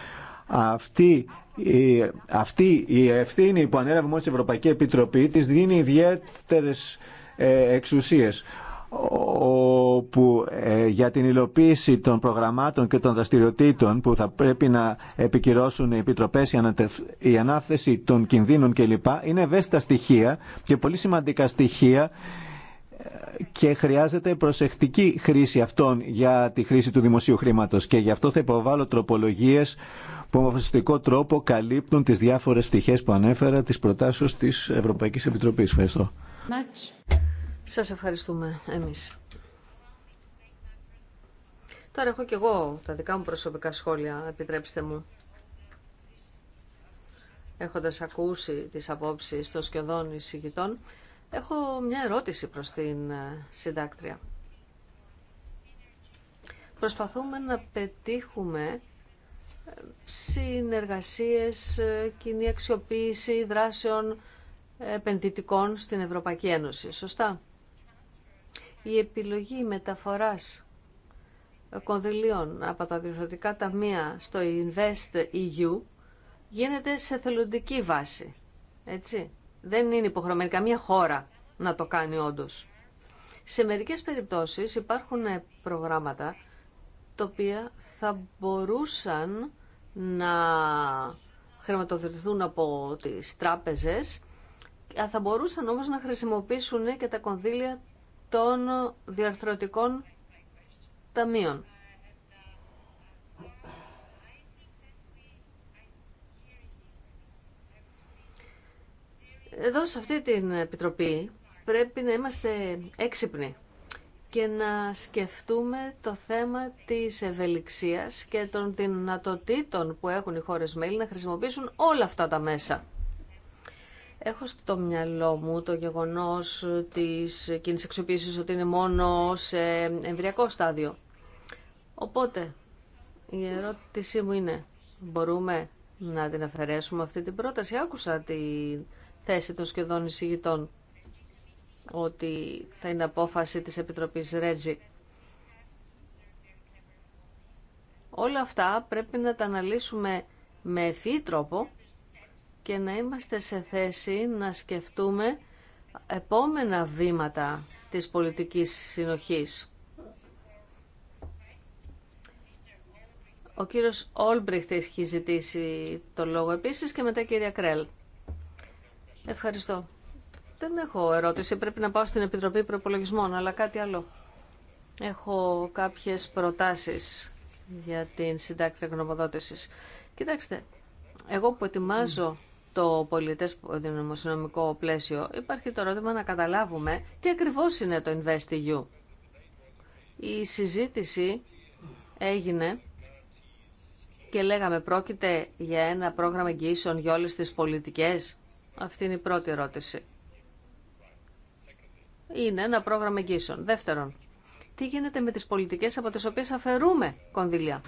Αυτή η, αυτή η ευθύνη που ανέλαβε μόλις η Ευρωπαϊκή Επιτροπή της δίνει ιδιαίτερες ε, εξουσίες όπου ε, για την υλοποίηση των προγραμμάτων και των δραστηριοτήτων που θα πρέπει να επικυρώσουν οι επιτροπές, η ανάθεση των κινδύνων κλπ. είναι ευαίσθητα στοιχεία και πολύ σημαντικά στοιχεία ε, και χρειάζεται προσεκτική χρήση αυτών για τη χρήση του δημοσίου χρήματος και γι' αυτό θα υποβάλω τροπολογίες που με τρόπο καλύπτουν τις διάφορες πτυχές που ανέφερα τις προτάσεις της Ευρωπαϊκής Επιτροπής. Ευχαριστώ. Σας ευχαριστούμε εμείς. Τώρα έχω και εγώ τα δικά μου προσωπικά σχόλια, επιτρέψτε μου. Έχοντας ακούσει τις απόψεις των σκιωδών εισηγητών, έχω μια ερώτηση προς την ε, συντάκτρια. Προσπαθούμε να πετύχουμε ε, συνεργασίες, ε, κοινή αξιοποίηση δράσεων επενδυτικών στην Ευρωπαϊκή Ένωση. Σωστά η επιλογή μεταφοράς κονδυλίων από τα διευθυντικά ταμεία στο Invest EU γίνεται σε θελοντική βάση. Έτσι. Δεν είναι υποχρεωμένη καμία χώρα να το κάνει όντω. Σε μερικές περιπτώσεις υπάρχουν προγράμματα τα οποία θα μπορούσαν να χρηματοδοτηθούν από τις τράπεζες θα μπορούσαν όμως να χρησιμοποιήσουν και τα κονδύλια των διαρθρωτικών ταμείων. Εδώ σε αυτή την επιτροπή πρέπει να είμαστε έξυπνοι και να σκεφτούμε το θέμα της ευελιξίας και των δυνατοτήτων που έχουν οι χώρες μέλη να χρησιμοποιήσουν όλα αυτά τα μέσα. Έχω στο μυαλό μου το γεγονός της κοινής αξιοποίησης ότι είναι μόνο σε εμβριακό στάδιο. Οπότε, η ερώτησή μου είναι, μπορούμε να την αφαιρέσουμε αυτή την πρόταση. Άκουσα τη θέση των σχεδόν εισηγητών ότι θα είναι απόφαση της Επιτροπής Ρέτζη. Όλα αυτά πρέπει να τα αναλύσουμε με ευφύ τρόπο και να είμαστε σε θέση να σκεφτούμε επόμενα βήματα της πολιτικής συνοχής. Ο κύριος Όλμπριχτ έχει ζητήσει το λόγο επίσης και μετά κυρία Κρέλ. Ευχαριστώ. Δεν έχω ερώτηση, πρέπει να πάω στην Επιτροπή Προπολογισμών, αλλά κάτι άλλο. Έχω κάποιες προτάσεις για την συντάκτρια γνωμοδότησης. Κοιτάξτε, εγώ που ετοιμάζω το πολιτές δημοσιονομικό πλαίσιο. Υπάρχει το ερώτημα να καταλάβουμε τι ακριβώς είναι το InvestEU. Η συζήτηση έγινε και λέγαμε πρόκειται για ένα πρόγραμμα εγγυήσεων για όλες τις πολιτικές. Αυτή είναι η πρώτη ερώτηση. Είναι ένα πρόγραμμα εγγύησεων. Δεύτερον, τι γίνεται με τις πολιτικές από τις οποίες αφαιρούμε κονδυλιά.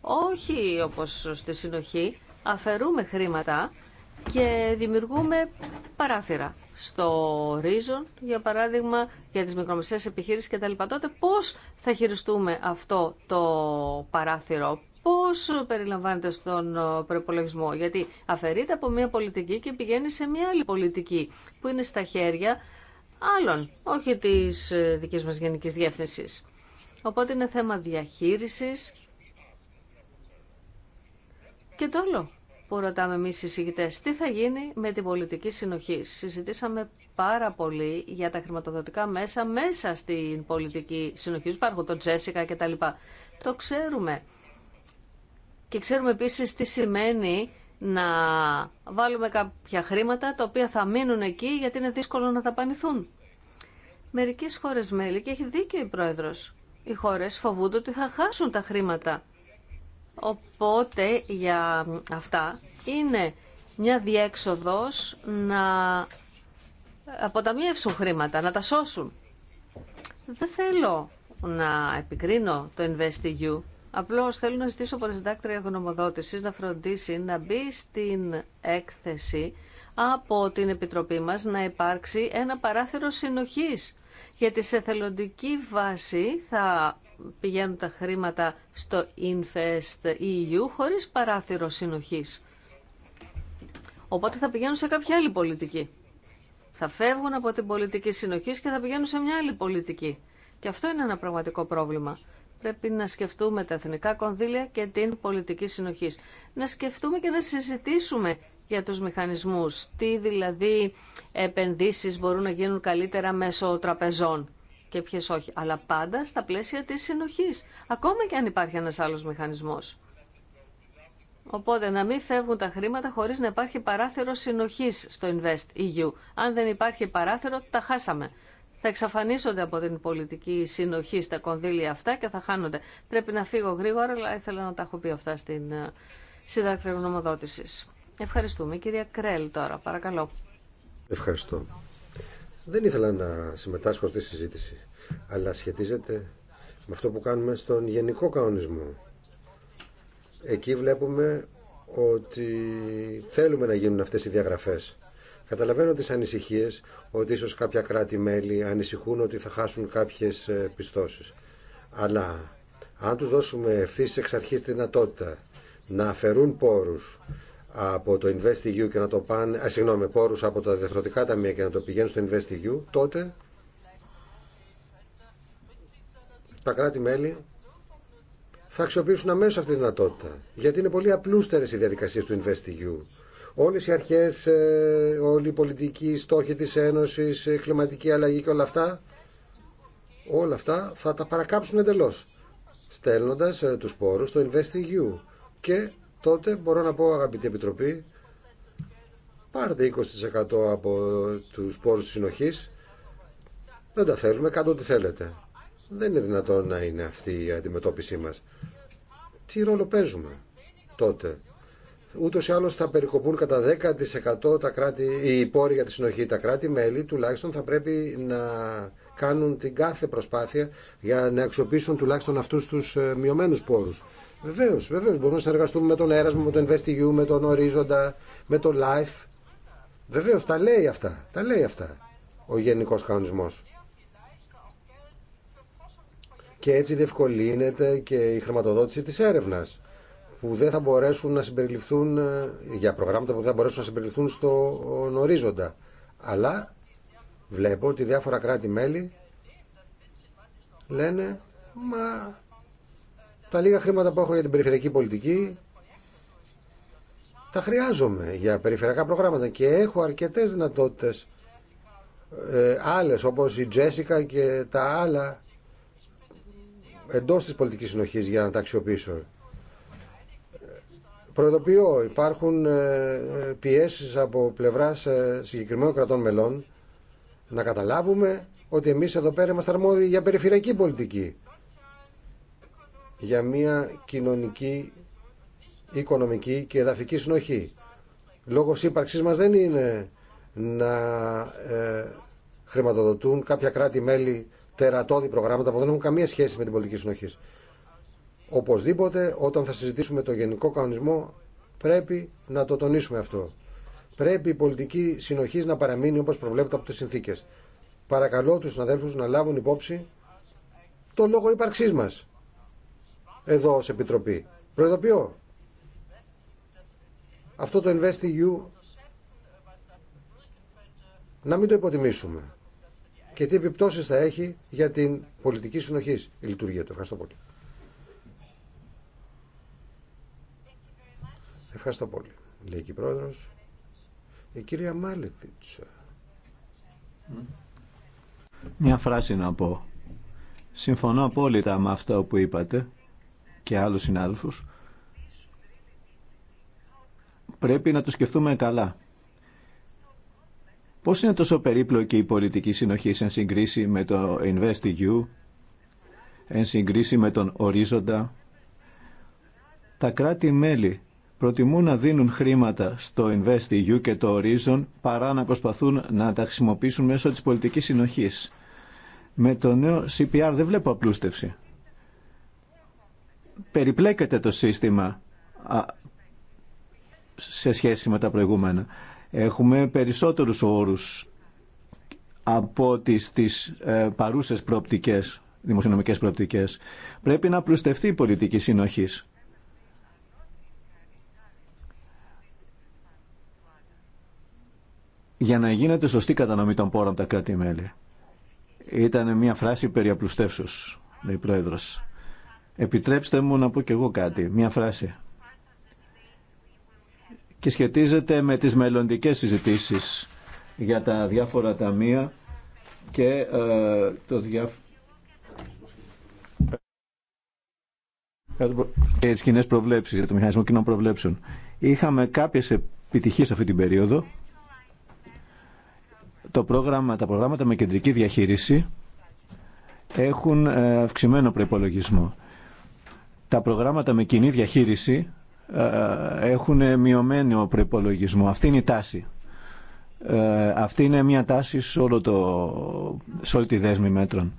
Όχι όπως στη συνοχή, αφαιρούμε χρήματα και δημιουργούμε παράθυρα στο ρίζον για παράδειγμα, για τις μικρομεσαίες επιχείρησεις κτλ. Τότε πώς θα χειριστούμε αυτό το παράθυρο, πώς περιλαμβάνεται στον προπολογισμό, γιατί αφαιρείται από μια πολιτική και πηγαίνει σε μια άλλη πολιτική, που είναι στα χέρια άλλων, όχι της δικής μας γενικής διεύθυνσης. Οπότε είναι θέμα διαχείρισης και το άλλο που ρωτάμε εμεί οι Τι θα γίνει με την πολιτική συνοχή. Συζητήσαμε πάρα πολύ για τα χρηματοδοτικά μέσα μέσα στην πολιτική συνοχή. Υπάρχουν το Τζέσικα κτλ. Το ξέρουμε. Και ξέρουμε επίσης τι σημαίνει να βάλουμε κάποια χρήματα τα οποία θα μείνουν εκεί γιατί είναι δύσκολο να δαπανηθούν. Μερικές χώρες μέλη, και έχει δίκιο η Πρόεδρος, οι χώρες φοβούνται ότι θα χάσουν τα χρήματα Οπότε για αυτά είναι μια διέξοδος να αποταμιεύσουν χρήματα, να τα σώσουν. Δεν θέλω να επικρίνω το InvestEU. Απλώς θέλω να ζητήσω από τη συντάκτρια γνωμοδότησης να φροντίσει να μπει στην έκθεση από την Επιτροπή μας να υπάρξει ένα παράθυρο συνοχής. Γιατί σε θελοντική βάση θα πηγαίνουν τα χρήματα στο Infest EU χωρίς παράθυρο συνοχής. Οπότε θα πηγαίνουν σε κάποια άλλη πολιτική. Θα φεύγουν από την πολιτική συνοχής και θα πηγαίνουν σε μια άλλη πολιτική. Και αυτό είναι ένα πραγματικό πρόβλημα. Πρέπει να σκεφτούμε τα εθνικά κονδύλια και την πολιτική συνοχής. Να σκεφτούμε και να συζητήσουμε για τους μηχανισμούς. Τι δηλαδή επενδύσεις μπορούν να γίνουν καλύτερα μέσω τραπεζών και ποιε όχι, αλλά πάντα στα πλαίσια της συνοχής, ακόμα και αν υπάρχει ένας άλλος μηχανισμός. Οπότε να μην φεύγουν τα χρήματα χωρίς να υπάρχει παράθυρο συνοχής στο Invest EU. Αν δεν υπάρχει παράθυρο, τα χάσαμε. Θα εξαφανίσονται από την πολιτική συνοχή στα κονδύλια αυτά και θα χάνονται. Πρέπει να φύγω γρήγορα, αλλά ήθελα να τα έχω πει αυτά στην ε, συντάκτρια γνωμοδότηση. Ευχαριστούμε. Κυρία Κρέλ τώρα, παρακαλώ. Ευχαριστώ. Δεν ήθελα να συμμετάσχω στη συζήτηση, αλλά σχετίζεται με αυτό που κάνουμε στον γενικό κανονισμό. Εκεί βλέπουμε ότι θέλουμε να γίνουν αυτές οι διαγραφές. Καταλαβαίνω τις ανησυχίες ότι ίσως κάποια κράτη-μέλη ανησυχούν ότι θα χάσουν κάποιες ε, πιστώσεις. Αλλά αν τους δώσουμε ευθύ εξ αρχής τη δυνατότητα να αφαιρούν πόρους από το InvestEU και να το πάνε, α, ε, συγγνώμη, πόρους από τα διεθνωτικά ταμεία και να το πηγαίνουν στο InvestEU, τότε τα κράτη-μέλη θα αξιοποιήσουν αμέσω αυτή τη δυνατότητα. Γιατί είναι πολύ απλούστερε οι διαδικασίε του InvestEU. Όλε οι αρχέ, ε, όλοι οι πολιτικοί στόχοι τη Ένωση, κλιματική αλλαγή και όλα αυτά, όλα αυτά θα τα παρακάψουν εντελώ. Στέλνοντα ε, του πόρου στο InvestEU και τότε μπορώ να πω αγαπητή Επιτροπή πάρτε 20% από τους πόρους της συνοχής δεν τα θέλουμε, κάντε ό,τι θέλετε δεν είναι δυνατόν να είναι αυτή η αντιμετώπιση μας τι ρόλο παίζουμε τότε ούτως ή άλλως θα περικοπούν κατά 10% τα κράτη, οι πόροι για τη συνοχή τα κράτη-μέλη τουλάχιστον θα πρέπει να κάνουν την κάθε προσπάθεια για να αξιοποιήσουν τουλάχιστον αυτούς τους ε, μειωμένους πόρους Βεβαίω, βεβαίω. Μπορούμε να συνεργαστούμε με τον Έρασμο, με τον InvestEU, με τον Ορίζοντα, με το Life. Βεβαίω, τα λέει αυτά. Τα λέει αυτά ο γενικό κανονισμό. Και έτσι διευκολύνεται και η χρηματοδότηση τη έρευνα που δεν θα μπορέσουν να συμπεριληφθούν ε, για προγράμματα που δεν θα μπορέσουν να συμπεριληφθούν στον ορίζοντα. Αλλά βλέπω ότι διάφορα κράτη-μέλη λένε μα τα λίγα χρήματα που έχω για την περιφερειακή πολιτική τα χρειάζομαι για περιφερειακά προγράμματα και έχω αρκετές δυνατότητες ε, άλλες όπως η Τζέσικα και τα άλλα εντός της πολιτικής συνοχής για να τα αξιοποιήσω. Προεδοποιώ, υπάρχουν ε, πιέσεις από πλευράς ε, συγκεκριμένων κρατών μελών να καταλάβουμε ότι εμείς εδώ πέρα είμαστε αρμόδιοι για περιφερειακή πολιτική για μια κοινωνική, οικονομική και εδαφική συνοχή. Λόγος ύπαρξής μας δεν είναι να ε, χρηματοδοτούν κάποια κράτη-μέλη τερατώδη προγράμματα που δεν έχουν καμία σχέση με την πολιτική συνοχή. Οπωσδήποτε όταν θα συζητήσουμε το γενικό κανονισμό πρέπει να το τονίσουμε αυτό. Πρέπει η πολιτική συνοχή να παραμείνει όπως προβλέπεται από τις συνθήκες. Παρακαλώ τους συναδέλφους να λάβουν υπόψη το λόγο ύπαρξής μας εδώ ως Επιτροπή. Προειδοποιώ. Αυτό το InvestEU να μην το υποτιμήσουμε. Και τι επιπτώσεις θα έχει για την πολιτική συνοχή η λειτουργία του. Ευχαριστώ πολύ. Ευχαριστώ πολύ. Λέει και η πρόεδρος. Η κυρία Μάλετιτς. Μια φράση να πω. Συμφωνώ απόλυτα με αυτό που είπατε και άλλους συνάδελφους, πρέπει να το σκεφτούμε καλά. Πώς είναι τόσο περίπλοκη η πολιτική συνοχή σε συγκρίση με το InvestEU, εν συγκρίση με τον ορίζοντα. Τα κράτη-μέλη προτιμούν να δίνουν χρήματα στο InvestEU και το Horizon παρά να προσπαθούν να τα χρησιμοποιήσουν μέσω της πολιτικής συνοχής. Με το νέο CPR δεν βλέπω απλούστευση περιπλέκεται το σύστημα σε σχέση με τα προηγούμενα. Έχουμε περισσότερους όρους από τις, τις ε, παρούσες προοπτικές, δημοσιονομικές προοπτικές. Πρέπει να πλουστευτεί η πολιτική συνοχής. για να γίνεται σωστή κατανομή των πόρων από τα κράτη-μέλη. Ήταν μια φράση περί απλουστεύσεως, λέει η Πρόεδρος. Επιτρέψτε μου να πω κι εγώ κάτι, μια φράση. Και σχετίζεται με τις μελλοντικές συζητήσεις για τα διάφορα ταμεία και ε, το διάφορο... και τι κοινέ προβλέψει για το μηχανισμό κοινών προβλέψεων. Είχαμε κάποιες επιτυχίες αυτή την περίοδο. Το πρόγραμμα, τα προγράμματα με κεντρική διαχείριση έχουν ε, αυξημένο προπολογισμό. Τα προγράμματα με κοινή διαχείριση ε, ε, έχουν μειωμένο προπολογισμό. Αυτή είναι η τάση. Ε, αυτή είναι μια τάση σε, όλο το, σε όλη τη δέσμη μέτρων.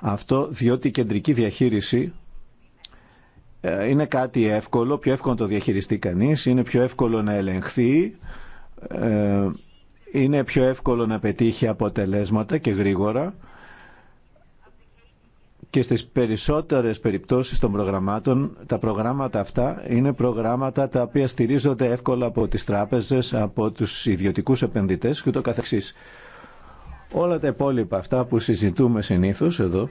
Αυτό διότι η κεντρική διαχείριση είναι κάτι εύκολο, πιο εύκολο να το διαχειριστεί κανείς, είναι πιο εύκολο να ελεγχθεί, είναι πιο εύκολο να πετύχει αποτελέσματα και γρήγορα και στις περισσότερες περιπτώσεις των προγραμμάτων τα προγράμματα αυτά είναι προγράμματα τα οποία στηρίζονται εύκολα από τις τράπεζες, από τους ιδιωτικούς επενδυτές και το καθεξής. Όλα τα υπόλοιπα αυτά που συζητούμε συνήθως εδώ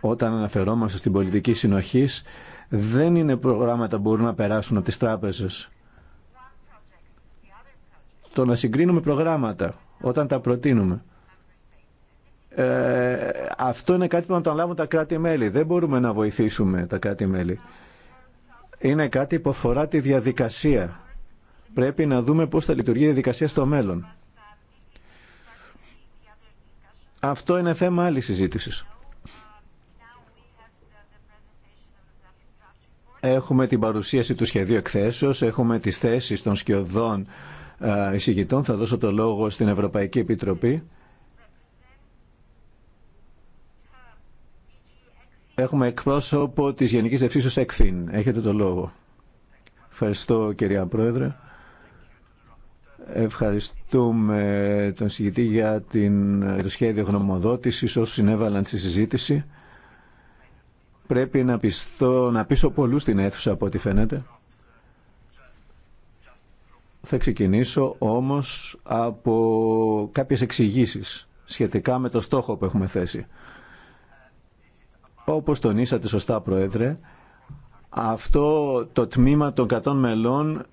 όταν αναφερόμαστε στην πολιτική συνοχής δεν είναι προγράμματα που μπορούν να περάσουν από τις τράπεζες. Το να συγκρίνουμε προγράμματα όταν τα προτείνουμε ε, αυτό είναι κάτι που να το αναλάβουν τα κράτη-μέλη. Δεν μπορούμε να βοηθήσουμε τα κράτη-μέλη. Είναι κάτι που αφορά τη διαδικασία. Πρέπει να δούμε πώς θα λειτουργεί η διαδικασία στο μέλλον. Αυτό είναι θέμα άλλης συζήτησης. Έχουμε την παρουσίαση του σχεδίου εκθέσεως, έχουμε τις θέσεις των σκιωδών ε, εισηγητών. Θα δώσω το λόγο στην Ευρωπαϊκή Επιτροπή Έχουμε εκπρόσωπο της Γενικής Δευθύνσεως ΕΚΦΙΝ. Έχετε το λόγο. Ευχαριστώ κυρία Πρόεδρε. Ευχαριστούμε τον συγητή για την, το σχέδιο γνωμοδότησης όσους συνέβαλαν στη συζήτηση. Πρέπει να, πιστώ, να πείσω πολλούς στην αίθουσα από ό,τι φαίνεται. Θα ξεκινήσω όμως από κάποιες εξηγήσει σχετικά με το στόχο που έχουμε θέσει. Όπως τονίσατε σωστά, Πρόεδρε, αυτό το τμήμα των 100 μελών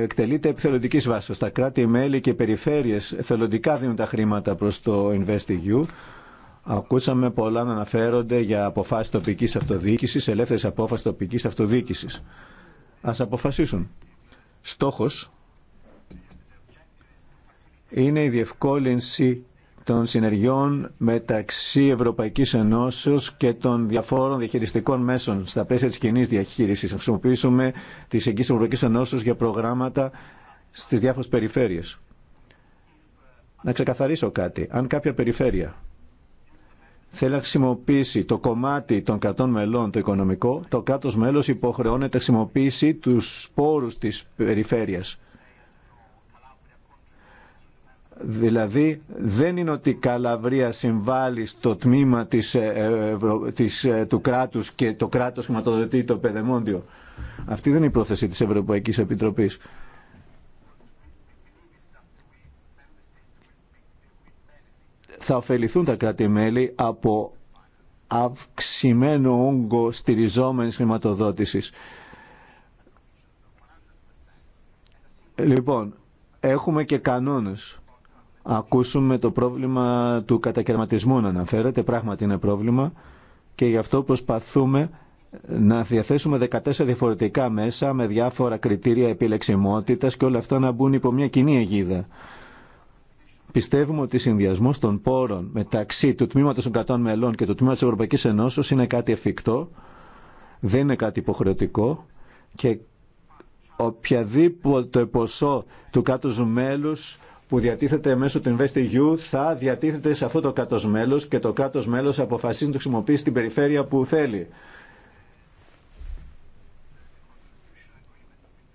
εκτελείται επιθελοντική βάση. Τα κράτη-μέλη και οι περιφέρειες θελοντικά δίνουν τα χρήματα προς το InvestEU. Ακούσαμε πολλά να αναφέρονται για αποφάσει τοπικής αυτοδιοίκηση, ελεύθερε απόφαση τοπικής αυτοδιοίκηση. Ας αποφασίσουν. Στόχος είναι η διευκόλυνση των συνεργειών μεταξύ Ευρωπαϊκής Ενώσεως και των διαφόρων διαχειριστικών μέσων στα πλαίσια της κοινή διαχείρισης. Θα χρησιμοποιήσουμε τις τη Ευρωπαϊκή Ενώσεως για προγράμματα στις διάφορες περιφέρειες. Να ξεκαθαρίσω κάτι. Αν κάποια περιφέρεια θέλει να χρησιμοποιήσει το κομμάτι των κρατών μελών το οικονομικό, το κράτος μέλος υποχρεώνεται να χρησιμοποιήσει τους πόρους της περιφέρειας Δηλαδή δεν είναι ότι η Καλαβρία συμβάλλει στο τμήμα της, ε, Ευρω... Ε, του κράτους και το κράτος χρηματοδοτεί το παιδεμόντιο. Αυτή δεν είναι η πρόθεση της Ευρωπαϊκής Επιτροπής. Θα ωφεληθούν τα κράτη-μέλη από αυξημένο όγκο στηριζόμενης χρηματοδότησης. Λοιπόν, έχουμε και κανόνες ακούσουμε το πρόβλημα του κατακαιρματισμού να αναφέρεται. Πράγματι είναι πρόβλημα και γι' αυτό προσπαθούμε να διαθέσουμε 14 διαφορετικά μέσα με διάφορα κριτήρια επιλεξιμότητας και όλα αυτά να μπουν υπό μια κοινή αιγίδα. Πιστεύουμε ότι συνδυασμό των πόρων μεταξύ του τμήματο των κρατών μελών και του τμήματο τη Ευρωπαϊκή Ενώσεω είναι κάτι εφικτό, δεν είναι κάτι υποχρεωτικό και οποιαδήποτε ποσό του κάτω μέλου που διατίθεται μέσω του InvestEU θα διατίθεται σε αυτό το κράτο μέλο και το κράτο μέλο αποφασίζει να το χρησιμοποιήσει στην περιφέρεια που θέλει.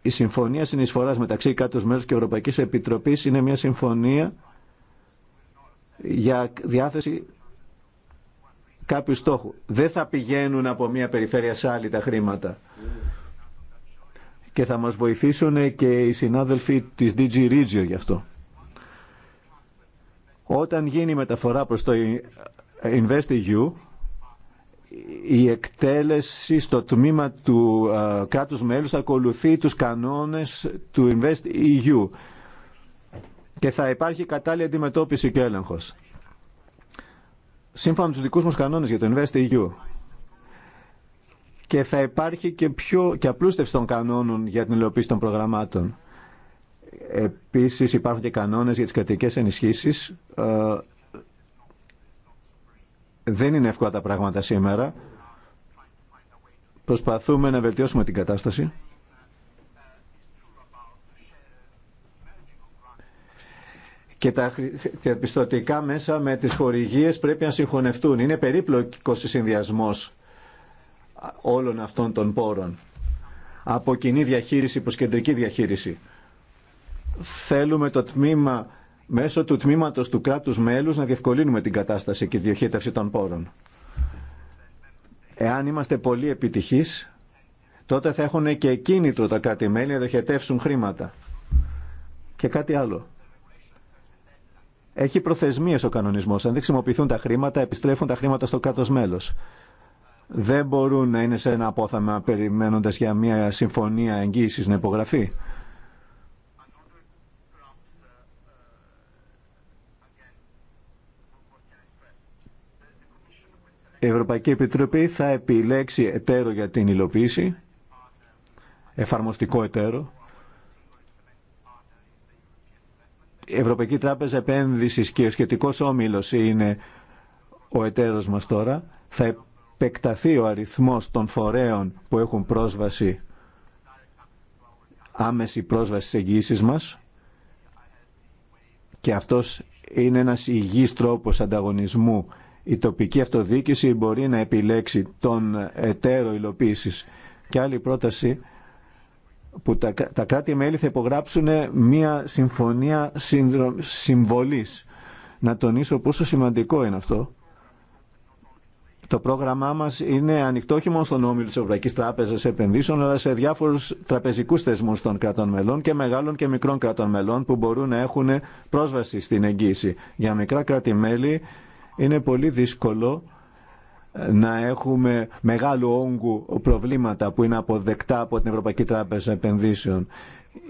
Η συμφωνία συνεισφορά μεταξύ κράτου μέλου και Ευρωπαϊκή Επιτροπή είναι μια συμφωνία για διάθεση κάποιου στόχου. Δεν θα πηγαίνουν από μια περιφέρεια σε άλλη τα χρήματα. Και θα μας βοηθήσουν και οι συνάδελφοι της DG Regio γι' αυτό. Όταν γίνει η μεταφορά προς το InvestEU, η εκτέλεση στο τμήμα του κράτους μέλους θα ακολουθεί τους κανόνες του InvestEU και θα υπάρχει κατάλληλη αντιμετώπιση και έλεγχος. Σύμφωνα με τους δικούς μας κανόνες για το InvestEU και θα υπάρχει και, πιο, και απλούστευση των κανόνων για την υλοποίηση των προγραμμάτων. Επίσης υπάρχουν και κανόνες για τις κρατικές ενισχύσεις. Ε, δεν είναι εύκολα τα πράγματα σήμερα. Προσπαθούμε να βελτιώσουμε την κατάσταση. και τα πιστοτικά μέσα με τις χορηγίες πρέπει να συγχωνευτούν. Είναι περίπλοκος ο συνδυασμός όλων αυτών των πόρων. Από κοινή διαχείριση προς κεντρική διαχείριση. Θέλουμε το τμήμα, μέσω του τμήματος του κράτους μέλους να διευκολύνουμε την κατάσταση και τη διοχέτευση των πόρων. Εάν είμαστε πολύ επιτυχείς, τότε θα έχουν και κίνητρο τα κράτη-μέλη να διοχετεύσουν χρήματα. Και κάτι άλλο. Έχει προθεσμίες ο κανονισμός. Αν δεν χρησιμοποιηθούν τα χρήματα, επιστρέφουν τα χρήματα στο κράτος μέλος. Δεν μπορούν να είναι σε ένα απόθαμα περιμένοντας για μια συμφωνία εγγύησης να υπογραφεί. Η Ευρωπαϊκή Επιτροπή θα επιλέξει εταίρο για την υλοποίηση, εφαρμοστικό εταίρο. Η Ευρωπαϊκή Τράπεζα Επένδυσης και ο σχετικός όμιλος είναι ο εταίρος μας τώρα. Θα επεκταθεί ο αριθμός των φορέων που έχουν πρόσβαση, άμεση πρόσβαση στις εγγύησεις μας και αυτός είναι ένας υγιής τρόπος ανταγωνισμού η τοπική αυτοδιοίκηση μπορεί να επιλέξει τον εταίρο υλοποίηση Και άλλη πρόταση που τα, τα κράτη-μέλη θα υπογράψουν μια συμφωνία συνδρο, συμβολής. Να τονίσω πόσο σημαντικό είναι αυτό. Το πρόγραμμά μας είναι ανοιχτό όχι μόνο στον όμιλο της Ευρωπαϊκής Τράπεζας Επενδύσεων, αλλά σε διάφορους τραπεζικούς θεσμούς των κρατών μελών και μεγάλων και μικρών κρατών μελών που μπορούν να έχουν πρόσβαση στην εγγύηση. Για μικρά κράτη-μέλη είναι πολύ δύσκολο ε, να έχουμε μεγάλου όγκου προβλήματα που είναι αποδεκτά από την Ευρωπαϊκή Τράπεζα Επενδύσεων.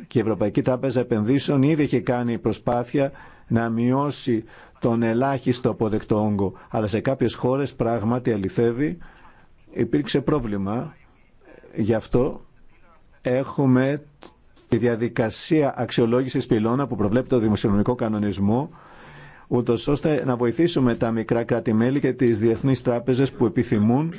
Και η Ευρωπαϊκή Τράπεζα Επενδύσεων ήδη είχε κάνει προσπάθεια να μειώσει τον ελάχιστο αποδεκτό όγκο. Αλλά σε κάποιες χώρες πράγματι αληθεύει υπήρξε πρόβλημα. Γι' αυτό έχουμε τη διαδικασία αξιολόγησης πυλώνα που προβλέπει το δημοσιονομικό κανονισμό ούτω ώστε να βοηθήσουμε τα μικρά κράτη-μέλη και τι διεθνείς τράπεζε που επιθυμούν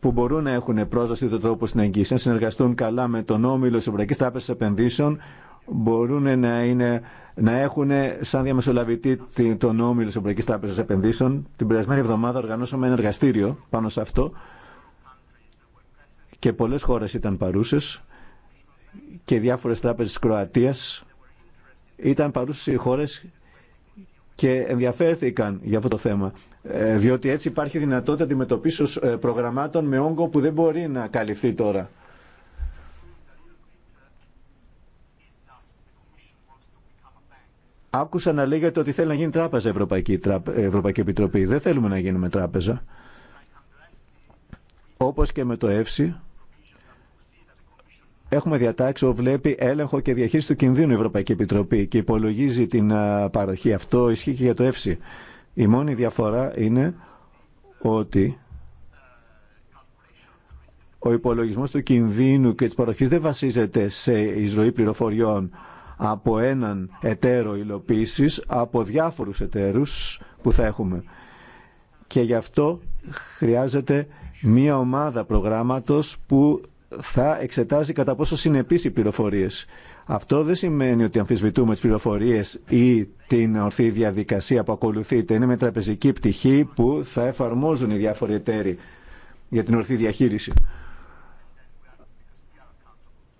που μπορούν να έχουν πρόσβαση τον τρόπο στην εγγύηση. να συνεργαστούν καλά με τον όμιλο τη Ευρωπαϊκή Τράπεζα Επενδύσεων, μπορούν να, είναι, να έχουν σαν διαμεσολαβητή τον όμιλο τη Ευρωπαϊκή Τράπεζα Επενδύσεων. Την περασμένη εβδομάδα οργανώσαμε ένα εργαστήριο πάνω σε αυτό και πολλές χώρες ήταν παρούσες και διάφορες τράπεζες της Κροατίας ήταν παρούσες οι χώρες και ενδιαφέρθηκαν για αυτό το θέμα. Ε, διότι έτσι υπάρχει δυνατότητα αντιμετωπίσεως ε, προγραμμάτων με όγκο που δεν μπορεί να καλυφθεί τώρα. Άκουσα να λέγεται ότι θέλει να γίνει τράπεζα Ευρωπαϊκή, Ευρωπαϊκή Επιτροπή. Δεν θέλουμε να γίνουμε τράπεζα. Όπως και με το ΕΦΣΥ, Έχουμε διατάξει ό,τι βλέπει έλεγχο και διαχείριση του κινδύνου η Ευρωπαϊκή Επιτροπή και υπολογίζει την παροχή. Αυτό ισχύει και για το ΕΦΣΥ. Η μόνη διαφορά είναι ότι ο υπολογισμός του κινδύνου και της παροχής δεν βασίζεται σε εισρωή πληροφοριών από έναν εταίρο υλοποίηση, από διάφορους εταίρους που θα έχουμε. Και γι' αυτό χρειάζεται μία ομάδα προγράμματος που θα εξετάζει κατά πόσο συνεπείς οι πληροφορίες. Αυτό δεν σημαίνει ότι αμφισβητούμε τις πληροφορίες ή την ορθή διαδικασία που ακολουθείται. Είναι με τραπεζική πτυχή που θα εφαρμόζουν οι διάφοροι εταίροι για την ορθή διαχείριση.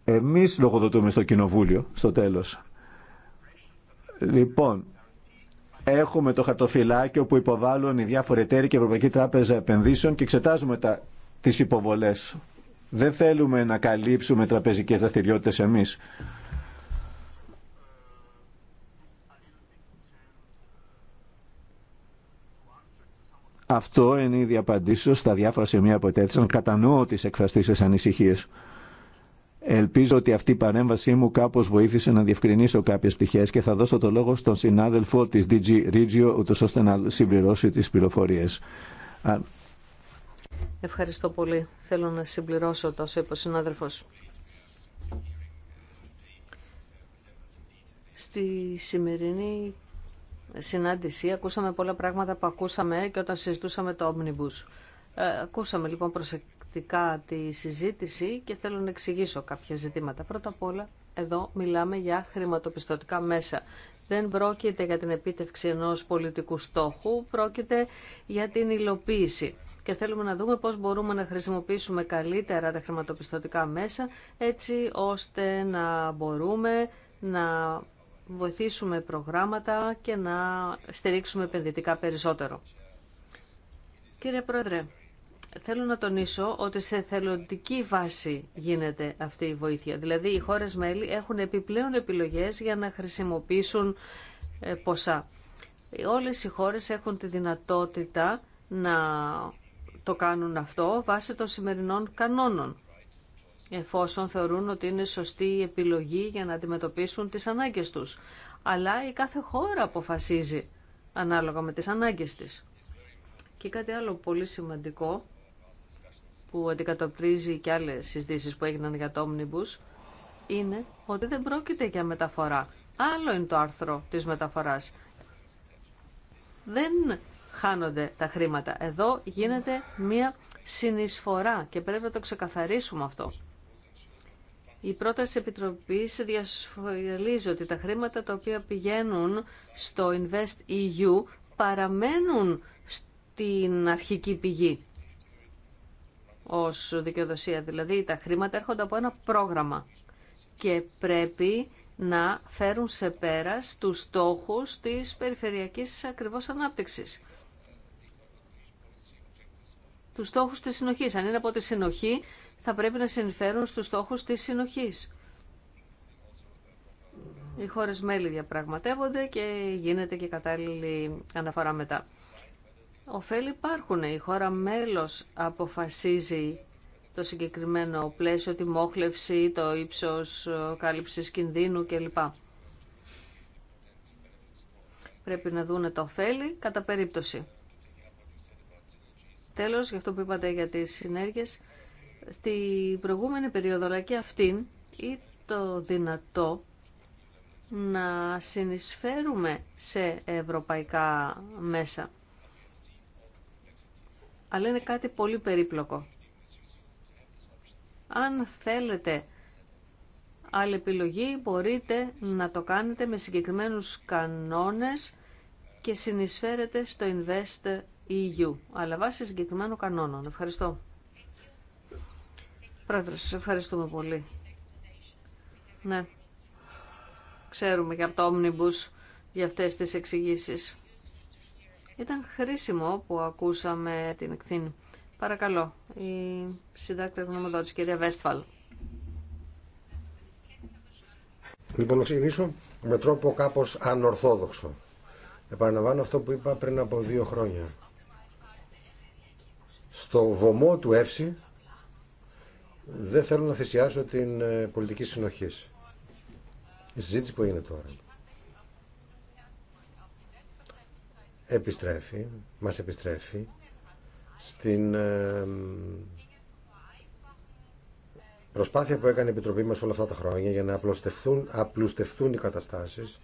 Εμείς λογοδοτούμε στο Κοινοβούλιο, στο τέλος. Λοιπόν, έχουμε το χαρτοφυλάκιο που υποβάλλουν οι διάφοροι εταίροι και η Ευρωπαϊκή Τράπεζα Επενδύσεων και εξετάζουμε τα, τις υποβολές δεν θέλουμε να καλύψουμε τραπεζικές δραστηριότητε εμείς. Αυτό είναι ήδη απαντήσω στα διάφορα σημεία που ετέθησαν. Κατανοώ τις εκφραστήσεις ανησυχίες. Ελπίζω ότι αυτή η παρέμβασή μου κάπως βοήθησε να διευκρινίσω κάποιες πτυχές και θα δώσω το λόγο στον συνάδελφο της DG Regio, ούτως ώστε να συμπληρώσει τις πληροφορίες. Ευχαριστώ πολύ. Θέλω να συμπληρώσω τόσο είπε ο Στη σημερινή συνάντηση ακούσαμε πολλά πράγματα που ακούσαμε και όταν συζητούσαμε το Omnibus. Ε, ακούσαμε λοιπόν προσεκτικά τη συζήτηση και θέλω να εξηγήσω κάποια ζητήματα. Πρώτα απ' όλα, εδώ μιλάμε για χρηματοπιστωτικά μέσα. Δεν πρόκειται για την επίτευξη ενός πολιτικού στόχου, πρόκειται για την υλοποίηση και θέλουμε να δούμε πώς μπορούμε να χρησιμοποιήσουμε καλύτερα τα χρηματοπιστωτικά μέσα έτσι ώστε να μπορούμε να βοηθήσουμε προγράμματα και να στηρίξουμε επενδυτικά περισσότερο. Κύριε Πρόεδρε, θέλω να τονίσω ότι σε θελοντική βάση γίνεται αυτή η βοήθεια. Δηλαδή οι χώρες μέλη έχουν επιπλέον επιλογές για να χρησιμοποιήσουν ε, ποσά. Όλες οι χώρες έχουν τη δυνατότητα να το κάνουν αυτό βάσει των σημερινών κανόνων, εφόσον θεωρούν ότι είναι σωστή η επιλογή για να αντιμετωπίσουν τις ανάγκες τους. Αλλά η κάθε χώρα αποφασίζει ανάλογα με τις ανάγκες της. Και κάτι άλλο πολύ σημαντικό που αντικατοπτρίζει και άλλες συζητήσεις που έγιναν για το Omnibus είναι ότι δεν πρόκειται για μεταφορά. Άλλο είναι το άρθρο της μεταφοράς. Δεν χάνονται τα χρήματα. Εδώ γίνεται μία συνεισφορά και πρέπει να το ξεκαθαρίσουμε αυτό. Η πρόταση της Επιτροπής διασφαλίζει ότι τα χρήματα τα οποία πηγαίνουν στο Invest EU παραμένουν στην αρχική πηγή ως δικαιοδοσία. Δηλαδή τα χρήματα έρχονται από ένα πρόγραμμα και πρέπει να φέρουν σε πέρας τους στόχους της περιφερειακής ακριβώς ανάπτυξης τους στόχους της συνοχής. Αν είναι από τη συνοχή, θα πρέπει να συνεισφέρουν στους στόχους της συνοχής. Οι χώρε μέλη διαπραγματεύονται και γίνεται και κατάλληλη αναφορά μετά. Οφέλη υπάρχουν. Η χώρα μέλος αποφασίζει το συγκεκριμένο πλαίσιο, τη μόχλευση, το ύψος κάλυψης κινδύνου κλπ. Πρέπει να δούνε το ωφέλη κατά περίπτωση. Τέλος, για αυτό που είπατε για τις συνέργειες, την προηγούμενη περίοδο, αλλά και αυτήν, ή το δυνατό να συνεισφέρουμε σε ευρωπαϊκά μέσα. Αλλά είναι κάτι πολύ περίπλοκο. Αν θέλετε άλλη επιλογή, μπορείτε να το κάνετε με συγκεκριμένους κανόνες και συνεισφέρετε στο Invest EU, αλλά βάσει συγκεκριμένων κανόνων. Ευχαριστώ. Πρόεδρε, του ευχαριστούμε πολύ. Ναι. Ξέρουμε και από το Omnibus για αυτές τις εξηγήσει. Ήταν χρήσιμο που ακούσαμε την εκθήνη. Παρακαλώ, η συντάκτρια γνωμοδότηση, κυρία Βέστφαλ. Λοιπόν, να ξεκινήσω με τρόπο κάπως ανορθόδοξο. Επαναλαμβάνω αυτό που είπα πριν από δύο χρόνια στο βωμό του ΕΦΣΥ δεν θέλω να θυσιάσω την ε, πολιτική συνοχή. Η συζήτηση που έγινε τώρα επιστρέφει, μας επιστρέφει στην ε, προσπάθεια που έκανε η Επιτροπή μας όλα αυτά τα χρόνια για να απλουστευτούν, απλουστευτούν οι καταστάσεις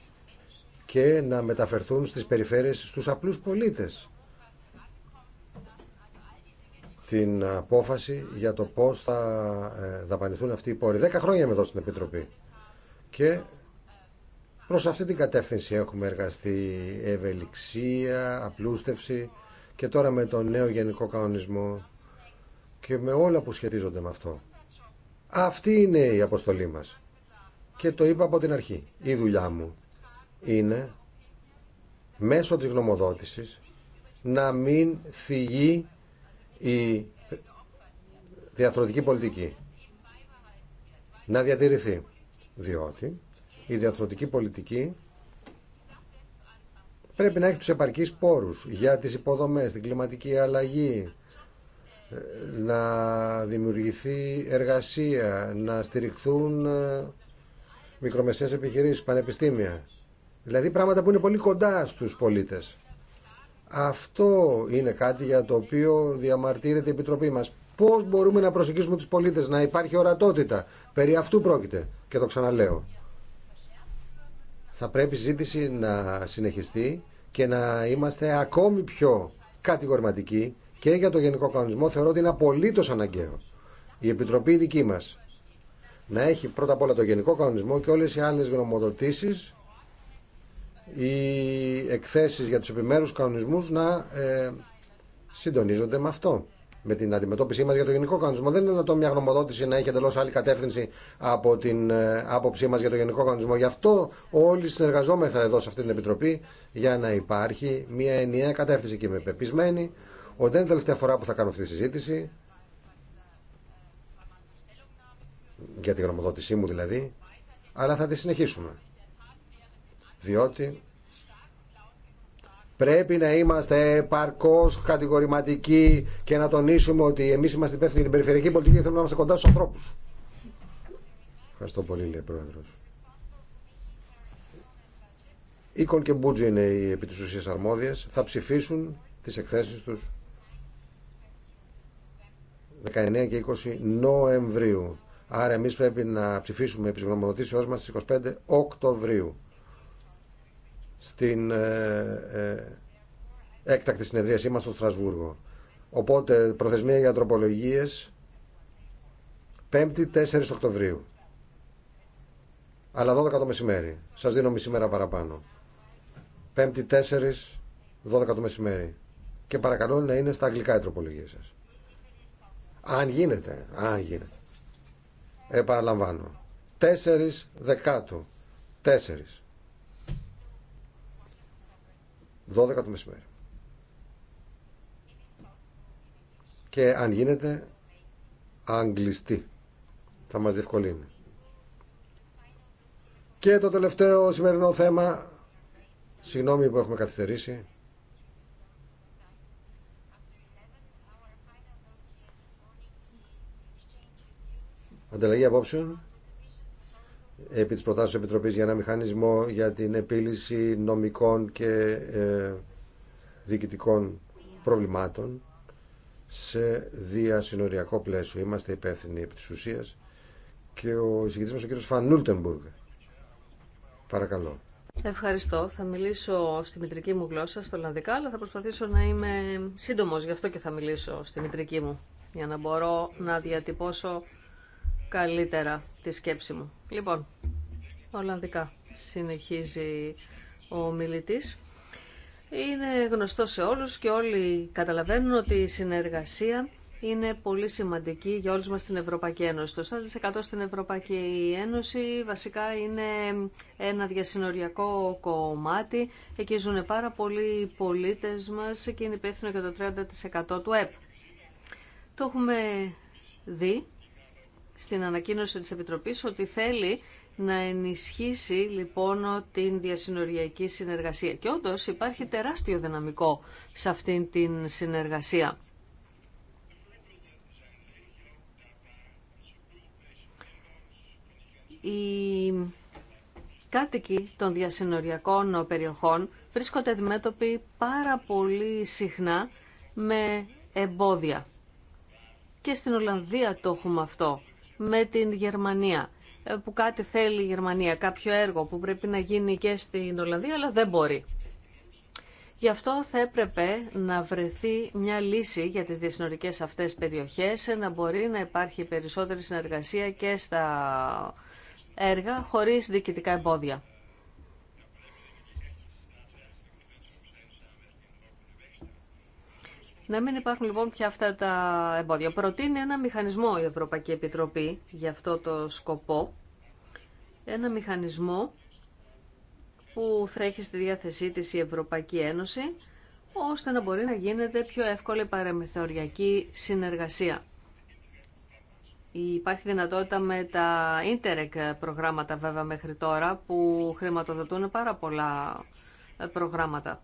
και να μεταφερθούν στις περιφέρειες στους απλούς πολίτες την απόφαση για το πώς θα ε, δαπανηθούν αυτοί οι πόροι. Δέκα χρόνια είμαι εδώ στην Επιτροπή και προς αυτή την κατεύθυνση έχουμε εργαστεί ευελιξία, απλούστευση και τώρα με τον νέο γενικό κανονισμό και με όλα που σχετίζονται με αυτό. Αυτή είναι η αποστολή μας. Και το είπα από την αρχή. Η δουλειά μου είναι μέσω της γνωμοδότησης να μην θυγεί η διαθροτική πολιτική να διατηρηθεί. Διότι η διαθροτική πολιτική πρέπει να έχει τους επαρκείς πόρους για τις υποδομές, την κλιματική αλλαγή, να δημιουργηθεί εργασία, να στηριχθούν ε, μικρομεσαίες επιχειρήσεις, πανεπιστήμια. Δηλαδή πράγματα που είναι πολύ κοντά στους πολίτες. Αυτό είναι κάτι για το οποίο διαμαρτύρεται η Επιτροπή μας. Πώς μπορούμε να προσεγγίσουμε τους πολίτες, να υπάρχει ορατότητα. Περί αυτού πρόκειται και το ξαναλέω. Θα πρέπει η ζήτηση να συνεχιστεί και να είμαστε ακόμη πιο κατηγορηματικοί και για το Γενικό Κανονισμό θεωρώ ότι είναι απολύτως αναγκαίο. Η Επιτροπή δική μας να έχει πρώτα απ' όλα το Γενικό Κανονισμό και όλες οι άλλες γνωμοδοτήσεις οι εκθέσεις για τους επιμέρους κανονισμούς να ε, συντονίζονται με αυτό. Με την αντιμετώπιση μας για το γενικό κανονισμό. Δεν είναι δυνατόν μια γνωμοδότηση να έχει εντελώ άλλη κατεύθυνση από την ε, άποψή μας για το γενικό κανονισμό. Γι' αυτό όλοι συνεργαζόμεθα εδώ σε αυτή την Επιτροπή για να υπάρχει μια ενιαία κατεύθυνση και είμαι πεπισμένη ότι δεν είναι τελευταία φορά που θα κάνω αυτή τη συζήτηση για την γνωμοδότησή μου δηλαδή αλλά θα τη συνεχίσουμε διότι πρέπει να είμαστε παρκώς κατηγορηματικοί και να τονίσουμε ότι εμείς είμαστε υπεύθυνοι για την περιφερειακή πολιτική και θέλουμε να είμαστε κοντά στους ανθρώπους. Ευχαριστώ πολύ, λέει Πρόεδρος. Οίκον και Μπούτζι είναι οι επί της αρμόδιες. Θα ψηφίσουν τις εκθέσεις τους 19 και 20 Νοεμβρίου. Άρα εμείς πρέπει να ψηφίσουμε επί της γνωμοδοτήσεώς μας στις 25 Οκτωβρίου στην ε, ε, έκτακτη συνεδρίασή μας στο Στρασβούργο. Οπότε προθεσμία για τροπολογίες 5η 4 Οκτωβρίου. Αλλά 12 το μεσημέρι. Σας δίνω μισή μέρα παραπάνω. 5η 4 12 το μεσημέρι. Και παρακαλώ να είναι στα αγγλικά οι τροπολογια σας. Αν γίνεται, αν γίνεται. Επαναλαμβάνω. 4 δεκάτου. 4. 12 το μεσημέρι. Και αν γίνεται, αγγλιστή. Θα μας διευκολύνει. Και το τελευταίο σημερινό θέμα, συγγνώμη που έχουμε καθυστερήσει, ανταλλαγή απόψεων επί της προτάσεως Επιτροπής για ένα μηχανισμό για την επίλυση νομικών και ε, διοικητικών προβλημάτων σε διασυνοριακό πλαίσιο. Είμαστε υπεύθυνοι επί της ουσίας και ο εισηγητής μας ο κύριος Φαν Παρακαλώ. Ευχαριστώ. Θα μιλήσω στη μητρική μου γλώσσα, στο Ολλανδικά, αλλά θα προσπαθήσω να είμαι σύντομος, γι' αυτό και θα μιλήσω στη μητρική μου, για να μπορώ να διατυπώσω καλύτερα τη σκέψη μου. Λοιπόν, Ολλανδικά συνεχίζει ο μιλητής. Είναι γνωστό σε όλους και όλοι καταλαβαίνουν ότι η συνεργασία είναι πολύ σημαντική για όλους μας στην Ευρωπαϊκή Ένωση. Το 40% στην Ευρωπαϊκή Ένωση βασικά είναι ένα διασυνοριακό κομμάτι. Εκεί ζουν πάρα πολλοί πολίτες μας και είναι υπεύθυνο για το 30% του ΕΠ. Το έχουμε δει στην ανακοίνωση της Επιτροπής ότι θέλει να ενισχύσει λοιπόν την διασυνοριακή συνεργασία. Και όντω υπάρχει τεράστιο δυναμικό σε αυτήν την συνεργασία. Οι κάτοικοι των διασυνοριακών περιοχών βρίσκονται αντιμέτωποι πάρα πολύ συχνά με εμπόδια. Και στην Ολλανδία το έχουμε αυτό με την Γερμανία ε, που κάτι θέλει η Γερμανία, κάποιο έργο που πρέπει να γίνει και στην Ολλανδία, αλλά δεν μπορεί. Γι' αυτό θα έπρεπε να βρεθεί μια λύση για τις διασυνορικές αυτές περιοχές, να μπορεί να υπάρχει περισσότερη συνεργασία και στα έργα χωρίς διοικητικά εμπόδια. Να μην υπάρχουν λοιπόν πια αυτά τα εμπόδια. Προτείνει ένα μηχανισμό η Ευρωπαϊκή Επιτροπή για αυτό το σκοπό. Ένα μηχανισμό που θα έχει στη διάθεσή της η Ευρωπαϊκή Ένωση ώστε να μπορεί να γίνεται πιο εύκολη παραμεθοριακή συνεργασία. Υπάρχει δυνατότητα με τα Ίντερεκ προγράμματα βέβαια μέχρι τώρα που χρηματοδοτούν πάρα πολλά ε, προγράμματα.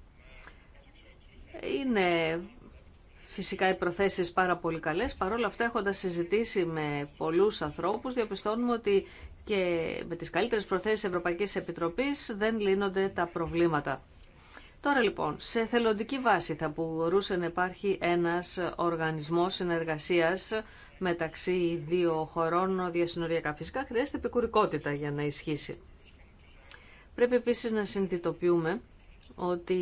Είναι φυσικά οι προθέσεις πάρα πολύ καλές. Παρ' όλα αυτά έχοντας συζητήσει με πολλούς ανθρώπους διαπιστώνουμε ότι και με τις καλύτερες προθέσεις Ευρωπαϊκής Επιτροπής δεν λύνονται τα προβλήματα. Τώρα λοιπόν, σε θελοντική βάση θα μπορούσε να υπάρχει ένας οργανισμός συνεργασίας μεταξύ δύο χωρών διασυνοριακά. Φυσικά χρειάζεται επικουρικότητα για να ισχύσει. Πρέπει επίσης να συνειδητοποιούμε ότι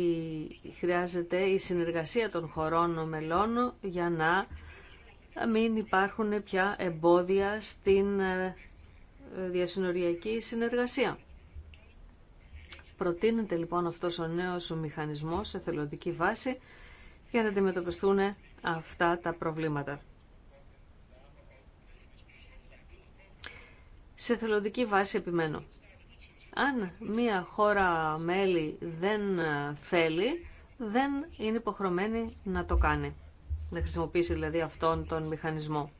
χρειάζεται η συνεργασία των χωρών μελών για να μην υπάρχουν πια εμπόδια στην ε, διασυνοριακή συνεργασία. Προτείνεται λοιπόν αυτός ο νέος μηχανισμός σε θελοντική βάση για να αντιμετωπιστούν αυτά τα προβλήματα. Σε θελοντική βάση επιμένω αν μία χώρα μέλη δεν ε, θέλει, δεν είναι υποχρεωμένη να το κάνει. Να χρησιμοποιήσει δηλαδή αυτόν τον μηχανισμό.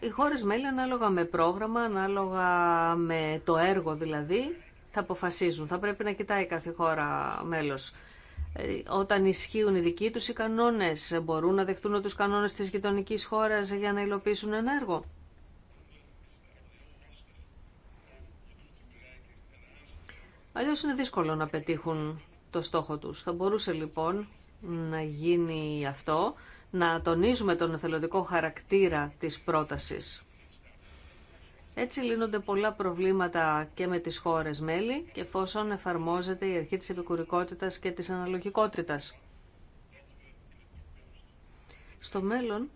Οι χώρες μέλη ανάλογα με πρόγραμμα, ανάλογα με το έργο δηλαδή, θα αποφασίζουν. Θα πρέπει να κοιτάει κάθε χώρα μέλος. Ε, όταν ισχύουν οι δικοί τους οι κανόνες, μπορούν να δεχτούν τους κανόνες της γειτονική χώρας για να υλοποιήσουν ένα έργο. Αλλιώ είναι δύσκολο να πετύχουν το στόχο τους. Θα μπορούσε λοιπόν να γίνει αυτό, να τονίζουμε τον εθελοντικό χαρακτήρα της πρότασης. Έτσι λύνονται πολλά προβλήματα και με τις χώρες μέλη και εφόσον εφαρμόζεται η αρχή της επικουρικότητας και της αναλογικότητας. Στο μέλλον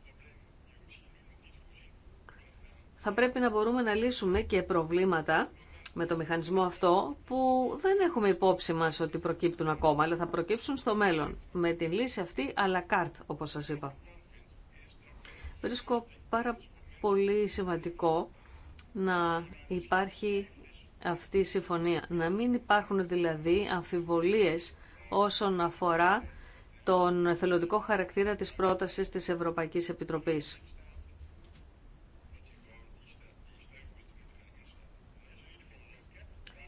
θα πρέπει να μπορούμε να λύσουμε και προβλήματα με το μηχανισμό αυτό που δεν έχουμε υπόψη μας ότι προκύπτουν ακόμα, αλλά θα προκύψουν στο μέλλον με την λύση αυτή à la carte, όπως σας είπα. Βρίσκω πάρα πολύ σημαντικό να υπάρχει αυτή η συμφωνία. Να μην υπάρχουν δηλαδή αμφιβολίες όσον αφορά τον θελοντικό χαρακτήρα της πρότασης της Ευρωπαϊκής Επιτροπής.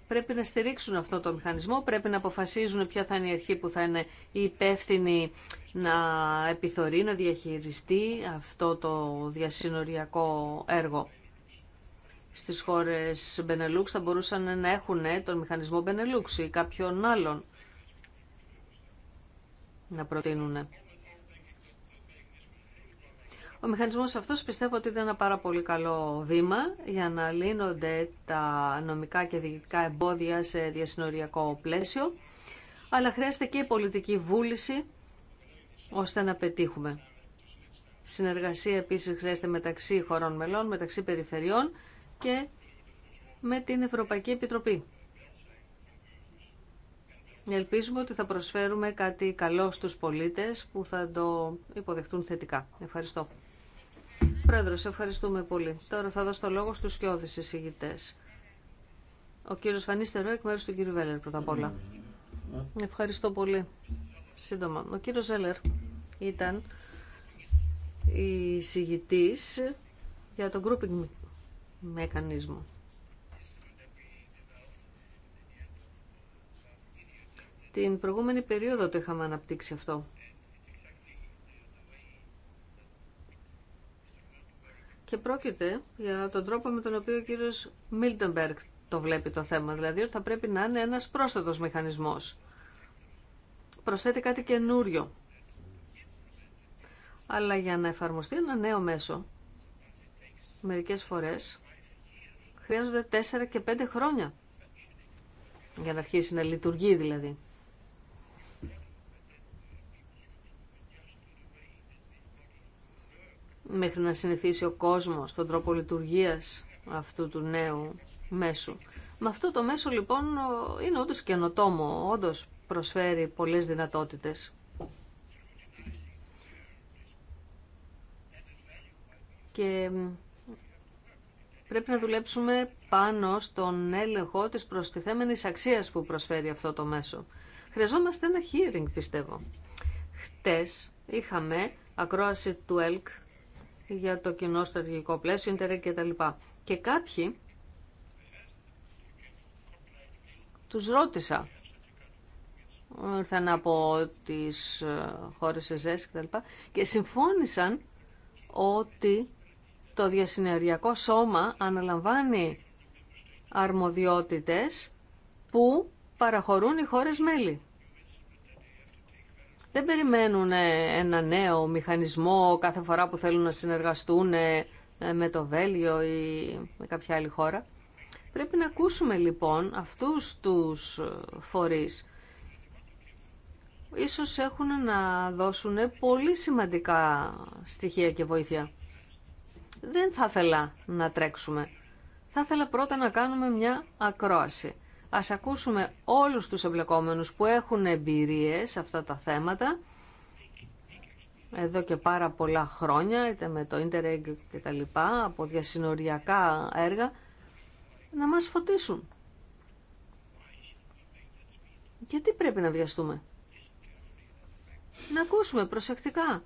πρέπει να στηρίξουν αυτό το μηχανισμό, πρέπει να αποφασίζουν ποια θα είναι η αρχή που θα είναι η υπεύθυνη να επιθωρεί, να διαχειριστεί αυτό το διασυνοριακό έργο. Στις χώρες Μπενελούξ θα μπορούσαν να έχουν ε, τον μηχανισμό Μπενελούξ ή κάποιον άλλον να προτείνουν. Ο μηχανισμός αυτός πιστεύω ότι είναι ένα πάρα πολύ καλό βήμα για να λύνονται τα νομικά και διοικητικά εμπόδια σε διασυνοριακό πλαίσιο, αλλά χρειάζεται και πολιτική βούληση ώστε να πετύχουμε. Συνεργασία επίσης χρειάζεται μεταξύ χωρών μελών, μεταξύ περιφερειών και με την Ευρωπαϊκή Επιτροπή. Ελπίζουμε ότι θα προσφέρουμε κάτι καλό στους πολίτες που θα το υποδεχτούν θετικά. Ευχαριστώ. Πρόεδρος, ευχαριστούμε πολύ. Τώρα θα δώσω το λόγο στους σκιώδεις εισηγητές. Ο κύριος Φανίστερο εκ μέρους του κύριου Βέλερ πρώτα απ' όλα. Ευχαριστώ πολύ. Σύντομα. Ο κύριος Βέλερ ήταν εισηγητής για τον grouping mechanism. Την προηγούμενη περίοδο το είχαμε αναπτύξει αυτό. Και πρόκειται για τον τρόπο με τον οποίο ο κύριος Μίλτεμπεργκ το βλέπει το θέμα, δηλαδή ότι θα πρέπει να είναι ένας πρόσθετος μηχανισμός. Προσθέτει κάτι καινούριο. Αλλά για να εφαρμοστεί ένα νέο μέσο, μερικές φορές χρειάζονται 4 και 5 χρόνια για να αρχίσει να λειτουργεί δηλαδή. μέχρι να συνηθίσει ο κόσμος τον τρόπο λειτουργίας αυτού του νέου μέσου. Με αυτό το μέσο λοιπόν είναι όντως καινοτόμο, όντως προσφέρει πολλές δυνατότητες. Και πρέπει να δουλέψουμε πάνω στον έλεγχο της προστιθέμενης αξίας που προσφέρει αυτό το μέσο. Χρειαζόμαστε ένα hearing πιστεύω. Χτες είχαμε ακρόαση του ΕΛΚ για το κοινό στρατηγικό πλαίσιο, Ιντερνετ και τα λοιπά. Και κάποιοι τους ρώτησα, ήρθαν από τις ε, χώρες ΕΖΕΣ και τα και συμφώνησαν ότι το διασυνεργειακό σώμα αναλαμβάνει αρμοδιότητες που παραχωρούν οι χώρες μέλη δεν περιμένουν ε, ένα νέο μηχανισμό κάθε φορά που θέλουν να συνεργαστούν ε, ε, με το Βέλγιο ή με κάποια άλλη χώρα. Πρέπει να ακούσουμε λοιπόν αυτούς τους φορείς. Ίσως έχουν να δώσουν πολύ σημαντικά στοιχεία και βοήθεια. Δεν θα ήθελα να τρέξουμε. Θα ήθελα πρώτα να κάνουμε μια ακρόαση. Ας ακούσουμε όλους τους εμπλεκόμενους που έχουν εμπειρίες σε αυτά τα θέματα εδώ και πάρα πολλά χρόνια, είτε με το Interreg και τα λοιπά, από διασυνοριακά έργα, να μας φωτίσουν. Γιατί πρέπει να βιαστούμε. Να ακούσουμε προσεκτικά.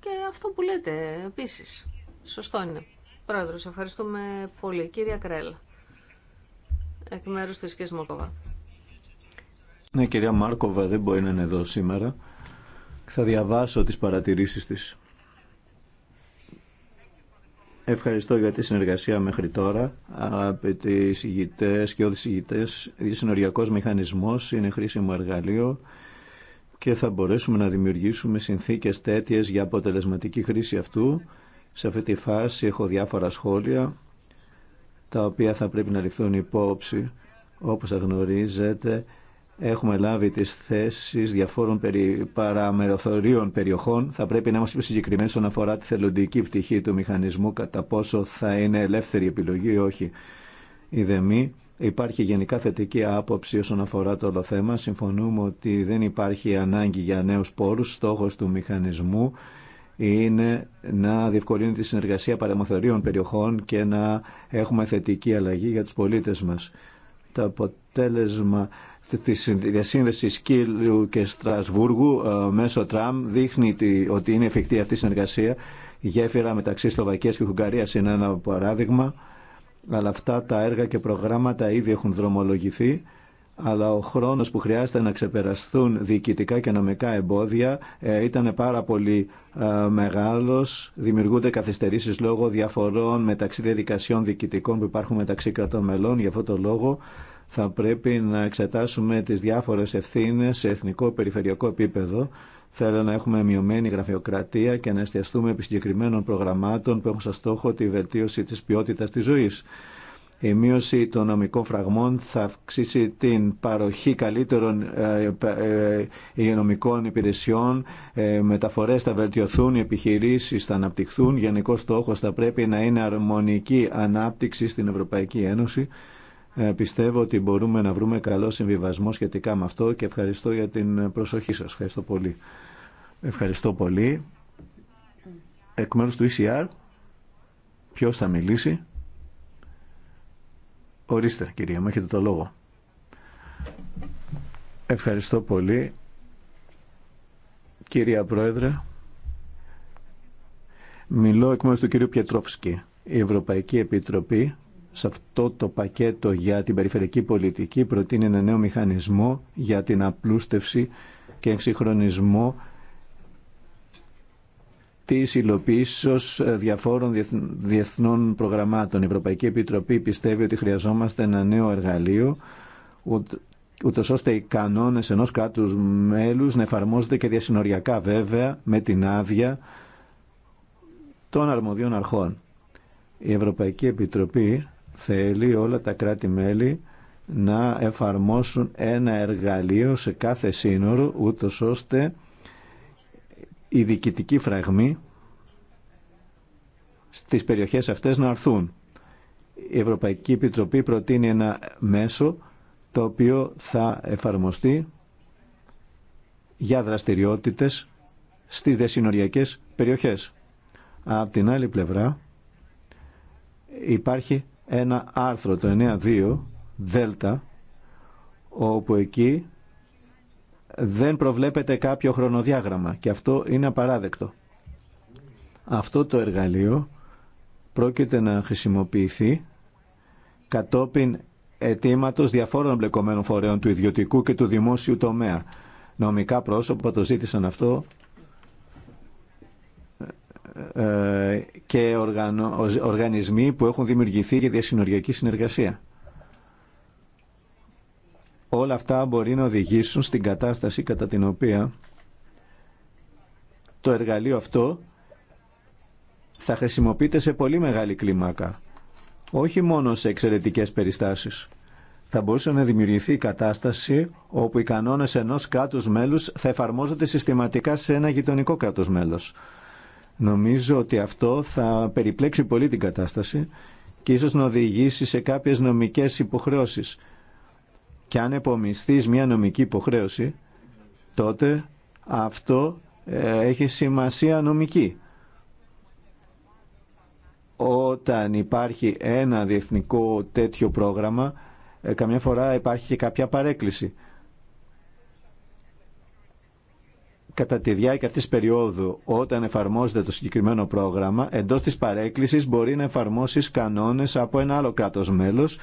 Και αυτό που λέτε επίσης. Σωστό είναι. Πρόεδρος, ευχαριστούμε πολύ. Κύρια Κρέλα εκ μέρους της κυρίας Μαρκόβα. Ναι, κυρία Μάρκοβα δεν μπορεί να είναι εδώ σήμερα. Θα διαβάσω τις παρατηρήσεις της. Ευχαριστώ για τη συνεργασία μέχρι τώρα. Αγαπητοί ηγητέ και οι συνοριακός μηχανισμό είναι χρήσιμο εργαλείο και θα μπορέσουμε να δημιουργήσουμε συνθήκε τέτοιε για αποτελεσματική χρήση αυτού. Σε αυτή τη φάση έχω διάφορα σχόλια τα οποία θα πρέπει να ληφθούν υπόψη. Όπως γνωρίζετε. έχουμε λάβει τις θέσεις διαφόρων περι... παραμεροθωρίων περιοχών. Θα πρέπει να είμαστε συγκεκριμένοι όσον αφορά τη θελοντική πτυχή του μηχανισμού, κατά πόσο θα είναι ελεύθερη επιλογή ή όχι. Η δεμή Υπάρχει γενικά θετική άποψη όσον αφορά το όλο θέμα. Συμφωνούμε ότι δεν υπάρχει ανάγκη για νέους πόρους, στόχος του μηχανισμού είναι να διευκολύνει τη συνεργασία παραμοθωρίων περιοχών και να έχουμε θετική αλλαγή για τους πολίτες μας. Το αποτέλεσμα της διασύνδεσης Κύλου και Στρασβούργου ε, μέσω τραμ δείχνει ότι είναι εφικτή αυτή η συνεργασία. Η γέφυρα μεταξύ Σλοβακίας και Ουγγαρίας είναι ένα παράδειγμα, αλλά αυτά τα έργα και προγράμματα ήδη έχουν δρομολογηθεί αλλά ο χρόνος που χρειάζεται να ξεπεραστούν διοικητικά και νομικά εμπόδια ε, ήταν πάρα πολύ ε, μεγάλος. Δημιουργούνται καθυστερήσεις λόγω διαφορών μεταξύ διαδικασιών διοικητικών που υπάρχουν μεταξύ κρατών μελών. Γι' αυτό το λόγο θα πρέπει να εξετάσουμε τις διάφορες ευθύνες σε εθνικό περιφερειακό επίπεδο. Θέλω να έχουμε μειωμένη γραφειοκρατία και να εστιαστούμε επί συγκεκριμένων προγραμμάτων που έχουν σαν στόχο τη βελτίωση της ποιότητας της ζωής. Η μείωση των νομικών φραγμών θα αυξήσει την παροχή καλύτερων ε, ε, υγειονομικών υπηρεσιών, ε, μεταφορές θα βελτιωθούν, οι επιχειρήσεις θα αναπτυχθούν. Γενικός στόχος θα πρέπει να είναι αρμονική ανάπτυξη στην Ευρωπαϊκή Ένωση. Πιστεύω ότι μπορούμε να βρούμε καλό συμβιβασμό σχετικά με αυτό και ευχαριστώ για την προσοχή σας. Ευχαριστώ πολύ. Ευχαριστώ πολύ. Εκ μέρους του ECR, ποιος θα μιλήσει. Ορίστε κυρία μου, έχετε το λόγο. Ευχαριστώ πολύ. Κυρία Πρόεδρε, μιλώ εκ μέρους του κυρίου Πιετρόφσκη. Η Ευρωπαϊκή Επιτροπή σε αυτό το πακέτο για την περιφερειακή πολιτική προτείνει ένα νέο μηχανισμό για την απλούστευση και εξυγχρονισμό της υλοποίηση διαφόρων διεθνών προγραμμάτων. Η Ευρωπαϊκή Επιτροπή πιστεύει ότι χρειαζόμαστε ένα νέο εργαλείο ούτω ώστε οι κανόνες ενό κράτου μέλους να εφαρμόζονται και διασυνοριακά βέβαια με την άδεια των αρμοδίων αρχών. Η Ευρωπαϊκή Επιτροπή θέλει όλα τα κράτη-μέλη να εφαρμόσουν ένα εργαλείο σε κάθε σύνορο ούτω ώστε οι διοικητικοί φραγμοί στις περιοχές αυτές να αρθούν. Η Ευρωπαϊκή Επιτροπή προτείνει ένα μέσο το οποίο θα εφαρμοστεί για δραστηριότητες στις δεσυνοριακές περιοχές. Από την άλλη πλευρά υπάρχει ένα άρθρο το 9.2 Δέλτα όπου εκεί δεν προβλέπεται κάποιο χρονοδιάγραμμα και αυτό είναι απαράδεκτο. Αυτό το εργαλείο πρόκειται να χρησιμοποιηθεί κατόπιν αιτήματος διαφόρων μπλεκομένων φορέων του ιδιωτικού και του δημόσιου τομέα. Νομικά πρόσωπα το ζήτησαν αυτό ε, ε, ε, και οργανισμοί που έχουν δημιουργηθεί για διασυνοριακή συνεργασία. Όλα αυτά μπορεί να οδηγήσουν στην κατάσταση κατά την οποία το εργαλείο αυτό θα χρησιμοποιείται σε πολύ μεγάλη κλίμακα, όχι μόνο σε εξαιρετικές περιστάσεις. Θα μπορούσε να δημιουργηθεί η κατάσταση όπου οι κανόνες ενός κράτους μέλους θα εφαρμόζονται συστηματικά σε ένα γειτονικό κράτος μέλος. Νομίζω ότι αυτό θα περιπλέξει πολύ την κατάσταση και ίσως να οδηγήσει σε κάποιες νομικές υποχρεώσεις και αν επομισθείς μια νομική υποχρέωση, τότε αυτό ε, έχει σημασία νομική. Όταν υπάρχει ένα διεθνικό τέτοιο πρόγραμμα, ε, καμιά φορά υπάρχει και κάποια παρέκκληση. Κατά τη διάρκεια αυτής της περίοδου, όταν εφαρμόζεται το συγκεκριμένο πρόγραμμα, εντός της παρέκκλησης μπορεί να εφαρμόσεις κανόνες από ένα άλλο κράτος μέλος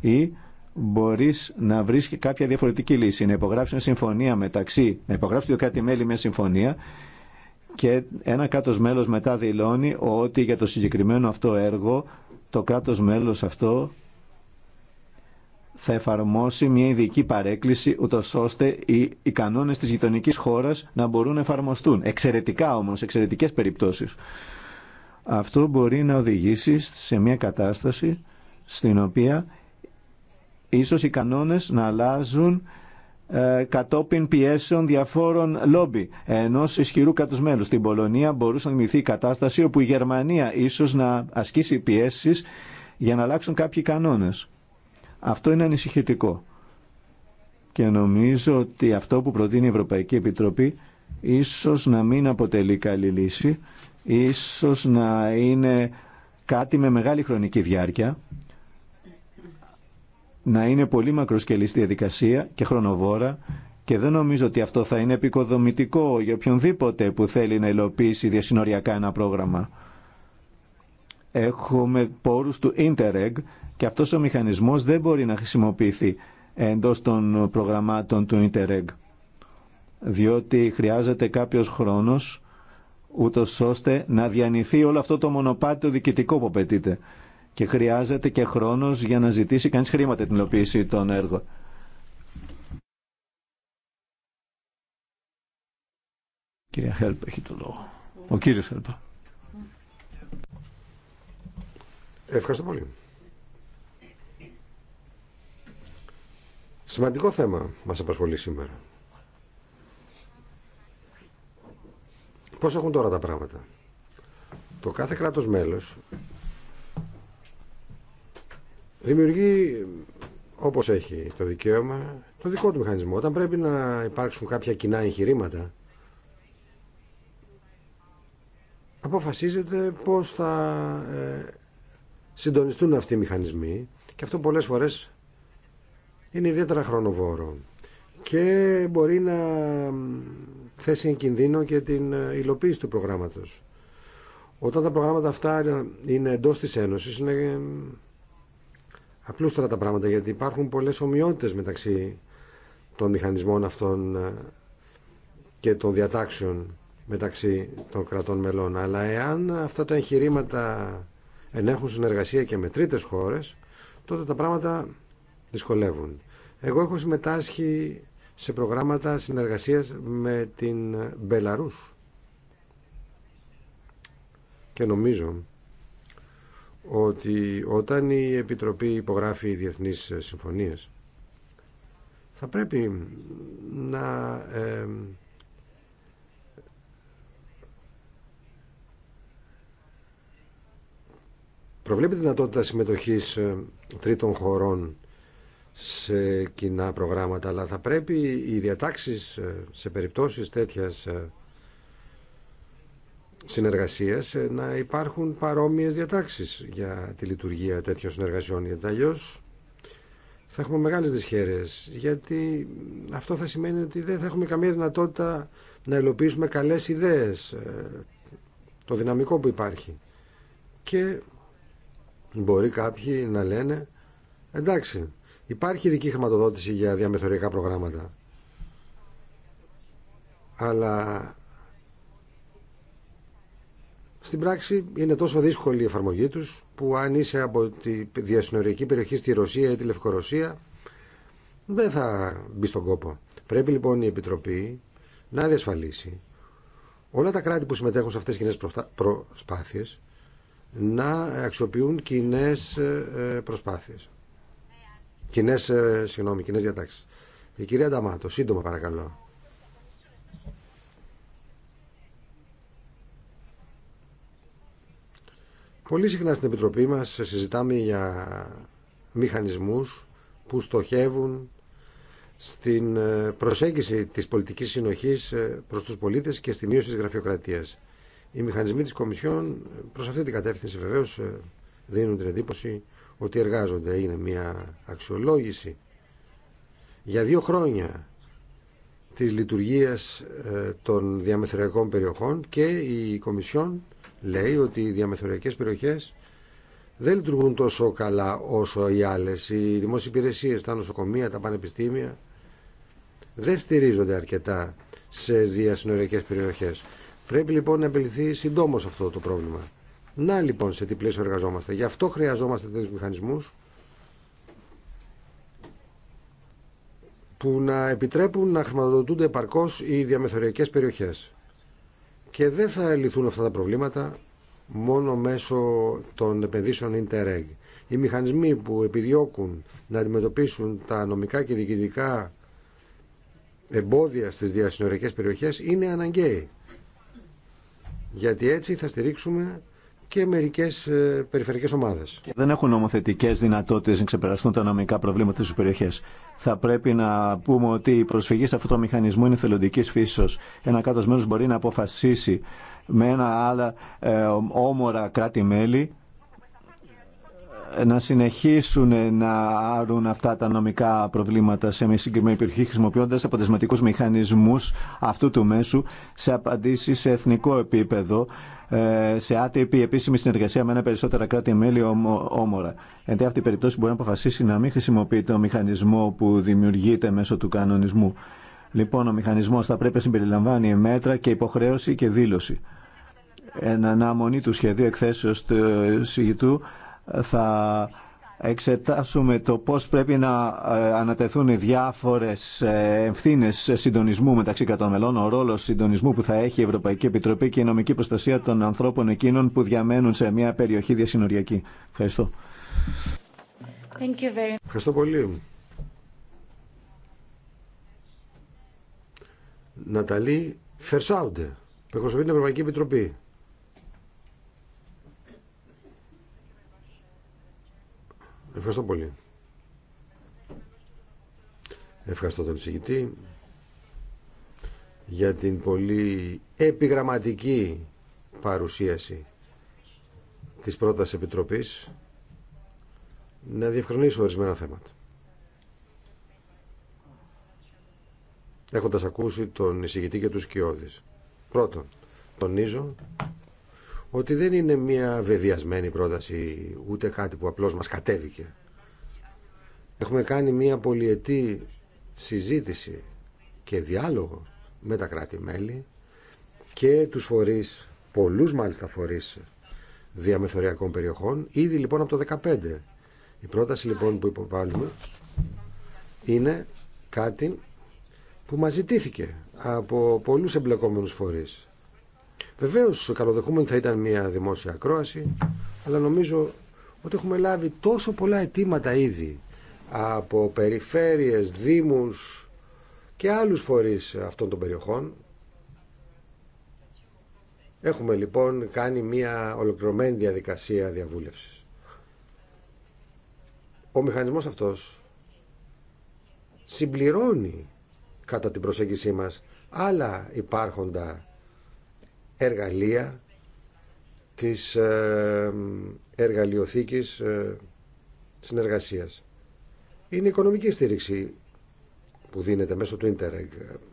ή μπορεί να βρει και κάποια διαφορετική λύση. Να υπογράψει μια συμφωνία μεταξύ, να υπογράψει δύο κράτη-μέλη μια συμφωνία και ένα κράτο μέλο μετά δηλώνει ότι για το συγκεκριμένο αυτό έργο το κράτο μέλο αυτό θα εφαρμόσει μια ειδική παρέκκληση ούτω ώστε οι, οι κανόνε τη γειτονική χώρα να μπορούν να εφαρμοστούν. Εξαιρετικά όμω, εξαιρετικέ περιπτώσει. Αυτό μπορεί να οδηγήσει σε μια κατάσταση στην οποία Ίσως οι κανόνες να αλλάζουν ε, κατόπιν πιέσεων διαφόρων λόμπι ενό ισχυρού κράτου μέλου. Στην Πολωνία μπορούσε να δημιουργηθεί η κατάσταση όπου η Γερμανία ίσω να ασκήσει πιέσει για να αλλάξουν κάποιοι κανόνε. Αυτό είναι ανησυχητικό. Και νομίζω ότι αυτό που προτείνει η Ευρωπαϊκή Επιτροπή ίσως να μην αποτελεί καλή λύση, ίσως να είναι κάτι με μεγάλη χρονική διάρκεια να είναι πολύ μακροσκελίστη στη διαδικασία και χρονοβόρα και δεν νομίζω ότι αυτό θα είναι επικοδομητικό για οποιονδήποτε που θέλει να υλοποιήσει διασυνοριακά ένα πρόγραμμα. Έχουμε πόρους του Interreg και αυτός ο μηχανισμός δεν μπορεί να χρησιμοποιηθεί εντός των προγραμμάτων του Interreg διότι χρειάζεται κάποιος χρόνος ούτως ώστε να διανυθεί όλο αυτό το μονοπάτι το διοικητικό που απαιτείται και χρειάζεται και χρόνος για να ζητήσει κανείς χρήματα την υλοποίηση των έργων. Κυρία Χέλπ έχει το λόγο. Ο κύριος Χέλπ. Ευχαριστώ πολύ. Σημαντικό θέμα μας απασχολεί σήμερα. Πώς έχουν τώρα τα πράγματα. Το κάθε κράτος μέλος δημιουργεί όπως έχει το δικαίωμα το δικό του μηχανισμό. Όταν πρέπει να υπάρξουν κάποια κοινά εγχειρήματα αποφασίζεται πώς θα ε, συντονιστούν αυτοί οι μηχανισμοί και αυτό πολλές φορές είναι ιδιαίτερα χρονοβόρο και μπορεί να θέσει εν κινδύνο και την ε, υλοποίηση του προγράμματος. Όταν τα προγράμματα αυτά είναι εντός της Ένωσης είναι απλούστερα τα πράγματα γιατί υπάρχουν πολλές ομοιότητες μεταξύ των μηχανισμών αυτών ε, και των διατάξεων μεταξύ των κρατών μελών. Αλλά εάν αυτά τα εγχειρήματα ενέχουν συνεργασία και με τρίτες χώρες, τότε τα πράγματα δυσκολεύουν. Εγώ έχω συμμετάσχει σε προγράμματα συνεργασίας με την Μπελαρούς και νομίζω ότι όταν η Επιτροπή υπογράφει διεθνείς ε, συμφωνίες θα πρέπει να ε, προβλέπει δυνατότητα συμμετοχής ε, τρίτων χωρών σε κοινά προγράμματα αλλά θα πρέπει οι διατάξεις ε, σε περιπτώσεις τέτοιας συνεργασίας ε, να υπάρχουν παρόμοιες διατάξεις για τη λειτουργία τέτοιων συνεργασιών γιατί αλλιώ θα έχουμε μεγάλες δυσχέρειες γιατί αυτό θα σημαίνει ότι δεν θα έχουμε καμία δυνατότητα να υλοποιήσουμε καλές ιδέες ε, το δυναμικό που υπάρχει και μπορεί κάποιοι να λένε εντάξει υπάρχει ειδική χρηματοδότηση για διαμεθοριακά προγράμματα αλλά στην πράξη είναι τόσο δύσκολη η εφαρμογή τους που αν είσαι από τη διασυνοριακή περιοχή στη Ρωσία ή τη Λευκορωσία δεν θα μπει στον κόπο. Πρέπει λοιπόν η Επιτροπή να διασφαλίσει όλα τα κράτη που συμμετέχουν σε αυτές τις κοινέ προσπάθειες να αξιοποιούν κοινέ ε, προσπάθειες. Κοινέ, ε, συγγνώμη, διατάξεις. Η κυρία Νταμάτο, σύντομα παρακαλώ. Πολύ συχνά στην Επιτροπή μας συζητάμε για μηχανισμούς που στοχεύουν στην ε, προσέγγιση της πολιτικής συνοχής ε, προς τους πολίτες και στη μείωση της γραφειοκρατίας. Οι μηχανισμοί της Κομισιόν προς αυτή την κατεύθυνση βεβαίως ε, δίνουν την εντύπωση ότι εργάζονται. είναι μια αξιολόγηση για δύο χρόνια της λειτουργίας ε, των διαμεθοριακών περιοχών και η Κομισιόν λέει ότι οι διαμεθοριακές περιοχές δεν λειτουργούν τόσο καλά όσο οι άλλες. Οι δημόσιες υπηρεσίες, τα νοσοκομεία, τα πανεπιστήμια δεν στηρίζονται αρκετά σε διασυνοριακές περιοχές. Πρέπει λοιπόν να επιληθεί συντόμως αυτό το πρόβλημα. Να λοιπόν σε τι πλαίσιο εργαζόμαστε. Γι' αυτό χρειαζόμαστε τέτοιου μηχανισμούς που να επιτρέπουν να χρηματοδοτούνται επαρκώς οι διαμεθοριακές περιοχές. Και δεν θα λυθούν αυτά τα προβλήματα μόνο μέσω των επενδύσεων Interreg. Οι μηχανισμοί που επιδιώκουν να αντιμετωπίσουν τα νομικά και διοικητικά εμπόδια στις διασυνοριακές περιοχές είναι αναγκαίοι. Γιατί έτσι θα στηρίξουμε και μερικέ ε, περιφερειακέ ομάδε. Δεν έχουν νομοθετικέ δυνατότητε να ξεπεραστούν τα νομικά προβλήματα στι περιοχέ. Θα πρέπει να πούμε ότι η προσφυγή σε αυτό το μηχανισμό είναι θελοντική φύσεω. Ένα κάτω μέλο μπορεί να αποφασίσει με ένα άλλα ε, όμορα κράτη-μέλη να συνεχίσουν να άρουν αυτά τα νομικά προβλήματα σε μια συγκεκριμένη περιοχή χρησιμοποιώντας αποτελεσματικούς μηχανισμούς αυτού του μέσου σε απαντήσει σε εθνικό επίπεδο ε, σε άτυπη επίσημη συνεργασία με ένα περισσότερα κράτη-μέλη όμορα. Εν αυτή περιπτώση μπορεί να αποφασίσει να μην χρησιμοποιεί το μηχανισμό που δημιουργείται μέσω του κανονισμού. Λοιπόν, ο μηχανισμό θα πρέπει να συμπεριλαμβάνει μέτρα και υποχρέωση και δήλωση εν αναμονή του σχεδίου εκθέσεω του συγητού θα εξετάσουμε το πώς πρέπει να ε, ανατεθούν οι διάφορες ε, ευθύνες συντονισμού μεταξύ κρατών μελών, ο ρόλος συντονισμού που θα έχει η Ευρωπαϊκή Επιτροπή και η νομική προστασία των ανθρώπων εκείνων που διαμένουν σε μια περιοχή διασυνοριακή. Ευχαριστώ. Thank Ευχαριστώ πολύ. Ναταλή Φερσάουντε, εκπροσωπεί την Ευρωπαϊκή Επιτροπή. Ευχαριστώ πολύ. Ευχαριστώ τον εισηγητή για την πολύ επιγραμματική παρουσίαση της πρώτας επιτροπής να διευκρινίσω ορισμένα θέματα. Έχοντας ακούσει τον εισηγητή και τους κοιόδης. Πρώτον, τονίζω ότι δεν είναι μια βεβαιασμένη πρόταση ούτε κάτι που απλώς μας κατέβηκε. Έχουμε κάνει μια πολυετή συζήτηση και διάλογο με τα κράτη-μέλη και τους φορείς, πολλούς μάλιστα φορείς διαμεθοριακών περιοχών, ήδη λοιπόν από το 2015. Η πρόταση λοιπόν που υποβάλλουμε είναι κάτι που μας ζητήθηκε από πολλούς εμπλεκόμενους φορείς Βεβαίω, καλοδεχούμενη θα ήταν μια δημόσια ακρόαση, αλλά νομίζω ότι έχουμε λάβει τόσο πολλά αιτήματα ήδη από περιφέρειες, δήμους και άλλους φορείς αυτών των περιοχών. Έχουμε λοιπόν κάνει μια ολοκληρωμένη διαδικασία διαβούλευσης. Ο μηχανισμός αυτός συμπληρώνει κατά την προσέγγισή μας άλλα υπάρχοντα εργαλεία της ε, εργαλειοθήκης ε, συνεργασίας. Είναι η οικονομική στήριξη που δίνεται μέσω του Ίντερεγ.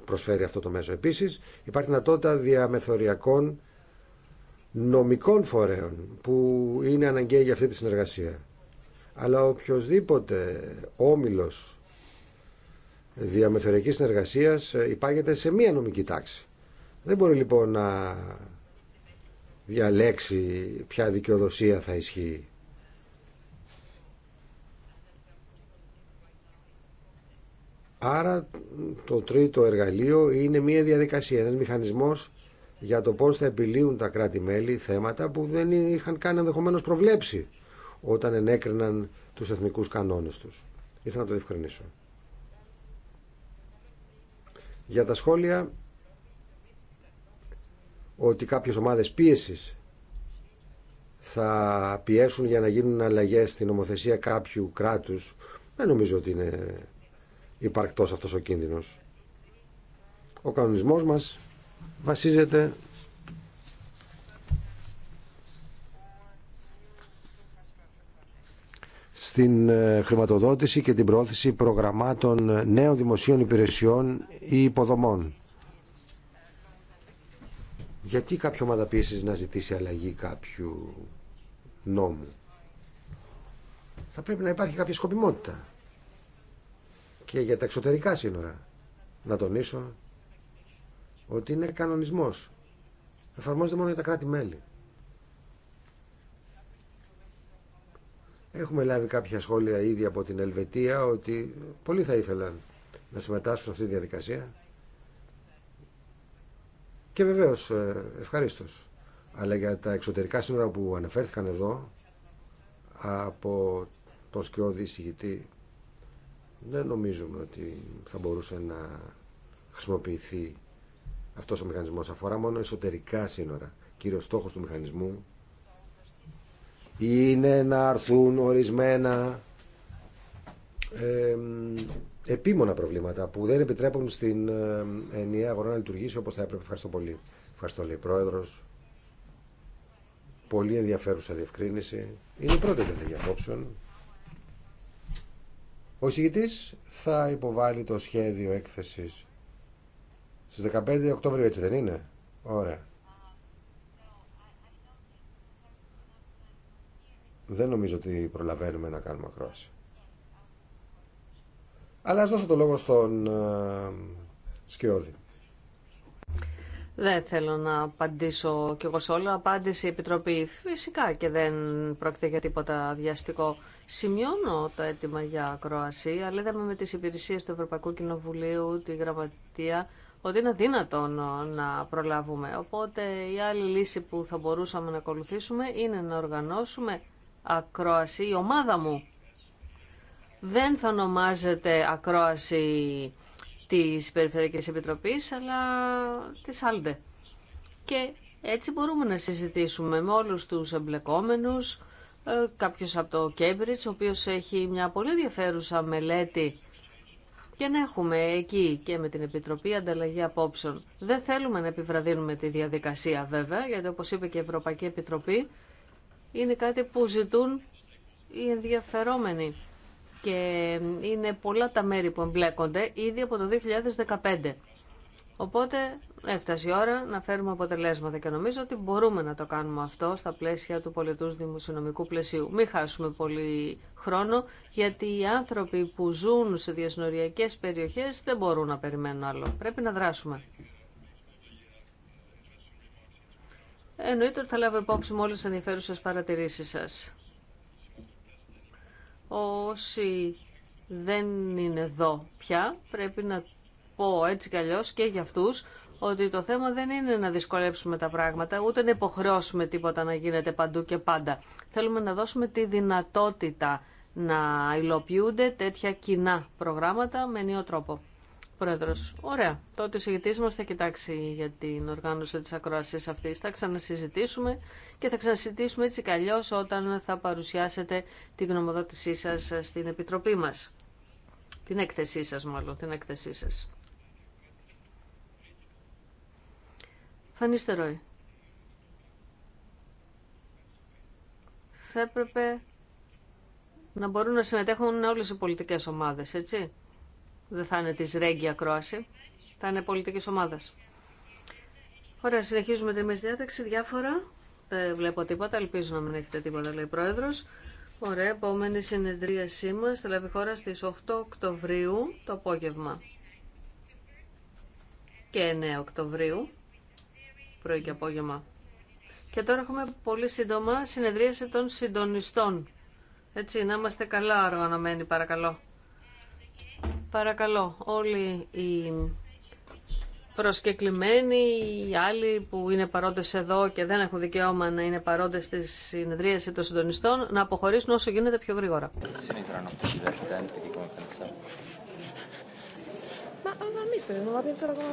προσφέρει αυτό το μέσο. Επίσης υπάρχει δυνατότητα διαμεθοριακών νομικών φορέων που είναι αναγκαία για αυτή τη συνεργασία. Αλλά οποιοδήποτε όμιλος διαμεθοριακής συνεργασίας ε, υπάγεται σε μία νομική τάξη. Δεν μπορεί λοιπόν να διαλέξει ποια δικαιοδοσία θα ισχύει. Άρα το τρίτο εργαλείο είναι μια διαδικασία, ένας μηχανισμός για το πώς θα επιλύουν τα κράτη-μέλη θέματα που δεν είχαν καν ενδεχομένω προβλέψει όταν ενέκριναν τους εθνικούς κανόνες τους. Ήθελα να το διευκρινίσω. Για τα σχόλια ότι κάποιες ομάδες πίεσης θα πιέσουν για να γίνουν αλλαγές στην νομοθεσία κάποιου κράτους, δεν νομίζω ότι είναι υπαρκτός αυτός ο κίνδυνος. Ο κανονισμός μας βασίζεται στην ε, χρηματοδότηση και την πρόθεση προγραμμάτων νέων δημοσίων υπηρεσιών ή υποδομών. Γιατί κάποια ομάδα πίεσης να ζητήσει αλλαγή κάποιου νόμου. Θα πρέπει να υπάρχει κάποια σκοπιμότητα. Και για τα εξωτερικά σύνορα. Να τονίσω ότι είναι κανονισμός. Εφαρμόζεται μόνο για τα κράτη-μέλη. Έχουμε λάβει κάποια σχόλια ήδη από την Ελβετία ότι πολλοί θα ήθελαν να συμμετάσχουν σε αυτή τη διαδικασία. Και βεβαίω, ε, ευχαρίστως. Αλλά για τα εξωτερικά σύνορα που αναφέρθηκαν εδώ από τον σκιώδη εισηγητή δεν νομίζουμε ότι θα μπορούσε να χρησιμοποιηθεί αυτός ο μηχανισμός. Αφορά μόνο εσωτερικά σύνορα. Κύριος στόχος του μηχανισμού είναι να αρθούν ορισμένα επίμονα προβλήματα που δεν επιτρέπουν στην ε, ενιαία αγορά να λειτουργήσει όπως θα έπρεπε. Ευχαριστώ πολύ. Ευχαριστώ λέει Πρόεδρος. Πολύ ενδιαφέρουσα διευκρίνηση. Είναι η πρώτη για απόψεων. Ο εισηγητής θα υποβάλει το σχέδιο έκθεσης στις 15 Οκτωβρίου, έτσι δεν είναι. Ωραία. Δεν νομίζω ότι προλαβαίνουμε να κάνουμε ακρόαση. Αλλά ας δώσω το λόγο στον ε, Σκιώδη. Δεν θέλω να απαντήσω κι εγώ σε όλο. Απάντησε η Επιτροπή φυσικά και δεν πρόκειται για τίποτα βιαστικό. Σημειώνω το αίτημα για ακρόαση, αλλά είδαμε με τις υπηρεσίες του Ευρωπαϊκού Κοινοβουλίου, τη Γραμματεία, ότι είναι δυνατόν να προλάβουμε. Οπότε η άλλη λύση που θα μπορούσαμε να ακολουθήσουμε είναι να οργανώσουμε ακρόαση. Η ομάδα μου δεν θα ονομάζεται ακρόαση της Περιφερειακής Επιτροπής, αλλά της Άλντε. Και έτσι μπορούμε να συζητήσουμε με όλους τους εμπλεκόμενους, ε, κάποιος από το Cambridge, ο οποίος έχει μια πολύ ενδιαφέρουσα μελέτη και να έχουμε εκεί και με την Επιτροπή ανταλλαγή απόψεων. Δεν θέλουμε να επιβραδύνουμε τη διαδικασία βέβαια, γιατί όπως είπε και η Ευρωπαϊκή Επιτροπή, είναι κάτι που ζητούν οι ενδιαφερόμενοι και είναι πολλά τα μέρη που εμπλέκονται ήδη από το 2015. Οπότε έφτασε η ώρα να φέρουμε αποτελέσματα και νομίζω ότι μπορούμε να το κάνουμε αυτό στα πλαίσια του πολιτού δημοσιονομικού πλαισίου. Μην χάσουμε πολύ χρόνο γιατί οι άνθρωποι που ζουν σε διασνοριακές περιοχές δεν μπορούν να περιμένουν άλλο. Πρέπει να δράσουμε. Εννοείται ότι θα λάβω υπόψη με όλες τις ενδιαφέρουσες παρατηρήσεις σας. Όσοι δεν είναι εδώ πια, πρέπει να πω έτσι κι και για αυτούς ότι το θέμα δεν είναι να δυσκολέψουμε τα πράγματα, ούτε να υποχρεώσουμε τίποτα να γίνεται παντού και πάντα. Θέλουμε να δώσουμε τη δυνατότητα να υλοποιούνται τέτοια κοινά προγράμματα με νέο τρόπο. Ωραία. Τότε ο συγητής μα θα κοιτάξει για την οργάνωση τη ακρόαση αυτής. Θα ξανασυζητήσουμε και θα ξανασυζητήσουμε έτσι κι όταν θα παρουσιάσετε την γνωμοδότησή σας στην Επιτροπή μας. Την έκθεσή σας μάλλον, την έκθεσή σας. Φανίστε Θα έπρεπε να μπορούν να συμμετέχουν όλες οι πολιτικές ομάδες, έτσι δεν θα είναι τη ρέγγια ακρόαση, θα είναι πολιτική ομάδα. Ωραία, συνεχίζουμε τη μεσδιάταξη. διάταξη, διάφορα. Δεν βλέπω τίποτα, ελπίζω να μην έχετε τίποτα, λέει ο πρόεδρο. Ωραία, επόμενη συνεδρίασή μα. θα λάβει χώρα στι 8 Οκτωβρίου το απόγευμα και 9 Οκτωβρίου, πρωί και απόγευμα. Και τώρα έχουμε πολύ σύντομα συνεδρίαση των συντονιστών. Έτσι, να είμαστε καλά οργανωμένοι, παρακαλώ. Παρακαλώ, όλοι οι προσκεκλημένοι, οι άλλοι που είναι παρόντες εδώ και δεν έχουν δικαίωμα να είναι παρόντες στη συνεδρίαση των συντονιστών, να αποχωρήσουν όσο γίνεται πιο γρήγορα.